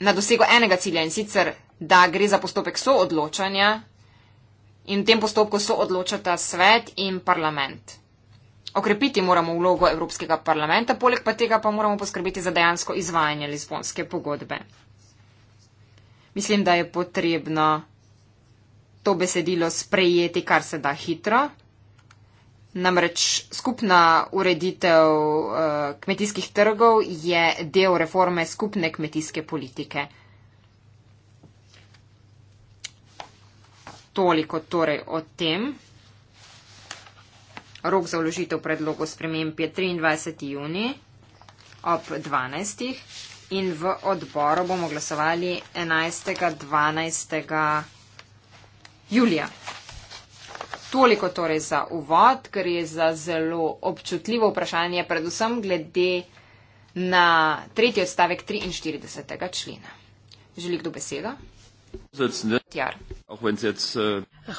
na dosego enega sicer, da gre za postopek soodločanja in v tem postopku soodločata svet in parlament. Okrepiti moramo vlogo Evropskega parlamenta, poleg pa tega pa moramo poskrbiti za dejansko izvajanje Lizbonske pogodbe mislim, da je potrebno to besedilo sprejeti kar se da hitro. Namreč skupna ureditev uh, kmetijskih trgov je del reforme skupne kmetijske politike. Toliko torej o tem. Rok za vložitev predlogov spremem je 23. juni ob 12 in v odboru bomo glasovali 11. 12. julija. Toliko torej za uvod, ker je za zelo občutljivo vprašanje, predvsem glede na tretji odstavek 43. člena. Želi kdo besedo?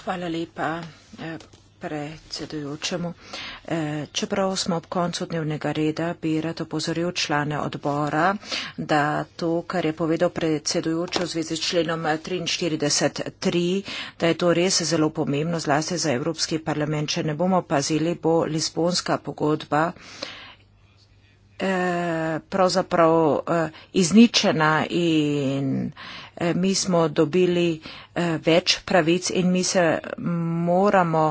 Hvala lepa predsedujočemu. Eh, čeprav smo ob koncu dnevnega reda, bi rad opozoril člane odbora, da to, kar je povedal predsedujoč v zvezi s členom 43.3, eh, da je to res zelo pomembno, zlasti za Evropski parlament. Če ne bomo pazili, bo Lisbonska pogodba Eh, pravzaprav eh, izničena in eh, mi smo dobili več pravic in mi se moramo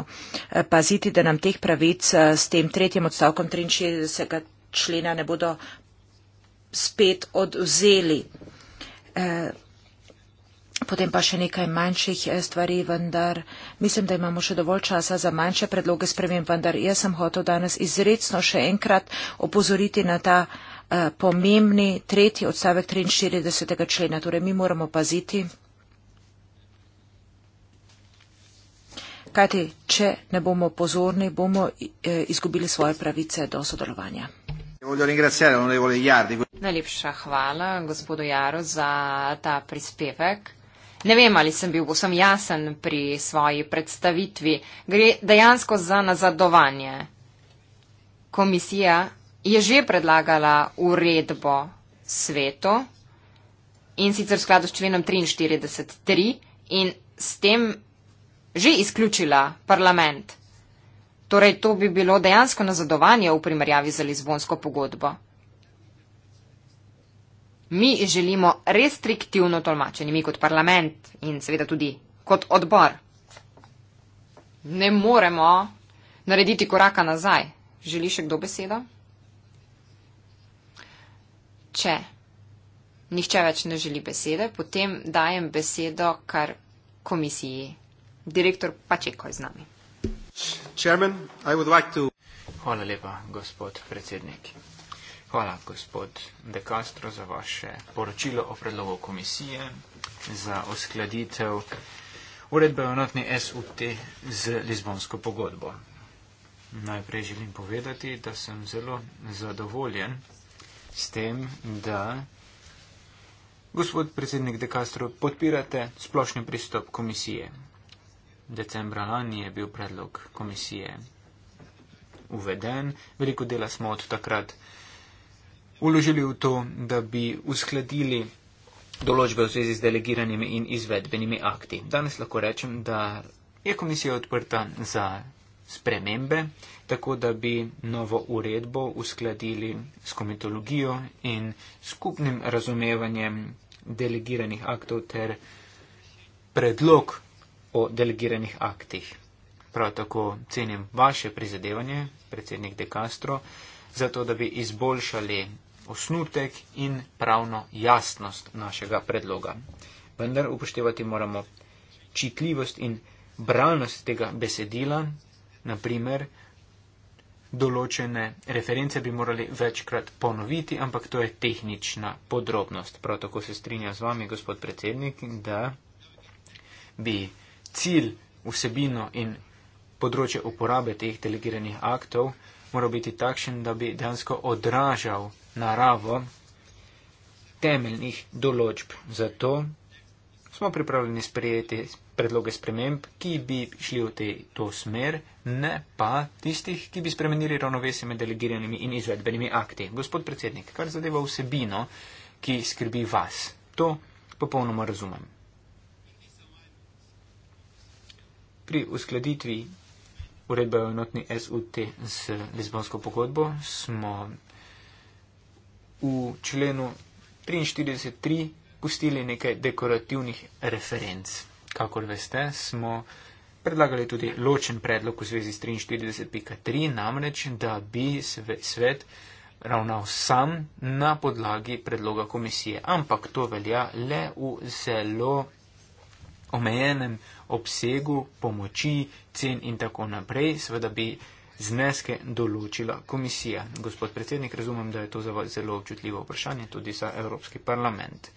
paziti, da nam teh pravic s tem tretjim odstavkom 63. člena ne bodo spet odvzeli. Potem pa še nekaj manjših eh, stvari, vendar mislim, da imamo še dovolj časa za manjše predloge spremem, vendar jaz sem hotel danes izredno še enkrat opozoriti na ta uh, pomembni tretji odstavek 43. člena. Torej mi moramo paziti, kajti če ne bomo pozorni, bomo uh, izgubili svoje pravice do sodelovanja. Najlepša hvala gospodu Jaru za ta prispevek. Ne vem, ali sem bil vsem jasen pri svoji predstavitvi. Gre dejansko za nazadovanje. Komisija je že predlagala uredbo svetu in sicer v skladu s členom 43.3 in s tem že izključila parlament. Torej, to bi bilo dejansko nazadovanje v primerjavi z Lizbonsko pogodbo mi želimo restriktivno tolmačenje, mi kot parlament in seveda tudi kot odbor. Ne moremo narediti koraka nazaj. Želi še kdo besedo? Če nihče več ne želi besede, potem dajem besedo kar komisiji. Direktor Pačeko je z nami. Chairman, like to... Hvala lepa, gospod predsednik. Hvala, gospod De Castro, za vaše poročilo o predlogu komisije za uskladitev uredbe o notni SUT z Lizbonsko pogodbo. Najprej želim povedati, da sem zelo zadovoljen s tem, da gospod predsednik De Castro podpirate splošni pristop komisije. Decembra lani je bil predlog komisije uveden. Veliko dela smo od takrat vložili v to, da bi uskladili določbe v zvezi z delegiranimi in izvedbenimi akti. Danes lahko rečem, da je komisija odprta za spremembe, tako da bi novo uredbo uskladili s komitologijo in skupnim razumevanjem delegiranih aktov ter predlog o delegiranih aktih. Prav tako cenim vaše prizadevanje, predsednik De Castro, za to, da bi izboljšali osnutek in pravno jasnost našega predloga. Vendar upoštevati moramo čitljivost in bralnost tega besedila, naprimer določene reference bi morali večkrat ponoviti, ampak to je tehnična podrobnost. Prav tako se strinja z vami, gospod predsednik, da bi cilj, vsebino in področje uporabe teh delegiranih aktov moral biti takšen, da bi dejansko odražal naravo temeljnih določb. Zato smo pripravljeni sprejeti predloge sprememb, ki bi šli v te, to smer, ne pa tistih, ki bi spremenili ravnovesje med delegiranimi in izvedbenimi akti. Gospod predsednik, kar zadeva vsebino, ki skrbi vas, to popolnoma razumem. Pri uskladitvi uredbe o enotni SUT z Lizbonsko pogodbo smo v členu 43.3 pustili nekaj dekorativnih referenc. Kakor veste, smo predlagali tudi ločen predlog v zvezi s 43.3, namreč, da bi svet ravnal sam na podlagi predloga komisije. Ampak to velja le v zelo omejenem obsegu pomoči, cen in tako naprej. Seveda bi zneske določila komisija. Gospod predsednik, razumem, da je to za vas zelo občutljivo vprašanje, tudi za Evropski parlament.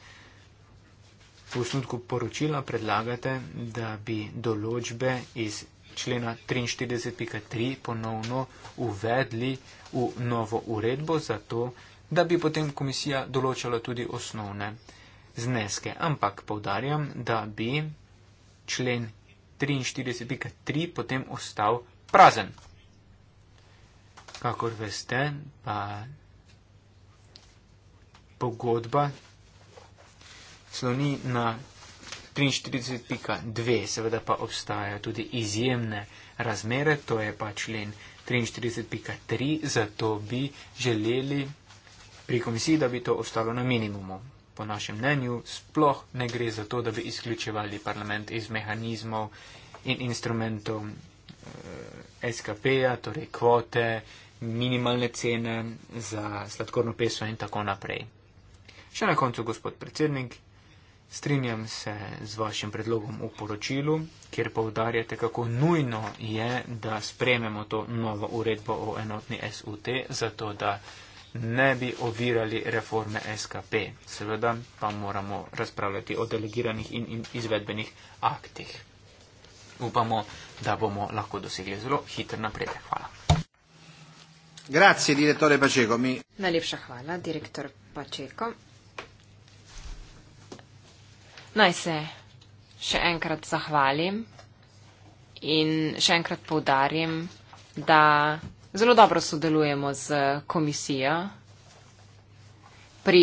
V osnutku poročila predlagate, da bi določbe iz člena 43.3 ponovno uvedli v novo uredbo za to, da bi potem komisija določala tudi osnovne zneske. Ampak povdarjam, da bi člen 43.3 potem ostal prazen kakor veste, pa pogodba sloni na 43.2, seveda pa obstajajo tudi izjemne razmere, to je pa člen 43.3, zato bi želeli pri komisiji, da bi to ostalo na minimumu. Po našem mnenju sploh ne gre za to, da bi izključevali parlament iz mehanizmov in instrumentov eh, SKP-ja, torej kvote, eh, minimalne cene za sladkorno peso in tako naprej. Še na koncu, gospod predsednik, strinjam se z vašim predlogom v poročilu, kjer povdarjate, kako nujno je, da sprememo to novo uredbo o enotni SUT, zato da ne bi ovirali reforme SKP. Seveda pa moramo razpravljati o delegiranih in izvedbenih aktih. Upamo, da bomo lahko dosegli zelo hiter napredek. Hvala. Grazie, direttore Paceco. Mi... Najlepša hvala, direktor Paceko. Naj se še enkrat zahvalim in še enkrat poudarim, da zelo dobro sodelujemo z komisijo pri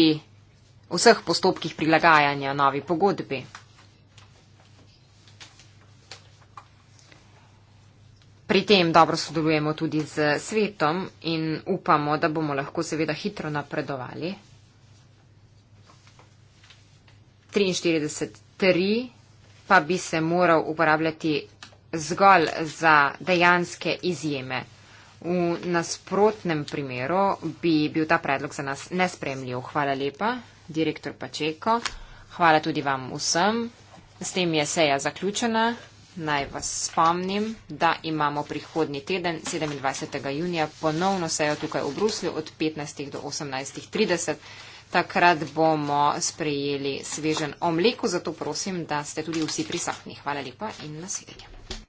vseh postopkih prilagajanja novi pogodbi. Pri tem dobro sodelujemo tudi z svetom in upamo, da bomo lahko seveda hitro napredovali. 43.3 pa bi se moral uporabljati zgolj za dejanske izjeme. V nasprotnem primeru bi bil ta predlog za nas nespremljiv. Hvala lepa, direktor Pačeko. Hvala tudi vam vsem. S tem je seja zaključena. Naj vas spomnim, da imamo prihodnji teden, 27. junija, ponovno sejo tukaj v Bruslju od 15. do 18.30. Takrat bomo sprejeli svežen omleko, zato prosim, da ste tudi vsi prisahni. Hvala lepa in nasvidenje.